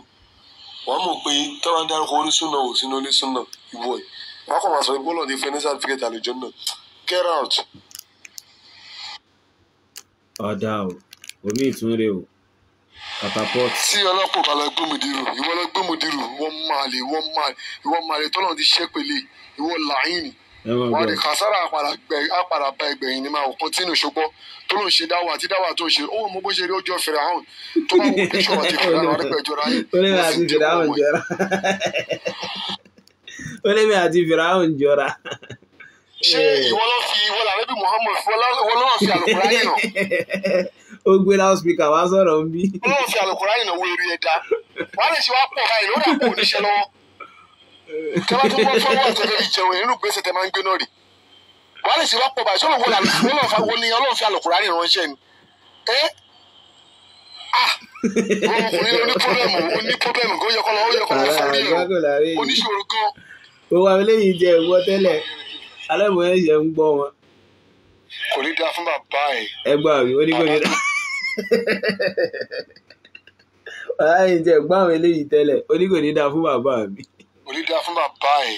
[SPEAKER 6] wàá mọ̀ pé tọ́wọ́n dárúkọ onísùnà ò sínú onísùnà ìwọ yìí wàá kọ́ máa sọ pé bọ́ọ̀lù ti fẹ́ ní sáfíkẹ́tì àlejò náà get out
[SPEAKER 1] ọ̀dà o omi ìtúnre o catapult. tí
[SPEAKER 6] ọlọ́pàá bá lọ gbómìdìrú ìwọ lọ gbómìdìrú wọ́n máa lè wọ́n máa lè ìwọ́n máa lè tọ́lọ́ ti ṣẹ́ pèlè ìwọ làáyìn ni wọ́n lè kàsára àpàrà bá ẹgbẹ̀yìn ni máa wò kọ́ntínú ṣùgbọ́ tó ló ń ṣe dáwà àti dáwà tó ń ṣe ó mú bó ṣe rí ó jọ fèrè àwọn tó bá wù ní ṣọwọ́ ti fèrè àwọn arẹ́pẹ̀jọra yìí.
[SPEAKER 1] ó lè mi àti fèrè àwọn jọra. <laughs> <laughs> ṣé eh.
[SPEAKER 6] ìwọ
[SPEAKER 2] ló fi ìwọ làrẹ́bí Muhammad fún ọlọ́wọ́ lọ́wọ́ fi àlùkùránì nà.
[SPEAKER 1] <laughs> ó gbé láùsípíkà wá sọ̀rọ̀ ń bí. ọlọ́wọ́ fi
[SPEAKER 6] àlùkùránì nà wo eré ẹja wàá lè ṣe wá pọ̀ báyìí lórí àpò oníṣẹ́ lọ́wọ́. tẹ́lá tó bọ́ fún wọn tẹ́lẹ̀ ìjẹun nínú gbèsè tẹ́ máa ń gbé náà rì. wàá lè ṣe wá pọ̀ báyìí sọ́lọ́wọ́ ọlọ́wọ́ fi àlùkùránì ránṣẹ́ ni. ẹ
[SPEAKER 3] ah ọmọkùnrin ló
[SPEAKER 2] pọ́bẹ́mù ó pọ́bẹ́mù kó yẹ kọ́ lọ yẹ kọ́ lọ alẹ́mọ̀ ẹ̀yẹ ń gbọ́ wọn.
[SPEAKER 6] kò ní dáa fún bàbá
[SPEAKER 2] ẹ̀. ẹ gbọ́ àwí ó ní ọ̀la
[SPEAKER 6] <laughs>
[SPEAKER 2] yìí jẹ́ gbọ́ àwọn eléyìí
[SPEAKER 1] tẹ́lẹ̀ ó ní kò fún bàbá mi.
[SPEAKER 6] kò ní dáa fún bàbá ẹ̀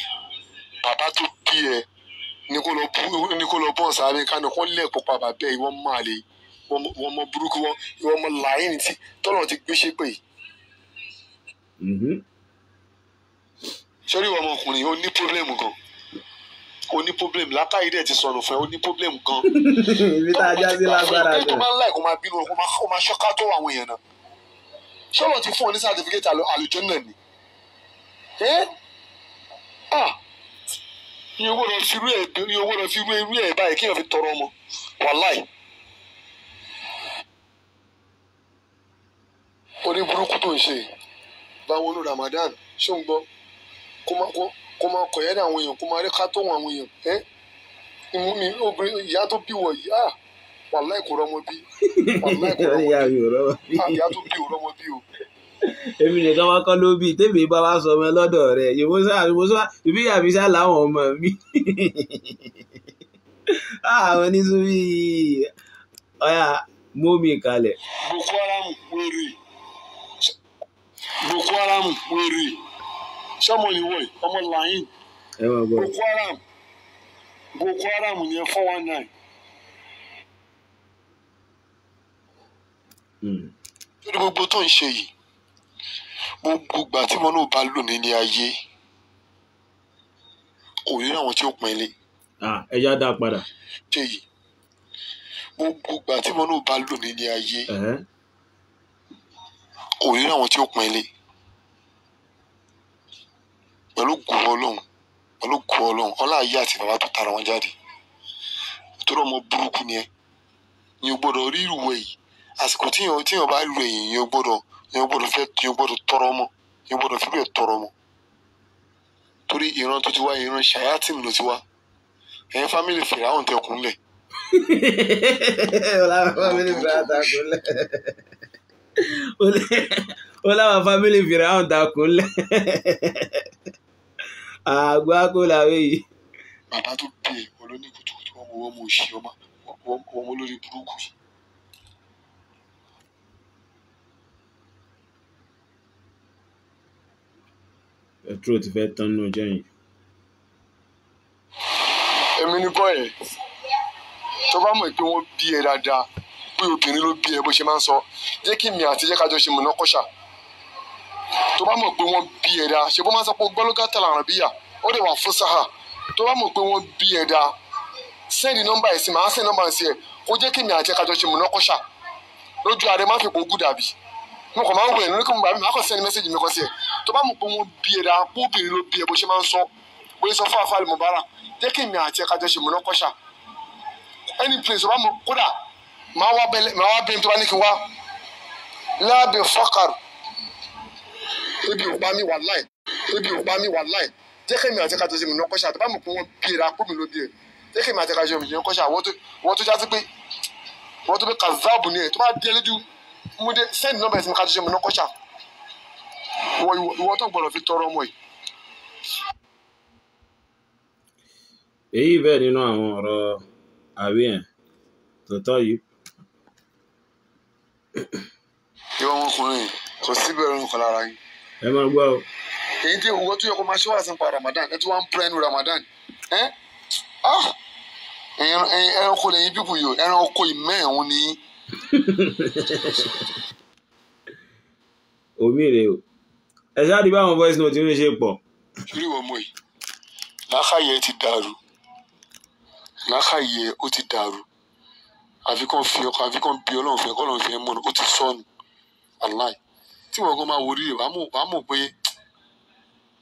[SPEAKER 6] bàbá tó bí ẹ ní kó lọ bọ́ sáré kánú kó lẹ́ẹ̀kọ́ pa bàbá ẹ̀ wọ́n máa lè wọ́n mọ burúkú wọn ìwọ́n mọ làyìn tí tọ́lọ̀ ti gbé ṣépè yìí sórí ọmọkùnrin ó ní pọ́blẹ́mù gan-an kò ní problem látàrí dẹ̀ ti sọnù fún ẹ ó ní problem gan.
[SPEAKER 5] <laughs> ibi tá a já sí lágbára rẹ. tó máa ń láì
[SPEAKER 6] kó máa bínú kó máa ṣọ́ká tó àwọn èèyàn náà ṣọ́rọ̀ ti fún ọ ní certificate àlùjọ náà ni. iye owó náà fi rú ẹ iye owó náà fi rú irú ẹ báyìí kéèyàn fi tọrọ ọmọ wàláì. orí tó ń ṣe báwo ló Ramadan ṣé ń gbọ́ kó má kó kó máa kọ̀yẹ́dà àwọn èèyàn kó máa rí kátó àwọn èèyàn ẹ́ mi obìnrin ìyá tó bí wọ̀nyí à wàláì kò rọmọ bí
[SPEAKER 2] wàláì kò
[SPEAKER 1] rọmọ <laughs>
[SPEAKER 2] bí ìyá tó bí ò rọmọ bí o.
[SPEAKER 1] èmi nìkan wá kọ́ ló bí tèmi bá wá sọ ọmọ lọ́dọ̀ rẹ̀ yòbó sáà yòbó sáà ìbí àbí sáà láwọn ọmọ mi. <laughs> àwọn oníṣubí ọ̀yà mómi kalẹ̀.
[SPEAKER 6] Boko Haram wèrè Boko Haram wèrè sọmọ ìwọ yìí ọmọ lahin boko haram boko haram yẹn four one nine. Hmm. lórí gbogbo tó ń ṣe yìí gbogbo ìgbà tí mo náà bá lò nílé ayé òye àwọn tí ó pin lé.
[SPEAKER 1] ẹ yá dá a padà.
[SPEAKER 6] gbogbo ìgbà tí mo náà bá lò nílé ayé òye àwọn tí ó pin lé pẹ̀lú gùn ọlọ́run pẹ̀lú gùn ọlọ́run ọlá ayé àti bàbá tó tara wọn jáde nítorí ọmọ burúkú ni ẹ ni o gbọ́dọ̀ rí ìrù wẹ̀ yìí àsìkò tíyàn tíyàn bá lu èyí ni o gbọ́dọ̀ ni o gbọ́dọ̀ fẹ́ ni o gbọ́dọ̀ tọrọ ọmọ ni o gbọ́dọ̀ fi bẹ́ẹ̀ tọrọ ọmọ torí ìran tó ti wá ìran ṣayatin ló ti wá ẹ̀yin fámìlì fèrè àwọn tẹkùn lẹ̀.
[SPEAKER 4] ọlọ́run fámìlì
[SPEAKER 2] fèrè àwọn tẹkùn lẹ̀
[SPEAKER 1] ó fámìlì fèrè àwọn tẹkùn lẹ̀ àgbà kò làwé yìí.
[SPEAKER 6] bàbá tó bè olóní kùtùkùtù ọmọ ọmọ òṣì ọmọ ọmọ olórí burúkú
[SPEAKER 1] petro ti fẹ́ tán nínú ọjọ́ yìí.
[SPEAKER 6] èmi ni bọ́ ẹ̀ tó bá mọ̀ pé wọ́n bí ẹ dáadáa pé obìnrin ló bí ẹ bó ṣe máa ń sọ jẹ́ kí mi àti jẹ́ ká ṣe mọ̀nà kọ́ṣà tó bá mọ̀ pé wọ́n bí ẹ̀dá ṣe bó máa sọ pé gbọ́lógátà làrán bíyà ó lè wà fún sáà tó bá mọ̀ pé wọ́n bí ẹ̀dá sẹ́ẹ̀dì nọ́mbà ẹ̀ sí màá sẹ́ẹ̀ nọ́mbà ẹ̀ sí ẹ̀ kó jẹ́ kí mi àti ẹ̀ka jọ ṣe múnákọ́ṣà lójú ààrẹ má fi kó gùdà bì mo kàn máa ń wẹ̀ nínú kí mo bá mi máa kàn sẹ́ni mẹ́sẹ̀jì mi kan sí ẹ̀ tó bá mọ̀ pé wọ́n bí ẹ̀dá bóbìnrin ló bí ẹ̀ bó ṣe máa ń sọ bó any place tó bá mọ̀ kódà máa wá bẹ́ẹ̀ tó bá ní kí n wá ebi ò pa mí wà láì ebi ò pa mí wà láì jẹ́ kí àti ká mi ní ọkọ́ṣà tó bá mọ̀ pé wọ́n bèèrè àpò mi ló bèèrè jẹ́ kí àti ká mi ní ọkọ́ṣà wọ́n tó jásí pé wọ́n tó pé kazabu ni ẹ̀ tó bá di ẹ lójú mo dé send number ẹ̀ sí mi ká mi ní ọkọ́ṣà ìwọ tó gbọ́dọ̀ fi tọrọ ọmọ yìí.
[SPEAKER 1] èyí bẹ́ẹ̀ nínú àwọn ọ̀rọ̀ àríyàn tòótọ́ yìí.
[SPEAKER 6] ìwọ ọmọkùnrin kò síbẹ̀ ẹ̀rọ nǹkan lára yín ẹ máa gbọ́ o. èyí tí ìwọ tó yẹ kó máa ṣe wàásù pa Ramadan ẹ tí wọ́n ń pẹ́ẹ́nu Ramadan ah! ẹ ẹranko lẹ́yìn pípù yìí o ẹranko ìmẹ́ẹ̀hún ni.
[SPEAKER 1] omi rè o ẹ ṣáà di báwọn voice note ń ṣe pọ̀.
[SPEAKER 6] ṣírí wo mo yìí lákàyè ti dàrú lákàyè ó ti dàrú àfikún fi ọkọ àfikún bí Ọlọ́run fi ẹkọ Ọlọ́run fi ẹ mọ ọ ti sọnù aláì tí wọn kò máa wò rí rẹ wàá mọ̀ pé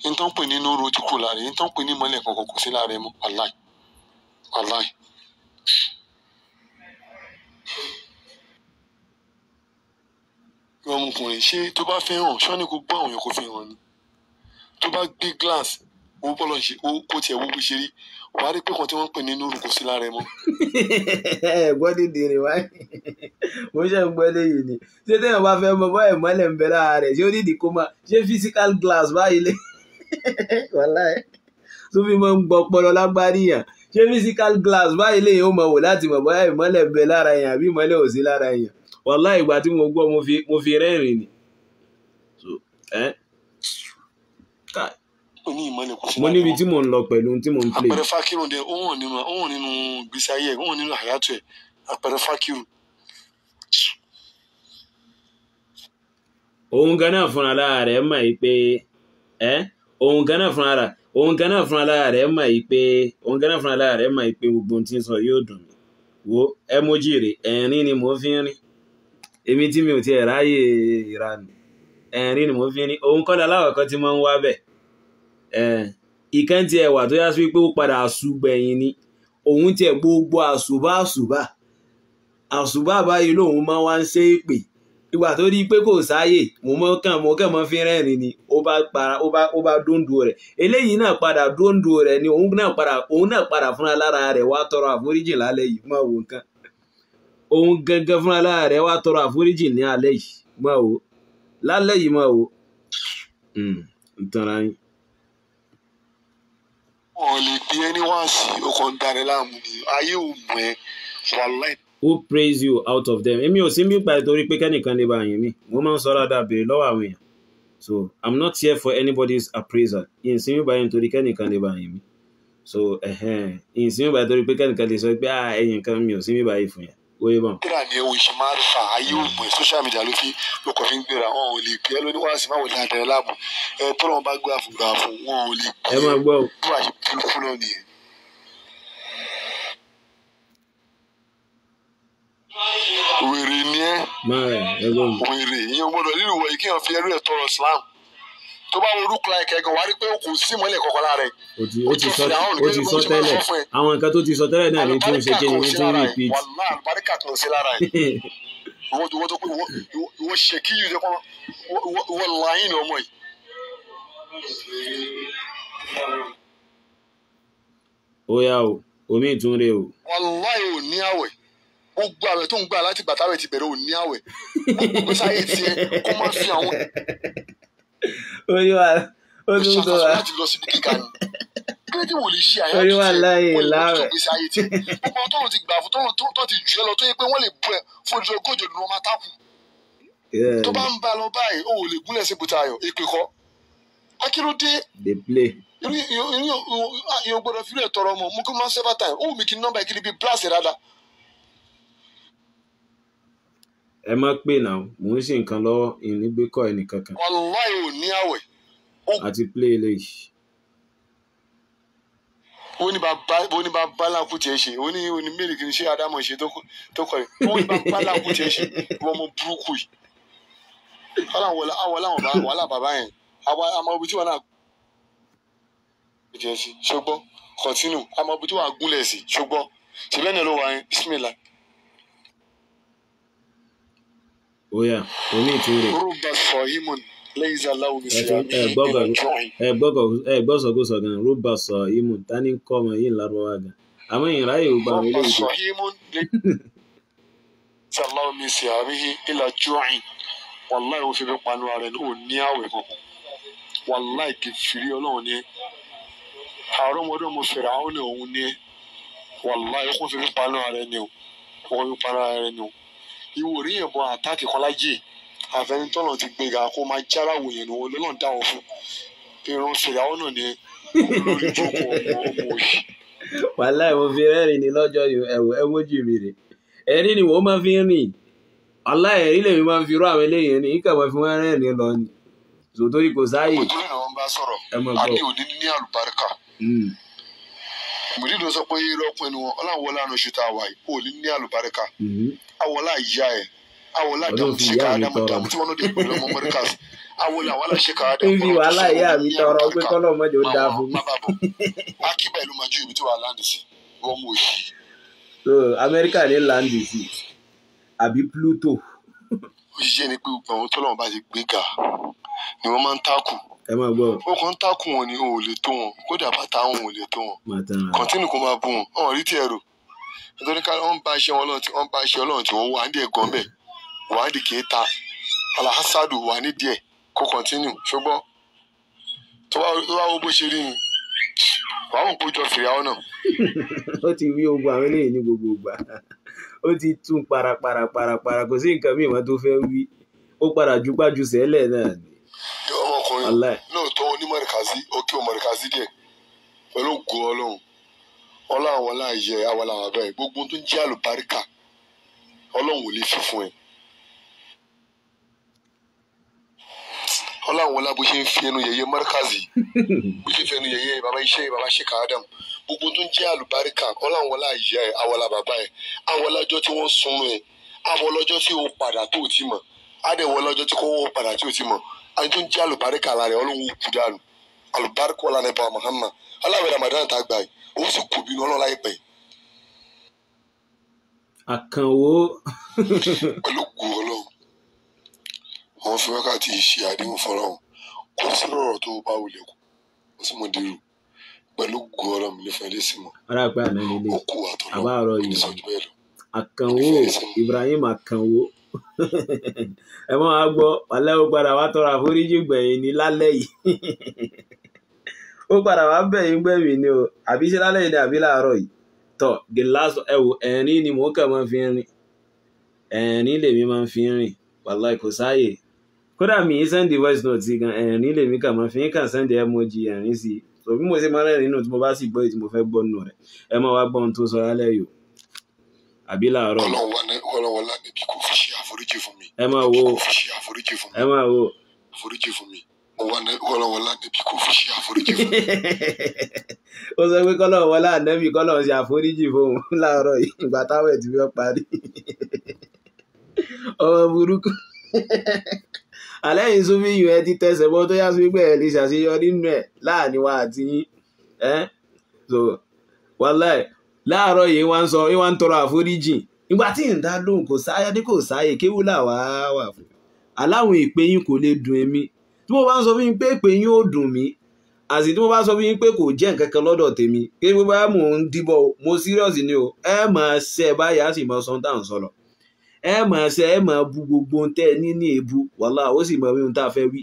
[SPEAKER 6] n tó ń pè ní nóró ti kú lára n tó ń pè ní mọ́lẹ̀ kankan kò sí lára ẹ mọ́ aláì aláì. ọmọkùnrin ṣé tó bá fẹ́ hàn ṣọ́ni kò gbọ́ àwọn èèyàn kò fi hàn ni tó bá gbé glass owó bọ́lọ̀ ṣe kó tiẹ̀ wú bó ṣe rí wàá rí pé kan tí wọ́n ń pè ní nuru kò sí lára mọ́.
[SPEAKER 2] <laughs> ẹ̀gbọ́n dèrè wá
[SPEAKER 1] <laughs> mo ṣe ń gbọ́ léyìí ni ṣé téèyàn bá fẹ́ mọ bọ́ ẹ̀ mọ́lẹ̀ ń bẹ lára rẹ̀ ṣé ó ní ìdíkó ṣé physical glass báyìí lé
[SPEAKER 2] <laughs> wàhálà ẹ̀
[SPEAKER 1] tó fi máa ń gbọ́ ọpọlọ lágbárí yàn ṣé physical glass báyìí lè yóò mọ̀ wò láti mọ̀ bọ́ ẹ̀ mọ́lẹ̀ ń bẹ lára yàn àbí mọ́lẹ̀ ò sí lára yàn wàhálà ìgbà tí mo gbọ́ mo fi rẹ́rìn-ín ni
[SPEAKER 6] pè ní ìmọ̀lẹ̀ kò sí lára wọn. mo níbi
[SPEAKER 1] tí mò ń lọ pẹ̀lú tí mò ń play. àpẹẹrẹ
[SPEAKER 6] fakiru dẹ O hàn nínú ó hàn nínú gbèsè ayé ẹ ó hàn nínú àyàtọ̀ ẹ àpẹẹrẹ fakiru.
[SPEAKER 1] òun gan náà fúnra lára rẹ̀ mọ̀ yìí pé ẹ́ òun gan náà fúnra òun gan náà fúnra lára rẹ̀ mọ̀ yìí pé òun gan náà fúnra lára rẹ̀ mọ̀ yìí pé gbogbo ohun tí ń sọ yóò dùn mí wo ẹ mójì rè ẹ̀rín ni mò fi ń rìn èmi tí mi ò tiẹ̀ ráyè ìranù ẹ̀rín ni mò fi ń rìn òun kọ́ da kan tí mo ń wá bẹ́ẹ̀ Eh, ìkẹ́ntì ẹ̀wà tó yá sí pé ó padà àṣùgbẹ̀yìn ni òun tiẹ̀ gbogbo àṣùbà àṣùbà àṣùbà báyìí lòun máa wá ń ṣe é pè ìgbà tó rí i pé kò sáàyè mo mọ kàn mo kàn mọ fi rẹ́rìn ni ó bá para ó bá ó bá dóńdó rẹ̀ eléyìí náà padà dóńdó rẹ̀ ni òun náà padà òun náà padà fúnra lára rẹ̀ wá tọrọ àforíjì lálẹ́ yìí máa wò nǹkan òun gangan fúnra lára rẹ̀ wá tọrọ àforíjì ní alẹ́ yìí máa wò lálẹ́ yìí máa hmm, wò
[SPEAKER 6] wọn bí ẹni wá sí o ń dára láàmú ni ayé ò mú ẹ wàláì.
[SPEAKER 1] who praise you out of them èmi ò sí bí pa ìtorí pé kẹ́nìkan lè bá yẹn mi mo máa ń sọ dáadáa béèrè lọ́wọ́ àwọn èèyàn so i'm not here for anybody's appraisal ìsìn báyìí nítorí kẹ́nìkan lè bá yẹn mi so ìsìn báyìí nítorí pé kẹ́nìkan lè sọ pé ah, ẹ̀yìn kan mi ò sí mi báyìí fún yẹn kíra
[SPEAKER 6] ni ewu ìṣe máa ń fa ayé hmm. òògùn social media ló fi ló fi ń gbéra wọn ò lè pè é lóní wáàsí máa wò dáadáa láàbù ẹ tọ́lọ́ wọn bá gbé àfùgbà fún wọn ò lè pè é bó àṣẹ burúkú náà nìyẹn. wèrè ni ẹ
[SPEAKER 2] wèrè
[SPEAKER 6] ìyẹn gbọ́dọ̀ nínú ìwọ yìí kéèyàn fi ẹrú ẹ tọrọ Islam tó bá wo orúkọ ẹ̀kẹ́ gan wá rí pé kò sí ìmọ̀lẹ̀ kankan lára ẹ̀. ó ti sọ tẹ́lẹ̀ àwọn nǹkan tó ti sọ tẹ́lẹ̀ náà ni tó ń ṣe kí ni tó ń rí ìpè. wàhálà àlùbáríkà kan sí lára ẹ̀.
[SPEAKER 3] <laughs>
[SPEAKER 6] ìwọ tó pé ìwọ ṣe kí yìí kan ìwọ láyìn ní ọmọ yìí.
[SPEAKER 1] ó yá o omi ìtúnre o.
[SPEAKER 6] wàláì ò ní àwẹ̀ gbogbo àwẹ̀ tó ń gbà láti gbàtàwẹ̀ ti
[SPEAKER 2] bẹ̀rẹ̀ ò ní àwẹ̀ gbogbo sáyé tiẹ̀ kó má fi àwọn oríwá olùdó wa oríwá láyé láàrẹ.
[SPEAKER 6] ọmọ tọrọ ti gbà fún tọrọ tó ti jù ẹ lọ tó yẹ pé wọn lè bú ẹ fún ojú ogójì ni wọn máa tákù. tó bá ń bá lọ báyìí o ò lè gúnlẹ̀ sí ibùdó ayọ̀ èpè kọ́ akéròdé irú irú irú gbọ́dọ̀ fílẹ̀ tọrọ mọ̀ mú kí n máa ń sẹ́fà táyà ó wù mí kí n nọ́mbà kí n bí blast rádà
[SPEAKER 1] ẹ má pè náà mò ń ṣe nǹkan lọ́wọ́ ìnígbékọ̀ ẹnìkankan.
[SPEAKER 6] wàláì ò ní àwẹ̀.
[SPEAKER 1] àti play eléyìí.
[SPEAKER 6] ó ní bàbá ó tiẹ̀ ṣe ó ní ó ní mẹ́rin kì í ṣe àdámọ̀ ṣe tó kọ̀ yìí ó ní bàbá làkú tiẹ̀ ṣe wọ́n mọ burúkú yìí. kọ́lá wọlé bá wàhálà bàbá yẹn àmọ́ ibi tí wọn náà ṣùgbọ́n kọ̀tínù àmọ́ ibi tí wọn àgúnlẹ̀ sí ṣùgbọ́n ṣùgbọ́n ẹ̀ ló wà yẹn bísímìlà
[SPEAKER 1] oya omi ìtúre. rúbà
[SPEAKER 6] sọ̀hímùn lẹ́yìn aláwọ̀ ìsìlámì
[SPEAKER 1] ẹ̀gbọ́sọ̀gbọ́sọ̀ gan rúbà sọ̀hímùn tani kọ́ ọmọ yìí lárúbáwá gan àmọ́ ìyìnrà yìí ò gbà mí lóyún. rúbà sọ̀hímùn
[SPEAKER 6] lẹ́yìn <laughs> aláwọ̀ ìsìlámì ìlà jọ́ìn wàláì ó fi fi panu ara ẹ̀ ò ní àwẹ̀ kankan wàláì kì í fìrí ọlọ́run ni àárọ̀ mọ́tò mo fèrè àwọn òun ni wàláì ó fi fi panu ara ẹ̀ ni o òun fi panu ara ẹ̀ ni ìwò rí ìbọn àtàkì kan láyé àfẹnitọ́nà ti gbéga kó máa jára wò yẹn wọn lọ́nà dá wọn fún irun fèrè àwọn náà ni
[SPEAKER 3] olórí jókòó ọmọ
[SPEAKER 6] òyì.
[SPEAKER 1] wàhálà ìwọ fi rẹ́rìn ni lọ́jọ́ ẹ̀wọ̀ ẹ̀wọ́jú mi rè ẹ̀rí ni wọ́n máa fi ń rìn ọ̀la ẹ̀rí lèmi máa ń fi rú àwọn eléyìí ní ìkà máa fi wọ́n rẹ́rìn lọ ni sòtórí kò sáàyè. òtún
[SPEAKER 6] ìnáwó ń bá
[SPEAKER 3] sọ̀rọ̀
[SPEAKER 1] àbí òní
[SPEAKER 6] ní àlùbáríkà. Hmm mùdídò sọ pé irọ́ pin ni wọn ọlọ́run wọlé àánú oṣù tá a wà yìí kò ní ní àlùbáríkà awọlá mhm. ìyá ẹ awọlá dàmú ṣe ká dàmú dàmú tí wọn ló dé pẹ̀lú ọmọ mẹ́ríkà awọlá wàhálà ṣe ká dàmú. ibi wàhálà ìyá mi tọrọ pé kọ́lọ̀ mọ́jọ ó dáa fún mi. akíba ìlú màjú ibi tí wàá láǹdì sí wọn mú òyì.
[SPEAKER 1] so amẹ́ríkà ní láǹdì sí àbí pluto.
[SPEAKER 6] ó ṣiṣẹ́ ni pé gbogbo àwọn tó lọ́wọ́ bá ti gbé ga ni wọ́n máa ń tákù ẹ máa gbọ́. ó kàn ń takùn wọn ni òun ò lè tó wọn kódà bàtà òun ò lè tó
[SPEAKER 1] wọn kọ́ntínù
[SPEAKER 6] kó máa bù wọn ọ̀hún rí tiẹ̀ rò nítorí ká wọ́n bá iṣẹ́ ọlọ́run tí wọ́n bá iṣẹ́ ọlọ́run tí wọ́n wà ní ẹ̀gàn bẹ́ẹ̀ wà á di kì í ta alahasadu wà ní díẹ̀ kó kọ́ntínù ṣùgbọ́n tó bá wo bó ṣe rí ni wàá mọ̀ kójọ fìyàwó náà.
[SPEAKER 1] <laughs> ó ti wí ogun àwọn eléyìí ní gbogbo ìgbà <laughs> ó ti tún parapara parapara kò sí nǹkan míì wọn tó fẹ́ wí ó padà jupájú sẹ́lẹ̀ náà ni
[SPEAKER 6] ọmọkùnrin lóòótọ́ onímọ̀rìkàsí òkè òmọ̀rìkàsí díẹ̀ pẹ̀lú ògo ọlọ́run ọlọ́run àwọn aláàyè àwọn làwọn abẹ́rẹ́ gbogbo tó ń jẹ́ àlùbáríkà ọlọ́run ò lè fi fún ẹ. ọlọ́run ọlá bó ṣe ń fi ẹnu yẹyẹ mọ́rìkàsí <laughs> bó ṣe ń fi ẹnu yẹyẹ bàbá iṣẹ́ bàbá ṣèkà ádámù gbogbo tó ń jẹ́ àlùbáríkà ọlọ́run ọlá ìyá ẹ àwọn làbàbá ẹ àwọn ọlọ́jọ́ tí wọ́n sun ẹ àwọn ọlọ́jọ́ tí ó padà tó ti mọ̀ á ani tó ń jẹ́ àlùbáríkà lára ẹ̀ ọlọ́run kù dànù àlùbáríkà ọ̀la nípa Muhammad aláwẹ̀ Ramadan tá a gbà yìí òun sì kù bínú ọlọ́run láìpẹ́.
[SPEAKER 1] àkànwó. pẹ̀lú ògo
[SPEAKER 6] ọlọ́run fi wákàtí ṣe àdéhùn fọlọ́run kó sí tó bá wulẹ̀ kù ó sì mọ dèrò pẹ̀lú ògo ọlọ́run nífẹ̀ẹ́ lé sí mọ́.
[SPEAKER 1] náà nílé àbá àrọ yìí àkànwó Ibrahim àkànwó ẹ mọ́ wa gbọ́ wàlẹ́ ó padà wá tọrọ àforíjì gbẹ̀yìn ní lálẹ́ yìí ó padà wá bẹ̀yìn gbẹ̀mí ni o àbí ṣe lálẹ́ yìí ni àbí láàárọ̀ yìí tọ́ the last ẹ wò ẹ̀rín ni mò ń kàn máa fi rìn ẹ̀rín lèmi máa fi rìn wàláì kò sáàyè kódà mi ì sẹ́ndì voice note gan ẹ̀rín lèmi kàn máa fi kàn sẹ́ndì emoji ẹ̀rín sí i so bí mo ṣe máa rẹ́rìn nínú tí mo bá sì gbọ́ èyí tí mo fẹ́ gbọ́ nù rẹ̀ ẹ máa wá gbọ́ ohun tó sọ lálẹ́ yìí o àbí láàárọ̀ yìí
[SPEAKER 6] ọlọ́wọ́ lábẹ́bí kò fi ṣe àforíjì fún mi.
[SPEAKER 1] ẹ máa wo kò fi ṣe àforíjì fún mi. ẹ máa wo àforíjì fún
[SPEAKER 6] mi. ọlọ́wọ́ lábẹ́bí kò fi ṣe àforíjì fún mi. <laughs>
[SPEAKER 1] ó sọ pé kọ́lọ́wọ́ láàdẹ́bí kọ́lọ́wọ́ ṣe àforíjì fóun <laughs> láàárọ̀ yìí ìgbà táwọn ẹ̀tí fẹ́ parí. <laughs> ọmọ burúkú alẹ́ yìí sún fi yùn ẹ ti tẹsẹ̀ bọ́ tó yá sí pé ẹ̀ lè ṣàṣeyọrí nínú ẹ̀ láàrin wa àti yín ẹ́ so wàláì láàárọ̀ yìí wá ń sọ wá ń tọrọ àforíjì ìgbà tí ń dá lóhùn kò sáyé ní kò sáyé kéwú làwà wà fún aláwọn ìpè kò lè dùn èmi tí mo bá ń sọ fún yín pé ìpè ò dùn mí àti tí mo bá sọ fún yín pé kò jẹ́ nǹkan kan lọ́dọ̀ tèmi pé bá mò ń dìbò mo serious ni o ẹ máa ṣe ẹ báyà sì máa sọ táwọn sọ̀rọ̀ ẹ máa ṣe ẹ máa bu gbogbo ohun tẹ́ èébú wàhálà àwọn sì máa wí ohun tá a fẹ́ wí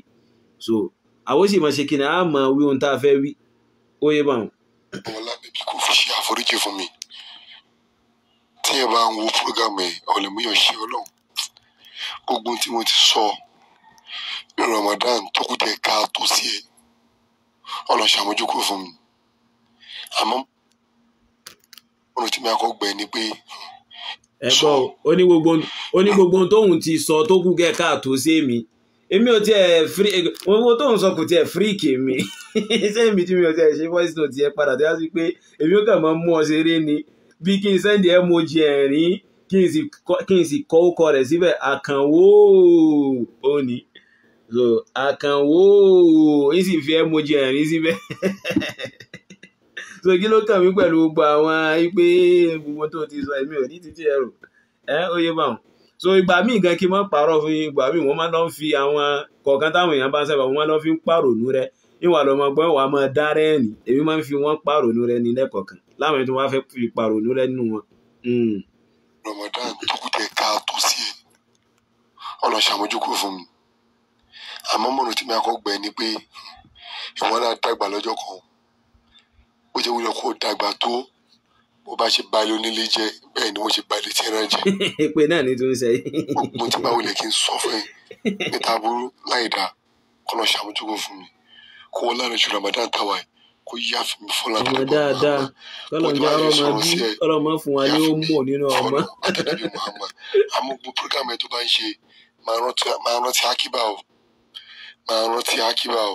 [SPEAKER 1] so àwọn sì máa ṣe kí ni a máa wí ohun tá a fẹ́ wí ó yé báwọn. ọlá
[SPEAKER 6] bíbí kò fi ṣe àforíjì fún mi tí ẹ bá ń wo programu yẹn ọ lè mú yàn ṣe ọlọ́run gbogbo tí mo ti sọ Ramadan tó kù jẹ ká tó sí ẹ ọlọ́run ṣàmójúkò fún mi àmọ́ ọ̀rọ̀ tí mi àkọ́ gbẹ ni pé. ẹ gbọ́ ó ní gbogbo ó ní gbogbo
[SPEAKER 1] tóun ti sọ tó kù kẹ́ káàtó sí èmi èmi ò tiẹ̀ firi gbogbo tóun sọ kò tiẹ̀ fíríkì mi <laughs> ṣé èmi tí mi ò tiẹ̀ ṣe voice note yẹn padà tó yá sí pé èmi ò kàn máa mú ọ ṣeré ni bí kí n sẹ́ndì emoji ẹ̀rín kí n sì kọ orúkọ rẹ̀ síbẹ̀ àkànwó ó so àkànwó ń sì fi emoji ẹ̀rín síbẹ̀ <laughs> so kí ló kàn mí pẹ̀lú gbogbo àwọn pé gbogbo tó ti sọ èmi ò ní títí ẹrù ẹ ó yé báwọn so ìgbà míì gan kí n má pààrọ̀ fún yín ìgbà míì wọ́n máa lọ fi àwọn kọ̀ọ̀kan táwọn èèyàn bá ń sẹ́fà wọ́n máa lọ fi ń pàrònú rẹ níwà lọ́mọgbọ́n wà máa dá rẹ́ẹ̀nì èmi máa ń fi wọ́n pàrònú rẹ ní lẹ́kọ̀ọ̀kan láwọn ẹni tó wáá fẹ́ fi ìparònú lẹ́nu wọn. Hmm. Ramadan tó kù tẹ ká
[SPEAKER 6] tó sí ẹ ọ̀nà ṣàmójúkú fún mi àmọ́ mọ̀nà tí mi àkọ́ gbẹ ni pé ìwọ́n náà dàgbà lọ́jọ́ kan ó jẹ́ wúlò kó dàgbà tó bó bá ṣe ba onílé jẹ bẹ́ẹ̀ ni wọ́n ṣe ba ilé tí ẹran
[SPEAKER 1] jẹ. èpè <laughs> náà ni tó ń sẹ yìí.
[SPEAKER 6] mo ti bá wulẹ̀ kí n sọ fún ẹ níta burú láì dáa kọ́nà ṣàmójúkú fún mi kó wọ́n láàrin ṣùgbọ́n Ramadan táwa yìí kó yá fún mi fọlá ọmọ dáadáa kọlọmọdé ọ̀rọ̀
[SPEAKER 1] bí ọ̀rọ̀ fún wa ní ó mọ nínú ọmọ.
[SPEAKER 6] amúgbó programu ẹ tó bá ń ṣe máa rántí akíbá o máa rántí akíbá o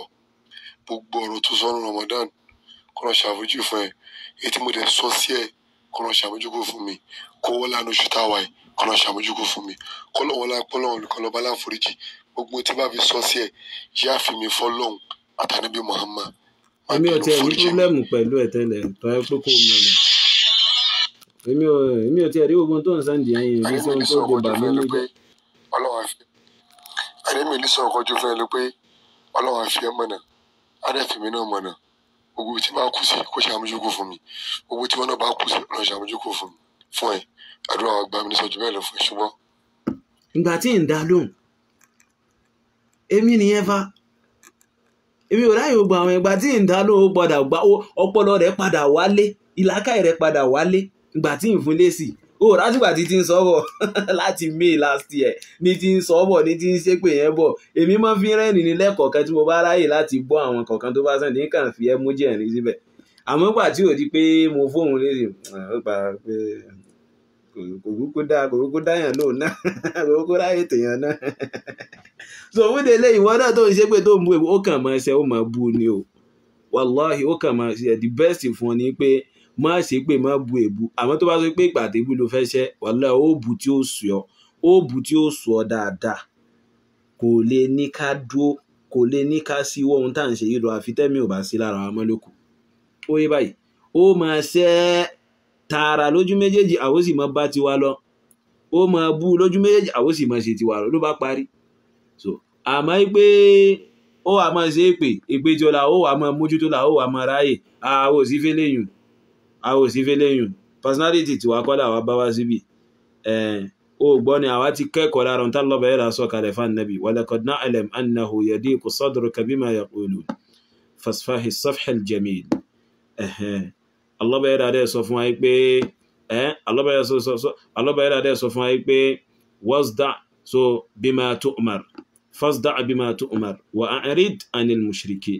[SPEAKER 6] gbogbo ọ̀rọ̀ tó sọ ní Ramadan kọ́nà ṣàfojú fún ẹ èyí mo dẹ̀ sọ sí ẹ kọ́nà ṣàmójúkò fún mi kó wọ́n lánà oṣù táwa ẹ kọ́nà ṣàmójúkò fún mi kọ́lọ́wọ́n lápọ́lọ́wọ́n olùkọ́lọ́ba láforíjì gbogbo tí bá fi sọ sí ẹ yáàfin mi fọ́ lọ́hùn àtàníbí Muhammad èmi ò tiẹ̀ ní pírọ́blẹ́mù
[SPEAKER 1] pẹ̀lú ẹ̀ tẹ́lẹ̀ tó ẹ pé kó mọ̀ ẹ̀ èmi ò èmi ò tiẹ̀ rí ogun tó ń sáǹdì ẹ̀yìn rí sí ohun tó gbé bà mí níjẹ́.
[SPEAKER 6] ọlọ́wọ́n fi ẹ̀rí mi ní sọ ọkọ̀ ojú fún ẹ ló pé ọlọ́wọ́n fi ẹ mọ̀nà adẹ́fì mi náà mọ̀nà gbogbo tí máa kù sí kó ṣàmójúkú fún mi gbogbo tí wọn náà bá kù sí lọ ṣàmójúkú fún fún ẹ àdúrà wa gba mi ní sọjú bẹ́ẹ̀ fún ẹ ṣùgbọ́n.
[SPEAKER 1] ìgbà tí ń èmi ò ráyè gbogbo àwọn ìgbà tí ìdá lóhùn padà gbá ọpọlọ rẹ̀ padà wálé ìlàkà rẹ̀ padà wálé ìgbà tí ìfún lé sí o látìgbà tí ti ń sọ̀rọ̀ <laughs> láti May last year ní ti ń sọ̀bọ̀ ní ti ń ṣépè yẹn bọ̀ èmi máa fi rẹ́rìn ní lẹ́kọ̀ọ̀kan tí mo bá ráyè láti bọ́ àwọn kọ̀ọ̀kan tó bá sàn ní kàn fi ẹ́ mú jẹ̀rín síbẹ̀ àmọ́ gbà tí ò di pé mo fóun lé sí i ó gbà pé kòkókó dá kòkókó dáyàn lóun náà <laughs> kòkókó ráyè tèèyàn náà <laughs> so fún délé ìwọ náà tó ń ṣe pé tó ń bu èbú ó kàn máa ṣe ó máa bu ni o wàláhì ó kàn máa ṣe the best fún ọ ni pé má ṣe pé má bu èbú àmọ́ tó bá sọ pé ìpàdé bú ló fẹ́ ṣẹ́ wàláhì ó bu tí ó sù ọ ó bu tí ó sù ọ dáadáa kò lè ní ká dúó kò lè ní ká síwọ́ ohun tá ń ṣe yìí lọ àfi tẹ́mi ò bá sí lára àwọn ọmọlẹ́kùn ó yé báyìí ó máa ṣẹ́ tààrà lójú méjèèjì àwọn sì mọ bá tiwa lọ ó mọ bú lójú méjèèjì àwọn sì mọ ṣe tiwa lọ ló bá parí so àmọ́ pé ó wà máa ṣe èpè èpè tí ó la ó wà máa mójútó la ó wà máa ráyè àwọn ò sí fẹ́lẹ́ yùn àwọn ò sí fẹ́lẹ́ yùn personality tiwa kọ́ làwa bá wá síbi ó gbọ́ ni àwa ti kẹ́kọ̀ọ́ lára ohun tá lọ́bàá yẹn lásọ̀ kalẹ̀ fún anabi walaqad na'lam annahu yadiqu sadruka bima yaqulun fasfahi safhal jamil. Uh -huh alọ́bẹ̀ẹ́dà dẹ̀ sọ fún wa yìí pé ẹ́ alọ́bẹ̀ẹ́dà dẹ̀ sọ fún wa yìí pé wasda so bima tu'mar fasda bima tu'mar wa a'rid anil mushriki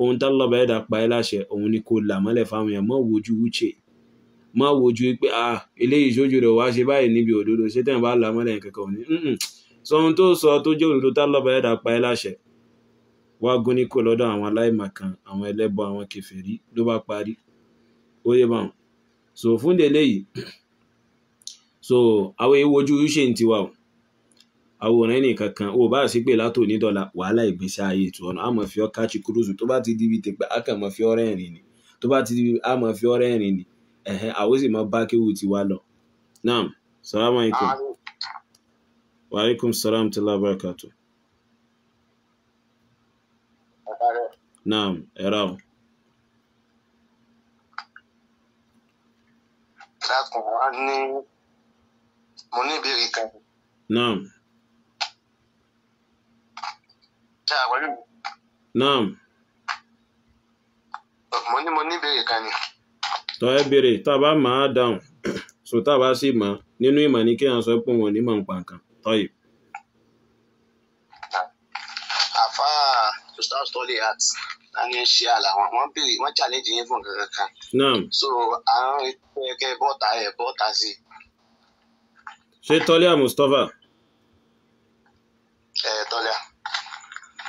[SPEAKER 1] ohun tá lọ́bẹ̀ẹ́dà pa ẹ́ láṣẹ òun ni kò là mọ́lẹ̀ fáwọn yẹn mọ́ wojú wúche mọ́ wojú pé ah eléyìí sójú rẹ̀ wá ṣe báyìí níbi òdodo ṣé tẹ̀ bá là mọ́lẹ̀ kankan ò ní sọhun tó sọ tó jẹ́ òdodo tá lọ́bẹ̀ẹ́dà pa ẹ́ láṣẹ wá gún ní kò lọ́dọ̀ àwọn aláìmọ̀kan àwọn ẹlẹ́bọ àwọn kèfèrí ló bá parí ó yé báwọn so fún délé yìí so àwọn ìwojú ṣe ń tiwa o àwòrán ẹnì kankan o bá sí pé látò ní dọ́là wàhálà ìgbésí ayé ètò ọ̀nà àmọ́ fi ọ́ káàkiri kúrúsù tó bá ti di ibi tèpẹ́ àkàmọ́ fi ọ́ rẹ́rìn ni tó bá ti di ibi àmọ́ fi ọ́ rẹ́rìn ni ẹ̀hẹ́n àwọn sì máa bá kéwù tiwa lọ naam salamu alaykum wa alaykum salam tila barakatu naam ẹ̀rọ.
[SPEAKER 2] dákun wá ní mo ní ìbéèrè kan.
[SPEAKER 1] naam. ṣé àwọn yóò. naam.
[SPEAKER 5] mo ní mo ní ìbéèrè kan ni.
[SPEAKER 1] tọ́ ẹ béèrè tá a bá máa dáhùn <clears throat> so tá a bá sì mọ̀ nínú ìmọ̀ ni kéèyàn sọ pé wọn ò ní mọ̀ nípa nǹkan tọ́yì.
[SPEAKER 5] àfa to start study arts
[SPEAKER 2] financial làwọn àwọn béèrè wọn challenge yín fún kankan
[SPEAKER 3] kan.
[SPEAKER 2] so àwọn kẹ bọ́ta ẹ̀ bọ́ta sí.
[SPEAKER 1] ṣé tọ́lá mustapha. ẹ tọ́lá.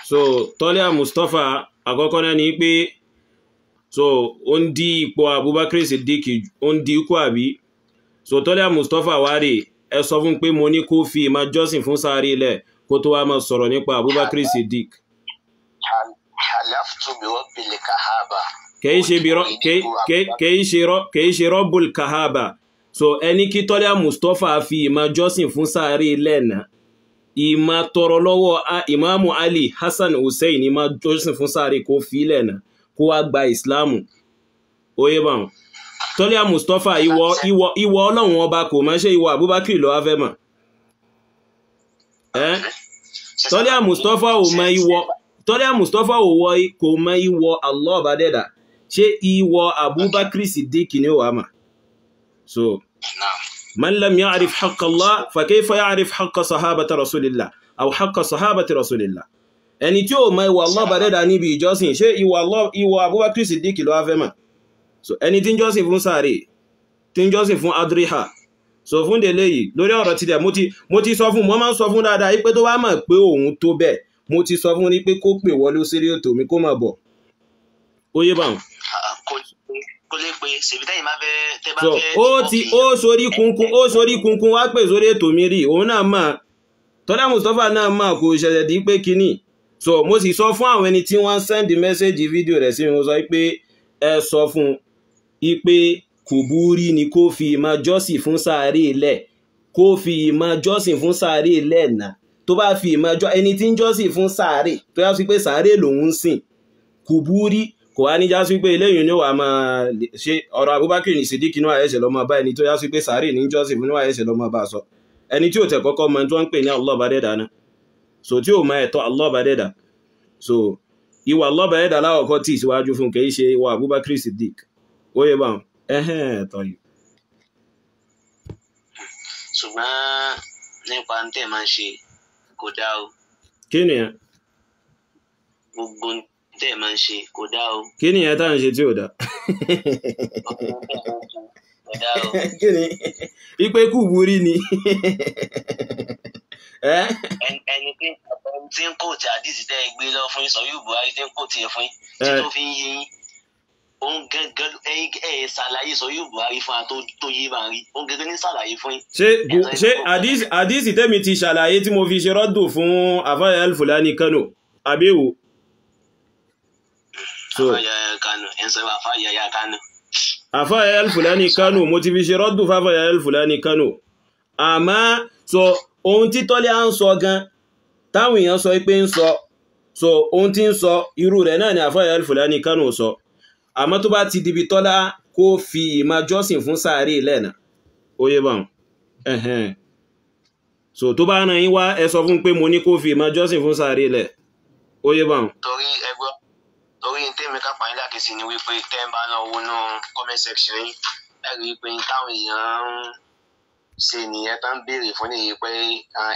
[SPEAKER 1] so tọ́lá mustapha àkọ́kọ́ náà ni pé so ó ń dí ipò abubakar siddiq ó ń dí ikú àbí so tọ́lá mustapha wá rè ẹ sọ fún pé mo ní kó fi ìmọ̀ jọ́sìn fún sáré lẹ̀ kó tó wá máa sọ̀rọ̀ nípa abubakar siddiq
[SPEAKER 2] halaftu bi rabbil kahaba.
[SPEAKER 1] kìí ṣe bí kìí ṣe kìí ṣe rọ́bùl kahaba so ẹni kí tọ́lá mustapha fi ìmọ̀ jọ́sìn fún sáré lẹ́nà ìmọ̀ tọrọ lọ́wọ́ ìmáàmù ali Hassan hussein ìmọ̀ jọ́sìn fún sáré kó fi lẹ́nà kó wá gba ìsìláàmù oyè báwọn tọ́lá mustapha ìwọ ìwọ ìwọ ọlọ́run ọba kò máa ṣe ìwọ abubakar ló wá fẹ́ mọ̀ tọ́lá mustapha ò mọ ìwọ tọ́lá mustapha ò wọ kò mọ ìwọ allah ọba dẹ́dà ṣé ìwọ abubakar siddiq ni wà mà so man lam ya'rif haqqa allah fa kayfa ya'rif haqqa sahabata rasulillah aw haqqa sahabati rasulillah ẹni tí ó mọ ìwọ allah ọba dẹ́dà níbi ìjọsìn ṣé ìwọ abubakar siddiq ló wá fẹ́ mà so ẹni tí ń jọ́sìn fún sáré tí ń fún adriha so fún délé yìí lórí ọ̀rọ̀ ti dẹ̀ mo ti sọ fún mo máa ń sọ fún dáadáa yìí tó bá mọ̀ pé òun tó bẹ́ẹ̀ mo ti sọ fún ni pé kó pè wọlé sírí ètò mi kó máa bọ̀ ó yé báwọn.
[SPEAKER 2] Ah, kò lè pe ṣèbí tẹ́yìn máa fẹ́
[SPEAKER 3] tẹ́ bá
[SPEAKER 1] fẹ́. ó ti ó sorí kunkun ó sorí kunkun wá pè sórí ètò mi rí òun náà máa tọ́lá Mustapha náà máa kò ṣẹ̀ṣẹ̀ di pé kínní so mo sì sọ fún àwọn ẹni tí wọ́n ń sẹ́ndì mẹ́sẹ́jì fídíò rẹ̀ sí mi mo sọ pé ẹ sọ fún un pé kùbúrí ni kó fi máa jọ́sìn fún sàárè lẹ̀ kó fi máa jọ́sìn fún sàárè lẹ̀ tó bá fi ìmọ̀ ẹjọ́ ẹni tí ń jọ́sìn fún sàárè tó yá sí pé sàárè lòun ń sìn kùbúrí kò wá ní já sí pé eléyìí ni wàá máa ṣe ọ̀rọ̀ Abubakar ní Sidiki níwáyé ẹ̀ṣẹ̀ lọ́mọ bá ẹni tó yá sí pé sàárè ní jọ́sìn fún níwáyé ẹ̀ṣẹ̀ lọ́mọ bá sọ ẹni tí ò tẹ̀ kọ́kọ́ mọ tó ń pè ní Allah ọba dẹ́dà náà so tí ò mọ ẹ̀tọ́ Allah ọba dẹ́dà so ìwà Allah ọba dẹ́dà láwọ̀kọ́ tì síwájú fún kì í ṣe ìwà Abubakar Siddiq ó yẹ báwọn ẹ̀hẹ́n tọ́ yìí.
[SPEAKER 3] ṣùgbọ́n nípa ń tẹ̀ máa ṣe kò dáa o. kí ni ẹ. gbogbo tẹ́ ẹ máa
[SPEAKER 2] ń ṣe kò dáa o.
[SPEAKER 1] kí ni ẹ tá à ń ṣe tí ò dáa.
[SPEAKER 2] kí ni ipe kù wúrí ni.
[SPEAKER 1] ẹni tí ń kò tí àdìsí tẹ́ ẹ gbé lọ fún yín sọ yóò buhari tí ń kò tí ẹ fún yín tí tó fi ń yín òun gangan ẹ ẹ ṣàlàyé sọ yóò buhari fún wa
[SPEAKER 3] tó tó yé máa rí òun gangan ní ṣàlàyé fún yín.
[SPEAKER 1] ṣé ṣé àdísì tẹ́mi ti ṣàlàyé tí mo fi ṣe rọ́dùn fún àfáyà Al-Fulani Kano àbẹ́wò. àfáyà Al-Fulani Kano mo ti fi ṣe rọ́dùn fún àfáyà Al-Fulani àmọ́ sọ ohun tí Tọ́lá ń sọ gan táwọn èèyàn sọ pé ń sọ so ohun tí ń sọ irú rẹ̀ náà ni àfáyà Al-Fulani sọ. So àmọ́ tó bá ti dibi tọ́lá kó fi ìmá jọ́sìn fún sàárè lẹ́nà ó yé bọ́n ẹ̀hẹ́n so tó bá ràn yín wá ẹ sọ fún pé mo ní kó fi ìmá jọ́sìn fún sàárè lẹ̀ ó yé
[SPEAKER 5] torí ẹgbọ́ torí ní tèmi kápá yín láti sí ni wípé tẹ́ ń bá lọ wọnú comment section yín ẹ pé
[SPEAKER 2] táwọn èèyàn ń ṣe nìyẹn tó ń béèrè fún nìyí pé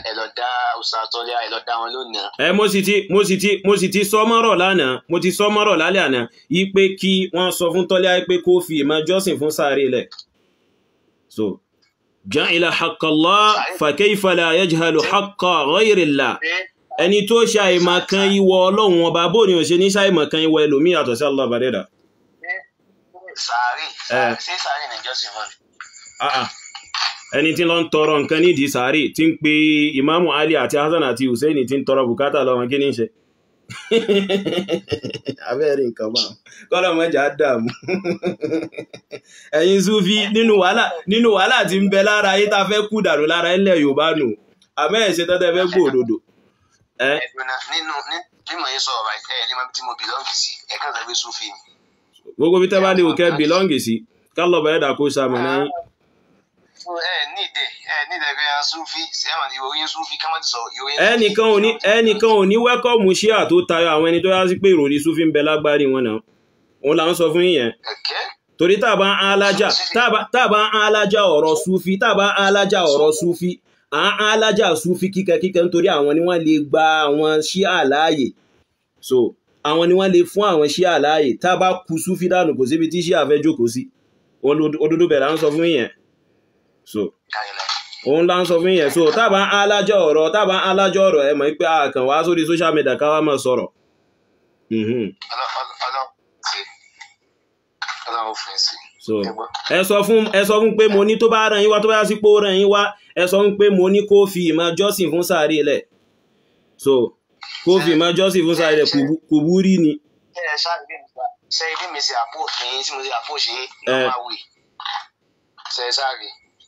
[SPEAKER 2] ẹ lọ dá ọsà tọ́lẹ́ ẹ lọ dá wọn lónìí.
[SPEAKER 1] ẹ mo sì ti mo sì ti mo sì ti sọ mọ́rọ̀ lánàá mo ti sọ mọ́rọ̀ lálẹ́ àná yìí pé kí wọ́n sọ fún tọ́lẹ́ pé kó fi ìmọ̀ jọ́sìn fún sáré lẹ̀. so ja'ila haqqa Allah fa kayfa la yajhalu haqqa ghayri Allah ẹni tó ṣe àìmọ̀ kan ìwọ ọlọ́run ọba bó ni ò ṣe ní ṣàìmọ̀ kan ìwọ ẹlòmíì àtọ̀ sí Allah bàdẹ́dà.
[SPEAKER 3] sàárì sàárì ní jọ́sìn fún
[SPEAKER 1] mi ẹni tí lọ ń tọrọ nǹkan nídìí sàárè tí ń pe ìmáàmù Ali àti Hasan àti Hussein tí ń tọrọ bùkátà lọ́wọ́n kí ní ṣe <laughs> abẹ́rẹ́ nǹkan máa kọ́lọ̀ mọ́jà dààmú <laughs> ẹ̀yin Sufi nínú wàhálà nínú wàhálà tí ń bẹ lára yìí tá a fẹ́ kú dànù lára ilẹ̀ Yorùbá nù àmọ́ ẹ̀ ṣe tọ́tẹ́ fẹ́ gbòòdòdò.
[SPEAKER 3] mo bìlọ́ǹgì sí ẹ̀ka ìgbàgbé Sufi.
[SPEAKER 1] gbogbo bí tẹ́ bá lè wò kẹ́ sí kálọ̀ bẹ́ẹ̀ dà kó ẹnìkan ò ní ẹnìkan ò ní wẹ́kọ̀mù ṣíà tó tayọ àwọn ẹni tó yá sí pé ìròrí súfí ń bẹ lágbárí wọn náà òun là ń sọ fún yìnyẹn torí tàbá ń alájà tàbá ń alájà ọ̀rọ̀ súfí tàbá ń alájà ọ̀rọ̀ súfí à ń alájà súfí kíkẹ́kíkẹ́ nítorí àwọn ni wọ́n lè gba àwọn ṣíà láàyè so àwọn ni wọ́n lè fún àwọn ṣíà láàyè tàbá kú súfí dànù kò síbi tí ṣíà fẹ́ jókòó sí òdodo bẹ̀rẹ̀ à ń sọ fún yìnyẹn so òun lá ń sọ fún yẹn so tábà ń alájọ ọ̀rọ̀ tábà ń alájọ ọ̀rọ̀ ẹ mọ̀ pé a kàn wá sórí social media ká wá máa sọ̀rọ̀. Mm-hmm. so ẹ sọ fún ẹ sọ fún pé mo ní tó bá ràn yín wá tó bá sí pé ó ràn yín wá ẹ sọ fún pé mo ní kó fi ìmọ̀ jọ́sìn fún sàárè lẹ̀ so kó fi ìmọ̀ jọ́sìn fún sàárè lẹ̀ kò búrí ni.
[SPEAKER 5] ṣe ibi mi ṣe àpò òfin tí mo ṣe àpò òṣìyìn ló máa wè
[SPEAKER 2] ṣe sáré.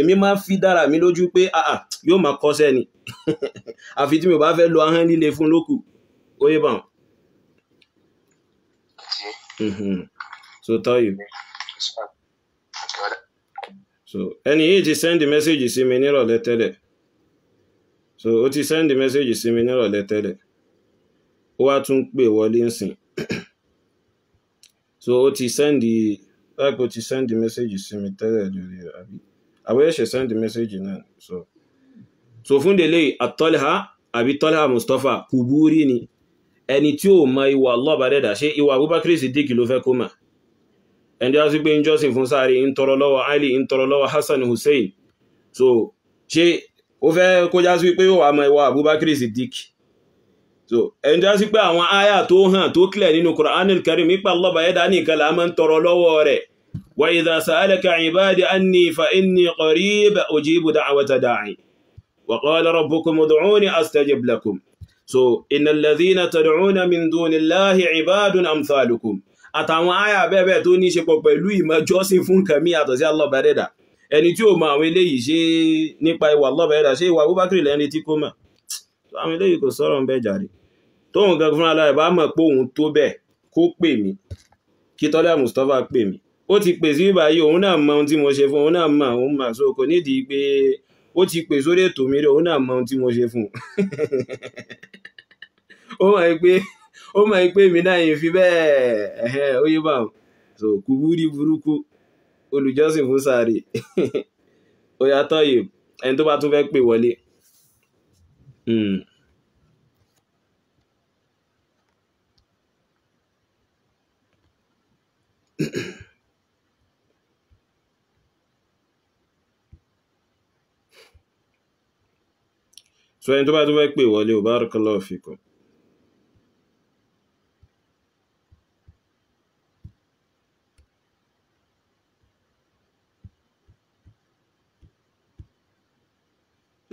[SPEAKER 1] èmi máa fi dára mi lójú pé àà yóò máa kọ́sẹ́ ni <laughs> àfi tí mi ò bá fẹ́ lo ahọ́n líle fún lókù ó yé mhm. so tell you. so ẹni yìí ti send message sí mi nírọ̀lẹ́ tẹ́lẹ̀ so ó ti send message sí mi nírọ̀lẹ́ tẹ́lẹ̀ ó wá tún pè wọlé ń sìn <clears throat> so ó ti send láìpẹ́ ó ti send message sí mi tẹ́lẹ̀ lórí àbí àbóyẹ ṣe send message náà so so fundele délé àtọ́lẹ́há àbí Mustafa, kuburini, kùbúrí ni ẹni tí ó mọ ìwà lọ́bàdẹ́dà ṣe ìwà Abubakar Siddiq ló fẹ́ kó mà ẹni tí a sì pé ń jọ́sìn Ali ń tọrọ Hassan Hussein so ṣe ó fẹ́ kó já sí pé ó wà mọ ìwà so ẹni tí a sì pé àwọn áyà tó hàn tó kílẹ̀ nínú Qur'anul Karim ipa lọ́bàdẹ́dà nìkan là á máa وإذا سألك عبادي أني فإني قريب أجيب دعوة داعي وقال ربكم ادعوني أستجب لكم so إن الذين تدعون من دون الله عباد أمثالكم àtàwọn àyà bẹ́ẹ̀bẹ́ tó ní ṣe pọ̀ pẹ̀lú ìmọ̀jọ́sìn fún kẹmí àtọ̀ sí alọ́bàdẹ́dà ẹni tí ó mọ àwọn eléyìí ṣe nípa ìwà alọ́bàdẹ́dà ṣe ìwà abúbákiri lẹ́ni tí kò mọ̀ àwọn eléyìí kò sọ̀rọ̀ ń bẹ́ jàre tóun gan fúnra rẹ̀ bá pé òun tó bẹ́ẹ̀ kó pè mí kí tọ́lá Mustapha pè mí ó ti pè sí báyìí òun náà mọ ohun tí mo ṣe fún òun náà mọ òun mà so kò nídìí pé ó ti pè sórí ètò mi rẹ òun náà mọ ohun tí mo ṣe fún <laughs> ó mọ̀ pé ó mọ̀ pé èmi náà yìí fi bẹ́ẹ̀ ó yé bá so kúkúrí burúkú olùjọ́sìn fún sáré <laughs> ó yàtọ̀ yìí ẹni tó bá tún fẹ́ pè wọlé.
[SPEAKER 3] Mm. <clears throat>
[SPEAKER 1] so ẹni tó bá tó fẹ́ pè wọlé ò barakallahu fikum.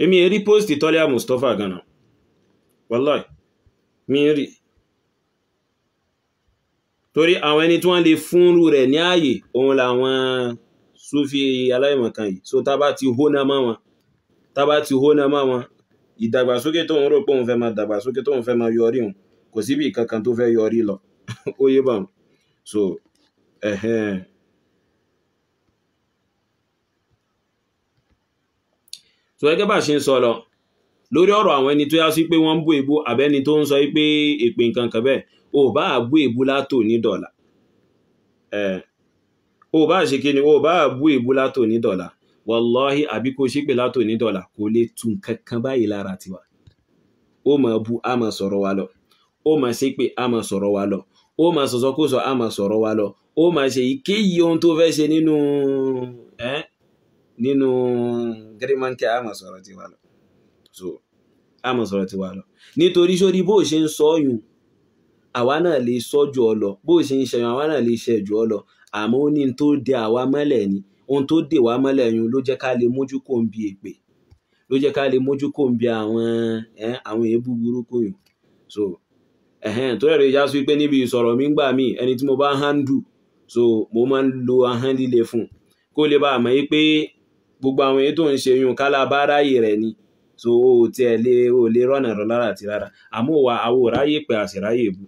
[SPEAKER 1] èmi èrí post tọ́lẹ́à Mustapha gánà wallahi mi rí torí àwọn ẹni tí wọ́n lè fúnrú rẹ̀ ní ààyè òun làwọn Sufi aláìmọ̀kan yìí so tá bá ti hóná mọ́ wọn tá ti hóná mọ́ wọn ìdàgbàsókè tó ń rò pé òun fẹ́ máa dàgbàsókè tó ń fẹ́ máa yọrí òun kò síbi kankan tó fẹ́ yọrí lọ <laughs> ó yé bàm so ẹ̀hẹ́n. Eh, so gẹ́gẹ́ bá ṣe ń sọ lọ lórí ọ̀rọ̀ àwọn ẹni tó yá sí pé wọ́n ń bú èébú àbẹ́ni tó ń sọ pé èpè nǹkan kan bẹ́ẹ̀ ò bá bú èébú látò ní dọ̀là ò bá ṣe kí ni ò bá bú èébú látò ní dọ̀là wàláhì àbí kó ṣépè látò ní dọ̀là kò lè tún kankan báyìí lára tiwa ó máa bu á máa sọ̀rọ̀ wa lọ ó máa ṣépè á máa sọ̀rọ̀ wa lọ ó máa sọ̀sọ́ kó sọ á máa sọ̀rọ̀ wa lọ ó máa ṣe ìkéyìí ohun tó fẹ́ ṣe nínú ẹ́ nínú gírímọ́ǹkì á máa sọ̀rọ̀ tiwa lọ so á máa sọ̀rọ̀ tiwa lọ nítorí sórí bó ṣe ń sọ yùn àwa náà lè sọ ọ lọ bó ṣe ń ṣẹyàn àwa náà lè ṣẹ ọ lọ àmọ́ ó ní tó de àwa mọ́lẹ̀ ni ohun tó dè wá mọ́lẹ̀ yun ló jẹ́ ká lè mójú kò ń bi èpè ló jẹ́ ká lè mójú kò ń bi àwọn àwọn èébú burúkú yìí so ẹ̀hẹ́n tó rẹ̀ já sí pé níbi ìsọ̀rọ̀ mi ń gbà mí ẹni tí mo bá handle so mo máa ń lo ahọ́n líle fún kó lè bá a mọ̀ pé gbogbo àwọn èyí tó ń ṣe yun kálá bá ráyè rẹ̀ ni so o tiẹ̀ lè o lè rọ́nà rọ lára àti rárá àmọ́ wa àwo ráyè pé àṣìráyè bu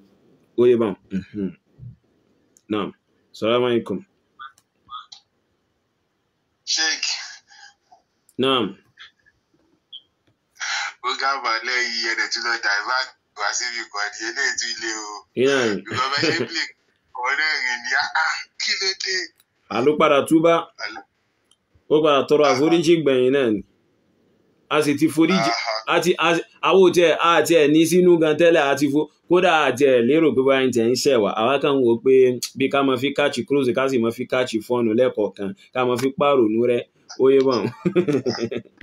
[SPEAKER 1] ó yẹ bá wọn sheik naam
[SPEAKER 5] ó gáàbà lẹ́yìn ẹ̀dẹ̀ tó lọ divert wá síbi ìkọ̀dí eléyìí tún lé
[SPEAKER 1] o ìgbọ́bẹ́ ṣe bí
[SPEAKER 5] ọ̀rẹ́ rìn ní áá kí ló
[SPEAKER 1] dé. àló padà túbá ó padà tọrọ àforíjì gbẹ̀yìn náà ni a sì ti foríjì àti àwọn òtí ẹ̀ àti ẹ̀ ní sínú gan tẹ́lẹ̀ àti fo kódà àti ẹ̀ lérò pé báyìí tẹ̀ ń ṣẹ̀wà àwa kan wò pé bí ká máa fi káàchì cruise ká sì máa fi káàchì fọ́ọ̀nù lẹ́kọ̀ọ̀kan ká máa fi pàrònú rẹ ó yé
[SPEAKER 3] bọ̀n. <laughs>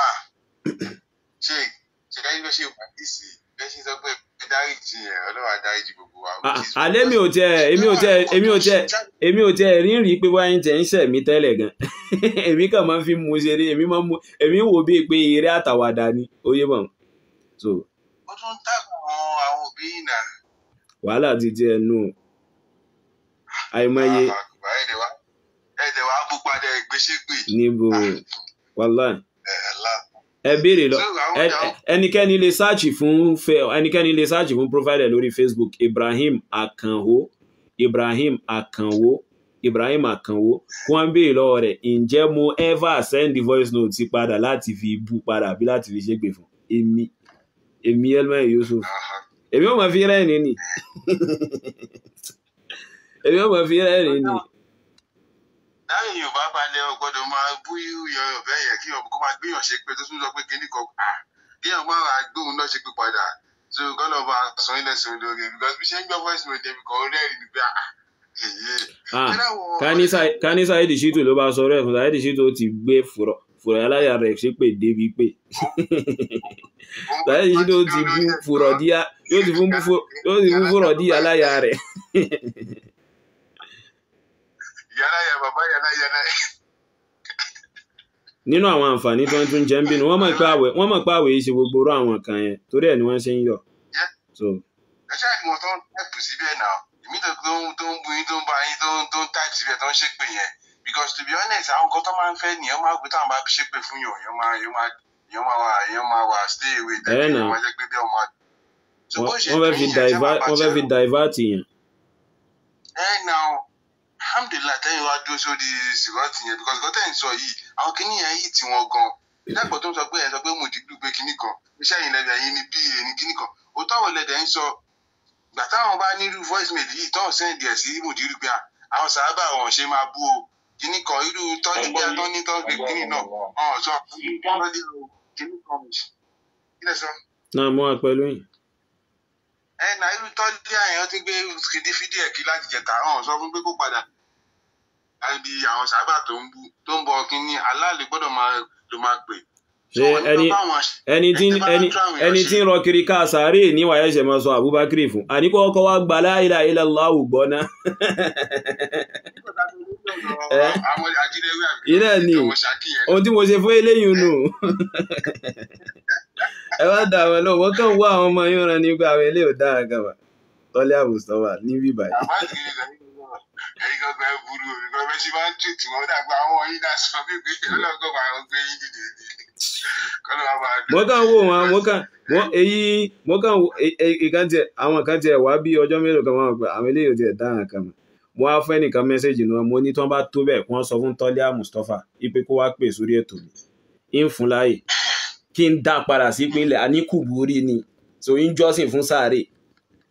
[SPEAKER 5] Ah, ṣé ṣe dájú bẹ́ẹ̀ ṣe wà nísìnyí bẹ́ẹ̀ ṣe sọ pé
[SPEAKER 1] alẹ́ mi ò jẹ́ èmi ò jẹ́ èmi ò jẹ́ èmi ò tẹ rírìn pé wáyé tẹ ń ṣẹ̀ tẹ́lẹ̀ gan <laughs> èmi kàn máa fi mu ṣeré èmi máa mu èmi wò bíi pé eré àtàwàdà ni ó yé ó tún ń àwọn òbí wàhálà ti di ẹnu àìmọye. Ah, ẹ̀ẹ́dẹ̀ wàá bú padà ṣépè. níbo ah. wàhálà. ẹ béèrè lọ ẹnikẹ́ni lè sáàchì fún ẹnikẹ́ni lè sáàchì fún profile lórí Facebook Ibrahim Akanwo Ibrahim Akanwo Ibrahim Akanwo kí wọ́n béèrè lọ́wọ́ rẹ̀ ǹjẹ́ mo ever send the voice note ti padà láti fi bú padà àbí láti fi ṣépè fún èmi èmi elmer Yusuf èmi ò mọ̀ fi rẹ́ẹ̀ni ni eh. <laughs> èmi ò mọ̀ fi rẹ́ẹ̀ni ni
[SPEAKER 5] dẹ̀ máa bú yẹ ọ̀bẹ yẹn kí ọkọ máa gbéyàn ṣe pé tó tún sọ pé kíní kan à kíyàn máa ra gbóhùn náà ṣe pé padà so kọ́lọ̀ bá sọ ilẹ̀ sọ̀rọ̀ lórí because bí ṣe ń gbọ́ voice note ẹ̀mí kan orí ẹ̀rí nígbà
[SPEAKER 1] ká ní Saheed Shittu ló bá sọ rẹ̀ fún Saheed Shittu ti gbé fùrọ̀ fùrọ̀ aláya rẹ̀ ṣe pé débi pé Saheed Shittu ti bú fùrọ̀ díà yóò ti fún fùrọ̀ díà aláya rẹ̀.
[SPEAKER 5] yàrá yà bàbá yàrá yàrá
[SPEAKER 1] nínú àwọn àǹfààní tó ń tún jẹ́ ń bínú wọ́n mọ̀ pé àwẹ̀ wọ́n mọ̀ pé àwẹ̀ yìí ṣe gbogbo orú àwọn kan yẹn torí ẹ̀ ni wọ́n ṣe ń yọ̀.
[SPEAKER 5] ẹ ṣáà ni wọn tó ń tẹ́pù síbẹ̀ náà èmi tó ń tó ń bu yín tó ń bá yín tó ń tó síbẹ̀ tó ń ṣépè yẹn because to be honest àwọn nǹkan tó máa ń fẹ́ nìyẹn máa gbé táwọn bá ṣépè fún yàn yàn máa yàn máa wà yàn máa wà stay away tẹ́lẹ̀
[SPEAKER 1] wọ́n fẹ́ fi divert yàn. ẹ náà alhamdulilayi tẹ́yìn wá dúró sórí sìmọ́ǹtì
[SPEAKER 5] yẹn because gọ́tẹ́ ń sọ yìí àwọn kìnìyàn yìí ti wọn gan ìdàpọ̀ tó ń sọ pé ẹ̀ ń sọ pé mùdígbù pé kinní kan iṣẹ́ yìí lẹ́bi ẹ̀yìn ni bí ẹni kinní kan òótọ́ àwọn ẹlẹ́dẹ̀ ń sọ gbà táwọn bá nírú voice mail yìí tọ́ sẹ́ǹdì ẹ̀ sí mùdígbù pé ah, àwọn sàábà wọn ṣe máa bú o kinní kan irú tọ́jú bí atọ́ní tọ́jú kinní náà ọ̀hún sọ kinní kan kílẹ̀ sọ.
[SPEAKER 1] náà mú wa pẹ̀lú yìí
[SPEAKER 5] ẹ nàírú tọ́lí àyàn ti gbé fídíò ẹ̀kí láti jẹ̀ta hàn sọ fún pé kó padà ẹbí àwọn sábà tó ń bú tó ń bọ kínní gbọ́dọ̀ máa lo máa pè.
[SPEAKER 1] ṣe ẹni ẹni tí ń rọ kiri ká sàárè ní wàyà ṣe máa sọ Abubakar fún àní kó wá gba la gbọ́ ná.
[SPEAKER 5] <laughs>
[SPEAKER 1] Eh? ni ohun mo ṣe fún eléyìí nù <laughs> ẹ kàn wá àwọn ọmọ yín rán nígbà àwọn eléyìí ò dára tọ́lé àwòsàn
[SPEAKER 5] níbí ẹ̀yin gbọ́dọ̀ ẹ burú bẹ́ẹ̀ ṣe máa ń tù tí wọ́n dàgbà àwọn yín náà sọ pé ọlọ́gbọ́n máa ń gbé yín dìde dìde kọ́lọ́ máa máa dùn. mo kàn wò
[SPEAKER 1] wọn mo kàn wọn èyí mo kàn ìkan tiẹ̀ àwọn kan tiẹ̀ wá bí ọjọ́ mélòó kan wọn gbà àwọn eléyìí ò tiẹ̀ dáhàn kan mọ́ mo wá fún ẹnìkan mẹ́sẹ̀gì náà mo ní tí wọ́n bá tó bẹ́ẹ̀ kí wọ́n sọ fún Tọ́lá Mustapha ipe kó wá pè sórí ètò mi ń fún láàyè kí n dá padà sí ìpínlẹ̀ àníkùbù orí ni so ń jọ́sìn fún sáré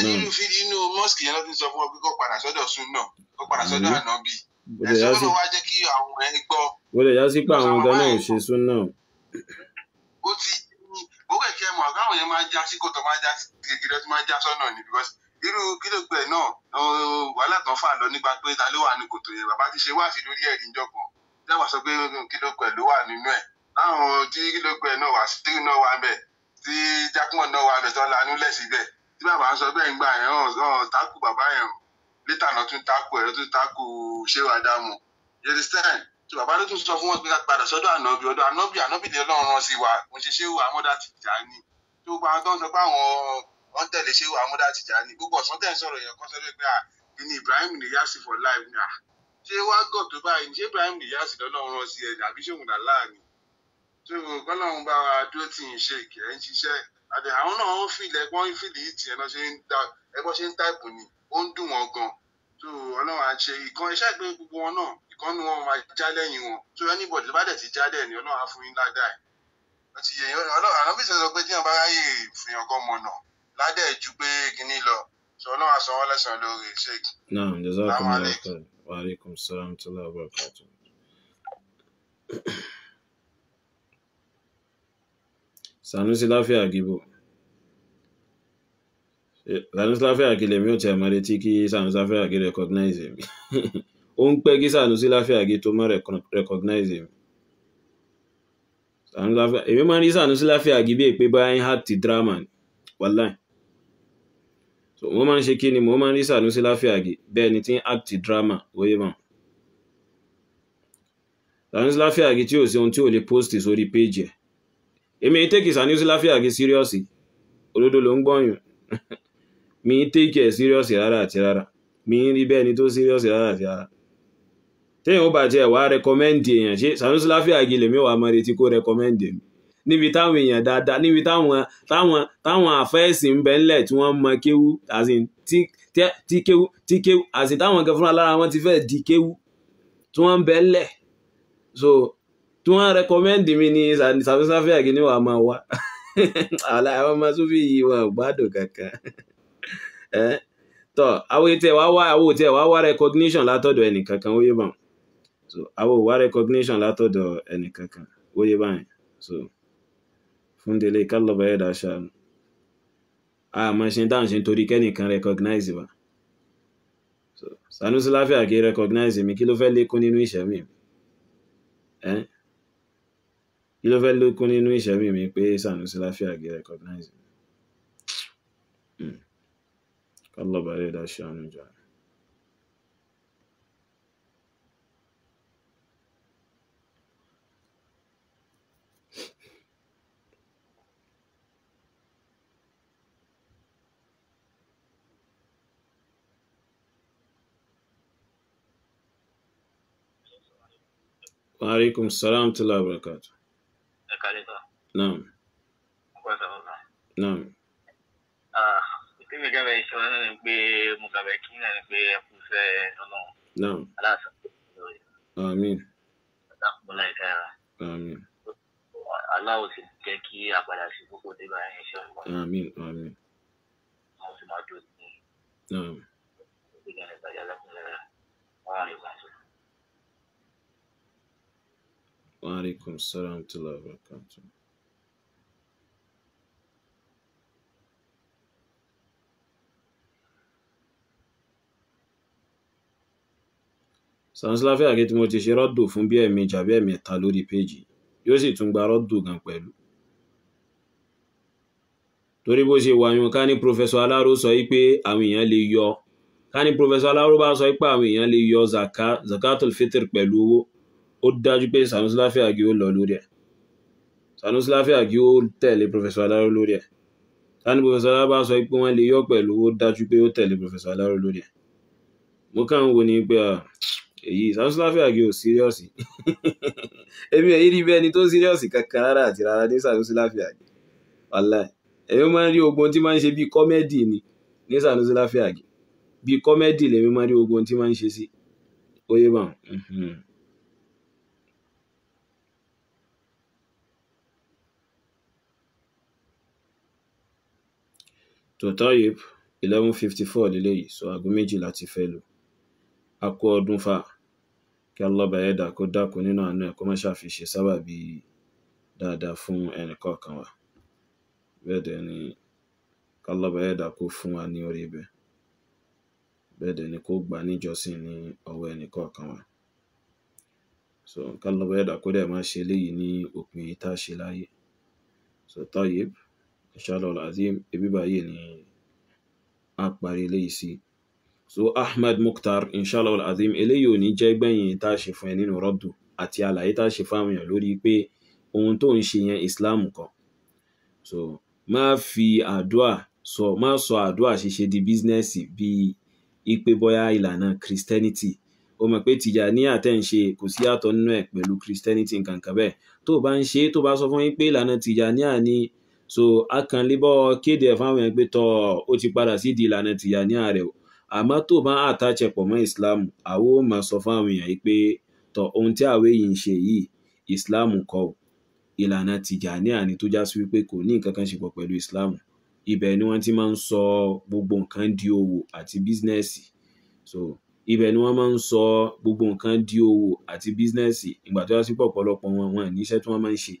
[SPEAKER 5] nínú nínú mosque yẹn ló ti sọ fún ọ pé kó padà sọ́dọ̀ sun náà kó padà sọ́dọ̀ mm-hmm. ànábì ẹsẹ ọlọ wa jẹ́ kí àwọn ẹ gbọ́.
[SPEAKER 1] wọ́n lè yá sí pé àwọn gan náà ò ṣe sun náà. ó ti gbogbo ẹ̀kẹ́ mọ̀ káwọn yẹn máa já sí kòtò
[SPEAKER 5] máa já sí kékeré tó máa já sọ́nà ni because irú kílògbẹ náà wàhálà kan fà lọ nípa pé ta ló wà ní kòtò yẹn bàbá ti ṣe wáàsí lórí ẹ̀rí ìjọ kan dábàá sọ pé kílògbẹ ló wà nínú ẹ̀ láwọn tí kílògbẹ náà wà sí náà wà bẹ̀ tí jákùmọ̀ náà wà bẹ̀ tó lanú lẹ̀ síbẹ̀ tí bàbá ń sọ bẹ́ẹ̀ ń gbà yẹn hàn tákù bàbá yẹn létà náà tún tákù ẹ̀ tún tákù ṣéwà dáàmú yẹtí stein tí bàbá ló tún sọ fún wọn pé ká padà sọ́dọ̀ ànábì ọ̀dọ̀ ànábì ànábì ni Ọlọ́run rán sí mo ṣe ṣéwà amọdá tìjà ni tí gbogbo àwọn ń sọ pé àwọn wọn tẹ̀lé ṣéwà amọdá tìjà ni gbogbo ọ̀sán tẹ̀ ń sọ̀rọ̀ yẹn kọ́ sọ́dọ̀ pé ìní Ibrahim ni yasi for life ni ṣé wá gọ̀ tó báyìí ṣé Ibrahim ni yasi lọ́lọ́run rán ẹ̀ àbí ṣòwò náà láàrin tó kọ́lọ́run bá wa dúró tì í ṣe ìkẹ́ ń ṣiṣẹ́ àti àwọn náà ń fìlẹ wọn ń fìlì ìtì náà ṣe ń da ẹgbọn ṣe ń táìpù ni ó ń dùn wọn gan so Ọlọ́run á ìkan iṣẹ́ ìpè gbogbo wọn náà ìkan nu wọn máa já lẹ́yìn wọn so anybody tó bá dẹ ti já dẹ ni Ọlọ́run á fún yín ládàá ẹ àti yẹyìn Ọlọ́run àná bí sọ pé tí ráyè fìyàn gan mọ náà ládàá ju pé kinní lọ so Ọlọ́run á wọn lẹ́san lórí
[SPEAKER 1] sheik. Sanusi láfíà gíbò eh, Sanusi láfíà gí lèmi ò tiẹ̀ mọ́ retí kí Sanusi láfíà gí recognize mi <laughs> ó ń pẹ́ kí Sanusi láfíà gí tó mọ́ recognize mi Sanusi láfíà èmi máa ń rí Sanusi láfíà gí bí èpè bá ń há ti drama wàláì so wọ́n máa ń ṣe kí ni mo máa ń rí Sanusi láfíà gí bẹ́ẹ̀ ni tí ń act drama wọ́yẹ́ mọ́ Sanusi láfíà gí tí ò sí ohun tí ò lè post sórí péjì ẹ̀ èmi take Sanusi Láfíàgì síríọ̀sì olódó ló ń gbọ́yùn <laughs> mi take ẹ̀ síríọ̀sì rárá àti rárá mi ń rí bẹ́ẹ̀ ni tó síríọ̀sì rárá àti rárá téèyàn ó bá tiẹ̀ wá rẹkọmẹ́ǹdì èèyàn ṣe Sanusi Láfíàgì lèmi wàá mọ retí kó rẹkọmẹ́ǹdì mi níbi táwọn èèyàn dáadáa níbi táwọn táwọn táwọn àfẹ́ẹ̀sì ń bẹ ńlẹ̀ tí wọ́n mọ kéwú tí kéwú tí kéwú àti táwọn kan fúnra lára wọn ti fẹ́ di kéwú tí wọ́n ń bẹ ńlẹ̀ so tí wọ́n rẹ́kọ́mẹ́ǹdì mi ní sàfẹ́sàfẹ́ àgíní wàá máa wá <laughs> àwọn ọmọ sófì yìí wọn ò gbádùn kankan <laughs> tọ àwọn ètò ẹ̀ wá wá àwọn ètò ẹ̀ wá wá recognition látọ̀dọ̀ ẹnìkankan wọ́n yé bá wọn so àwọn ò wá recognition látọ̀dọ̀ ẹnìkankan wọ́n yé bá yẹn so fún délé kálọ̀bà ẹ̀dá ṣáà àmọ́ ṣe dáhùn ṣe torí kẹ́nìkan recognize wa so Sanusi Láfíà kì í recognize mi kí ló fẹ́ lékún nínú ìṣẹ̀mí mi. Eh? kí ló fẹ́ lókun nínú ìṣẹ́bí mi pé Sanusi Láfíàgì recognize mi kọ́lọ́bà lè dá ṣàánú jà. وعليكم السلام ورحمة الله وبركاته ẹ kálẹ́ sọ. náà. ọgbà sọ̀rọ̀ náà. náà.
[SPEAKER 3] ah ìpínlẹ̀ ìjọba ìṣọ́ náà ni pé mo kàbẹ̀ kí náà ni pé ẹ kú fẹ́ lọ́nà. náà. aláṣà. àmín. àdàkùnlá ìka ẹ̀rọ. àmín. aláwo sì jẹ́ kí àpàdà sí kókó débà ẹ̀ ṣe ọ̀gbọ́n. àmín àmín. mo sì máa dùn ní. náà. ìgbà nípa ìyá alákùnrin rẹ̀ wọ́n á rí wá sí.
[SPEAKER 1] Wa alaikum salam warahmatullahi wabarakatuh. sansilafẹ́ àgé tí mo ti ṣe rọ́dù fún bí ẹ̀mí jàbí ẹ̀mí ta lórí péjì yóò sì tún gba rọ́dù gan pẹ̀lú torí bó ṣe wàyún ká ní pòfẹ́sọ aláró sọ pé àwọn èèyàn lè yọ ká ní pòfẹ́sọ aláró bá sọ pé àwọn èèyàn lè yọ zaka zakatul fitr pẹ̀lú owó ó dájú pé Sanusi Láfíà Àgé ó lọ lórí ẹ̀ Sanusi Láfíà Àgé ó tẹ̀lé Professor Aláró lórí ẹ̀ tani Professor Aláró bá sọ pé wọ́n lè yọ pẹ̀lú ó dájú pé ó tẹ̀lé Professor Aláró lórí ẹ̀ mo kàn ń wo ni pé èyí Sanusi Láfíà Àgé <laughs> ò síríọ̀sì èmi èyí rí bẹ́ẹ̀ ni tó síríọ̀sì kankan rárá àti rárá ní Sanusi Láfíà Àgé wàláì èmi máa ń rí ogun tí máa ń ṣe bíi kọ́mẹ́dì ni ní Sanusi Láfíà Àgé bíi kọ́mẹ́dì lèmi máa ń rí ogun tí máa ń ṣe sí oyè bá tó Toyib eleven fifty four leléyìí so aago méjì láti fẹ́ lò a kó ọdún fà kí alọ́ba ẹ̀dá kó dákun nínú àánú ẹ̀ kó má ṣàfihàn sábàbí dáadáa fún ẹnìkọ̀ọ̀kan wa bẹ́ẹ̀ dẹ̀ ni kálọ́ba ẹ̀dá kó fún wa ní orí ibẹ̀ bẹ́ẹ̀ dẹ̀ ni kó gbà níjọsìn ní ọwọ́ ẹnìkọ̀ọ̀kan wa so kálọ́ba ẹ̀dá kó dẹ̀ má ṣe eléyìí ní òpin tá a ṣe láyé so inshallah azim ibi báyìí ni a parí eléyìí sí so ahmed mukhtar inshallah azim eléyìí ò ní jẹ́ gbẹ̀yìn tá a ṣe fún ẹ nínú rọ́dù àti àlàyé tá a ṣe fáwọn èèyàn lórí pé ohun tó ń ṣe yẹn islam kan so máa fi àdúà sọ máa sọ àdúà ṣíṣe di bísínẹ́sì bíi ipe bóyá ìlànà christianity o mọ̀ pé tìjàníyà tẹ́ ń ṣe kò sí yàtọ̀ nínú ẹ̀ pẹ̀lú christianity nǹkan kan bẹ́ẹ̀ tó o bá ń ṣe tó o bá sọ fún yín pé ìlànà tìjàníyà ni. Christianity, so akànlébọ́ kéde ẹ̀ fáwọn yẹn pé tọ́ ó ti padà sí di ìlànà tìyà ní ààrẹ o àmọ́ tó bá àtàchẹ̀ pọ̀ mọ́ islam àwo máa sọ fáwọn èèyàn yìí pé tọ́ ohun tí àwé yìí ń ṣe yìí islam kọ́ ìlànà tìjà ní àní tó já sí wípé kò ní nǹkan kan ṣe pọ̀ pẹ̀lú islam ibẹ̀ ni wọ́n ti máa ń sọ gbogbo nǹkan di owó àti bísínẹ́sì so ibẹ̀ ni wọ́n máa ń sọ gbogbo nǹkan di owó àti bísínẹ́sì ìgbà tó yá sí pọ̀pọ̀lọpọ̀ wọn wọn níṣẹ́ tí wọ́n máa ń ṣe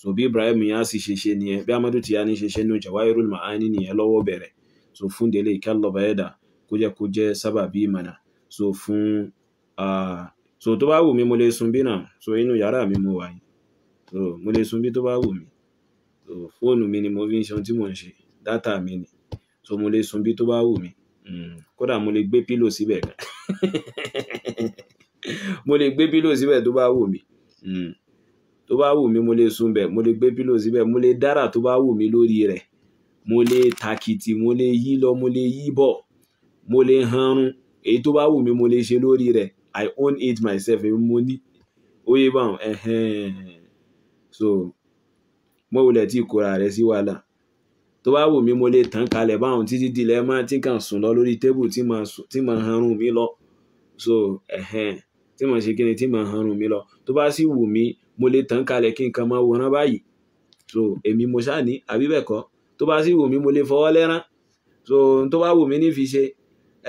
[SPEAKER 1] so bí Ibrahim Inyas ṣe ṣe nìyẹn bí Amadu Tijani ṣe ṣe nù Jawahirul Ma'ani nìyẹn lọ́wọ́ bẹ̀rẹ̀ so fún délé kí alọba ẹdà kó jẹ kó jẹ sábàbí ìmọ̀nà so fún uh, so tó bá wù mí mo lè sun bí náà so inú yàrá mi mo wà yìí so mo lè sun bí tó bá wù mí so fóònù mi ni mo fi ń ṣe ohun tí mò ń ṣe dátà mi ni so mo lè sun bí tó bá wù mí hmm, kódà mo lè gbé pílò síbẹ̀ gan <laughs> mo lè gbé pílò síbẹ̀ tó bá wù mí. Mm tó bá wù mí mo lè sùn bẹ̀ mo lè gbé pílò síbẹ̀ mo lè dára tó bá wù mí lórí rẹ̀ mo lè tàkìtì mo lè yí lọ mo lè yí bọ̀ mo lè hanrun èyí tó bá wù mí mo lè ṣe lórí rẹ̀ i own it myself èmi mo ní ó báwọn so mo wulẹ̀ tí ìkóra rẹ̀ sí wàhálà tó bá wù mí mo lè tàn kalẹ̀ báwọn títí dilẹ̀ máa tí kàn sùn lọ lórí tébù tí màá hanrun mi lọ so tí màá ṣe kí ni tí màá hanrun mi lọ tó bá sì wù mí mo lè tàn kalẹ̀ kí nǹkan máa wòran báyìí so èmi mo ṣáà ní àbí bẹ́ẹ̀ kọ́ tó bá sì wù mí mo lè fọwọ́ lẹ́rán so n tó bá wù mí ní fi ṣe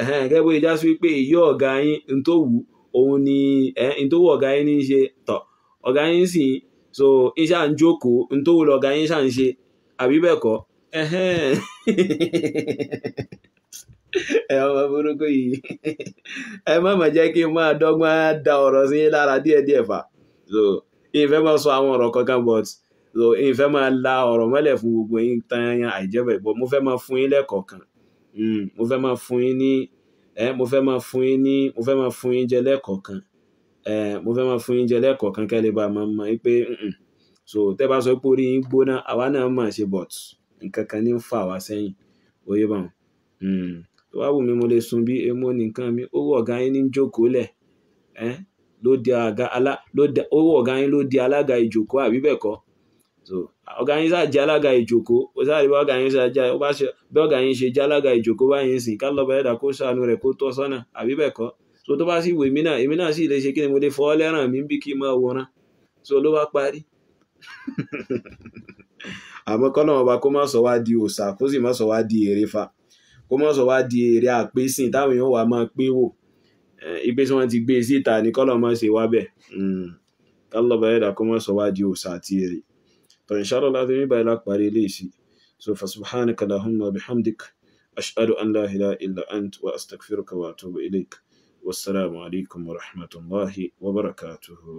[SPEAKER 1] ẹ̀hẹ́n gẹ́gẹ́ bó já sí pé èyí ọ̀gá yín n tó wù òun ni n tó wù ọ̀gá yín ní ṣe tọ̀ ọ̀gá yín sì so n ṣáà ń jókòó n tó wù lọ̀gá yín ṣáà ń ṣe àbí bẹ́ẹ̀ kọ́ ẹ̀hẹ́n <laughs> ẹ ọmọ burúkú yìí <laughs> ẹ má mà jẹ́ kí n máa dọ́gbọ́n da ọ̀rọ̀ sí yín lára díẹ̀díẹ̀ fà so ìfẹ́ máa sọ àwọn ọ̀rọ̀ kankan but ìfẹ́ máa la ọ̀rọ̀ mọ́lẹ̀ fún gbogbo yín tanyanya àìjẹ́bẹ̀ but mo fẹ́ máa fún yín lẹ́kọ̀ọ̀kan hmm, mo fẹ́ máa fún yín ní mo fẹ́ máa fún yín ní mo fẹ́ máa fún yín jẹ lẹ́kọ̀ọ̀kan mo fẹ́ máa fún yín jẹ lẹ́kọ̀ọ̀kan kẹ́lẹ́ bá máa mọ̀ pé so tẹ́ bá sọ pé orí yín gbóná àwa náà máa ṣe but nǹkan kan ní ń fà wá sẹ́yìn oyè bá wọn hmm. tó wù mí mo lè sun bí emo nìkan mi owó ọ̀gá yín ní jókòó lẹ̀ ló di ọ̀gá yín ló di alága ìjòkó àbí bẹ́ẹ̀ kọ́ so ọ̀gá yín sáà jẹ́ alága ìjòkó ó sáà rí bá ọ̀gá yín sáà jẹ́ bí ọ̀gá yín ṣe jẹ́ alága ìjòkó báyìí sìn ká lọ́ba ẹ̀dá kó rẹ̀ kó tọ́ sọ́nà so tó bá sì wò náà èmi náà sì lè ṣe kí ni mo lè fọ́ lẹ́ràn mi bí kí n máa wòran so ló bá parí <laughs> àmọ́ kọ́nà ọba ipe tí wọ́n ti gbé síta ní kọ́lọ̀ mọ́ ṣe wá bẹ̀ kálọ̀ bá yẹ̀dà kó mọ́ sọ wá di òòṣà àti èrè tó ń ṣàrọ̀ láti ní báyìí lápàrí ilé ìṣí so fa subhanaka lahumma bihamdik ashhadu an la ilaha illa ant wa astaghfiruka wa atubu ilaik wassalamu alaikum wa rahmatullahi wa barakatuhu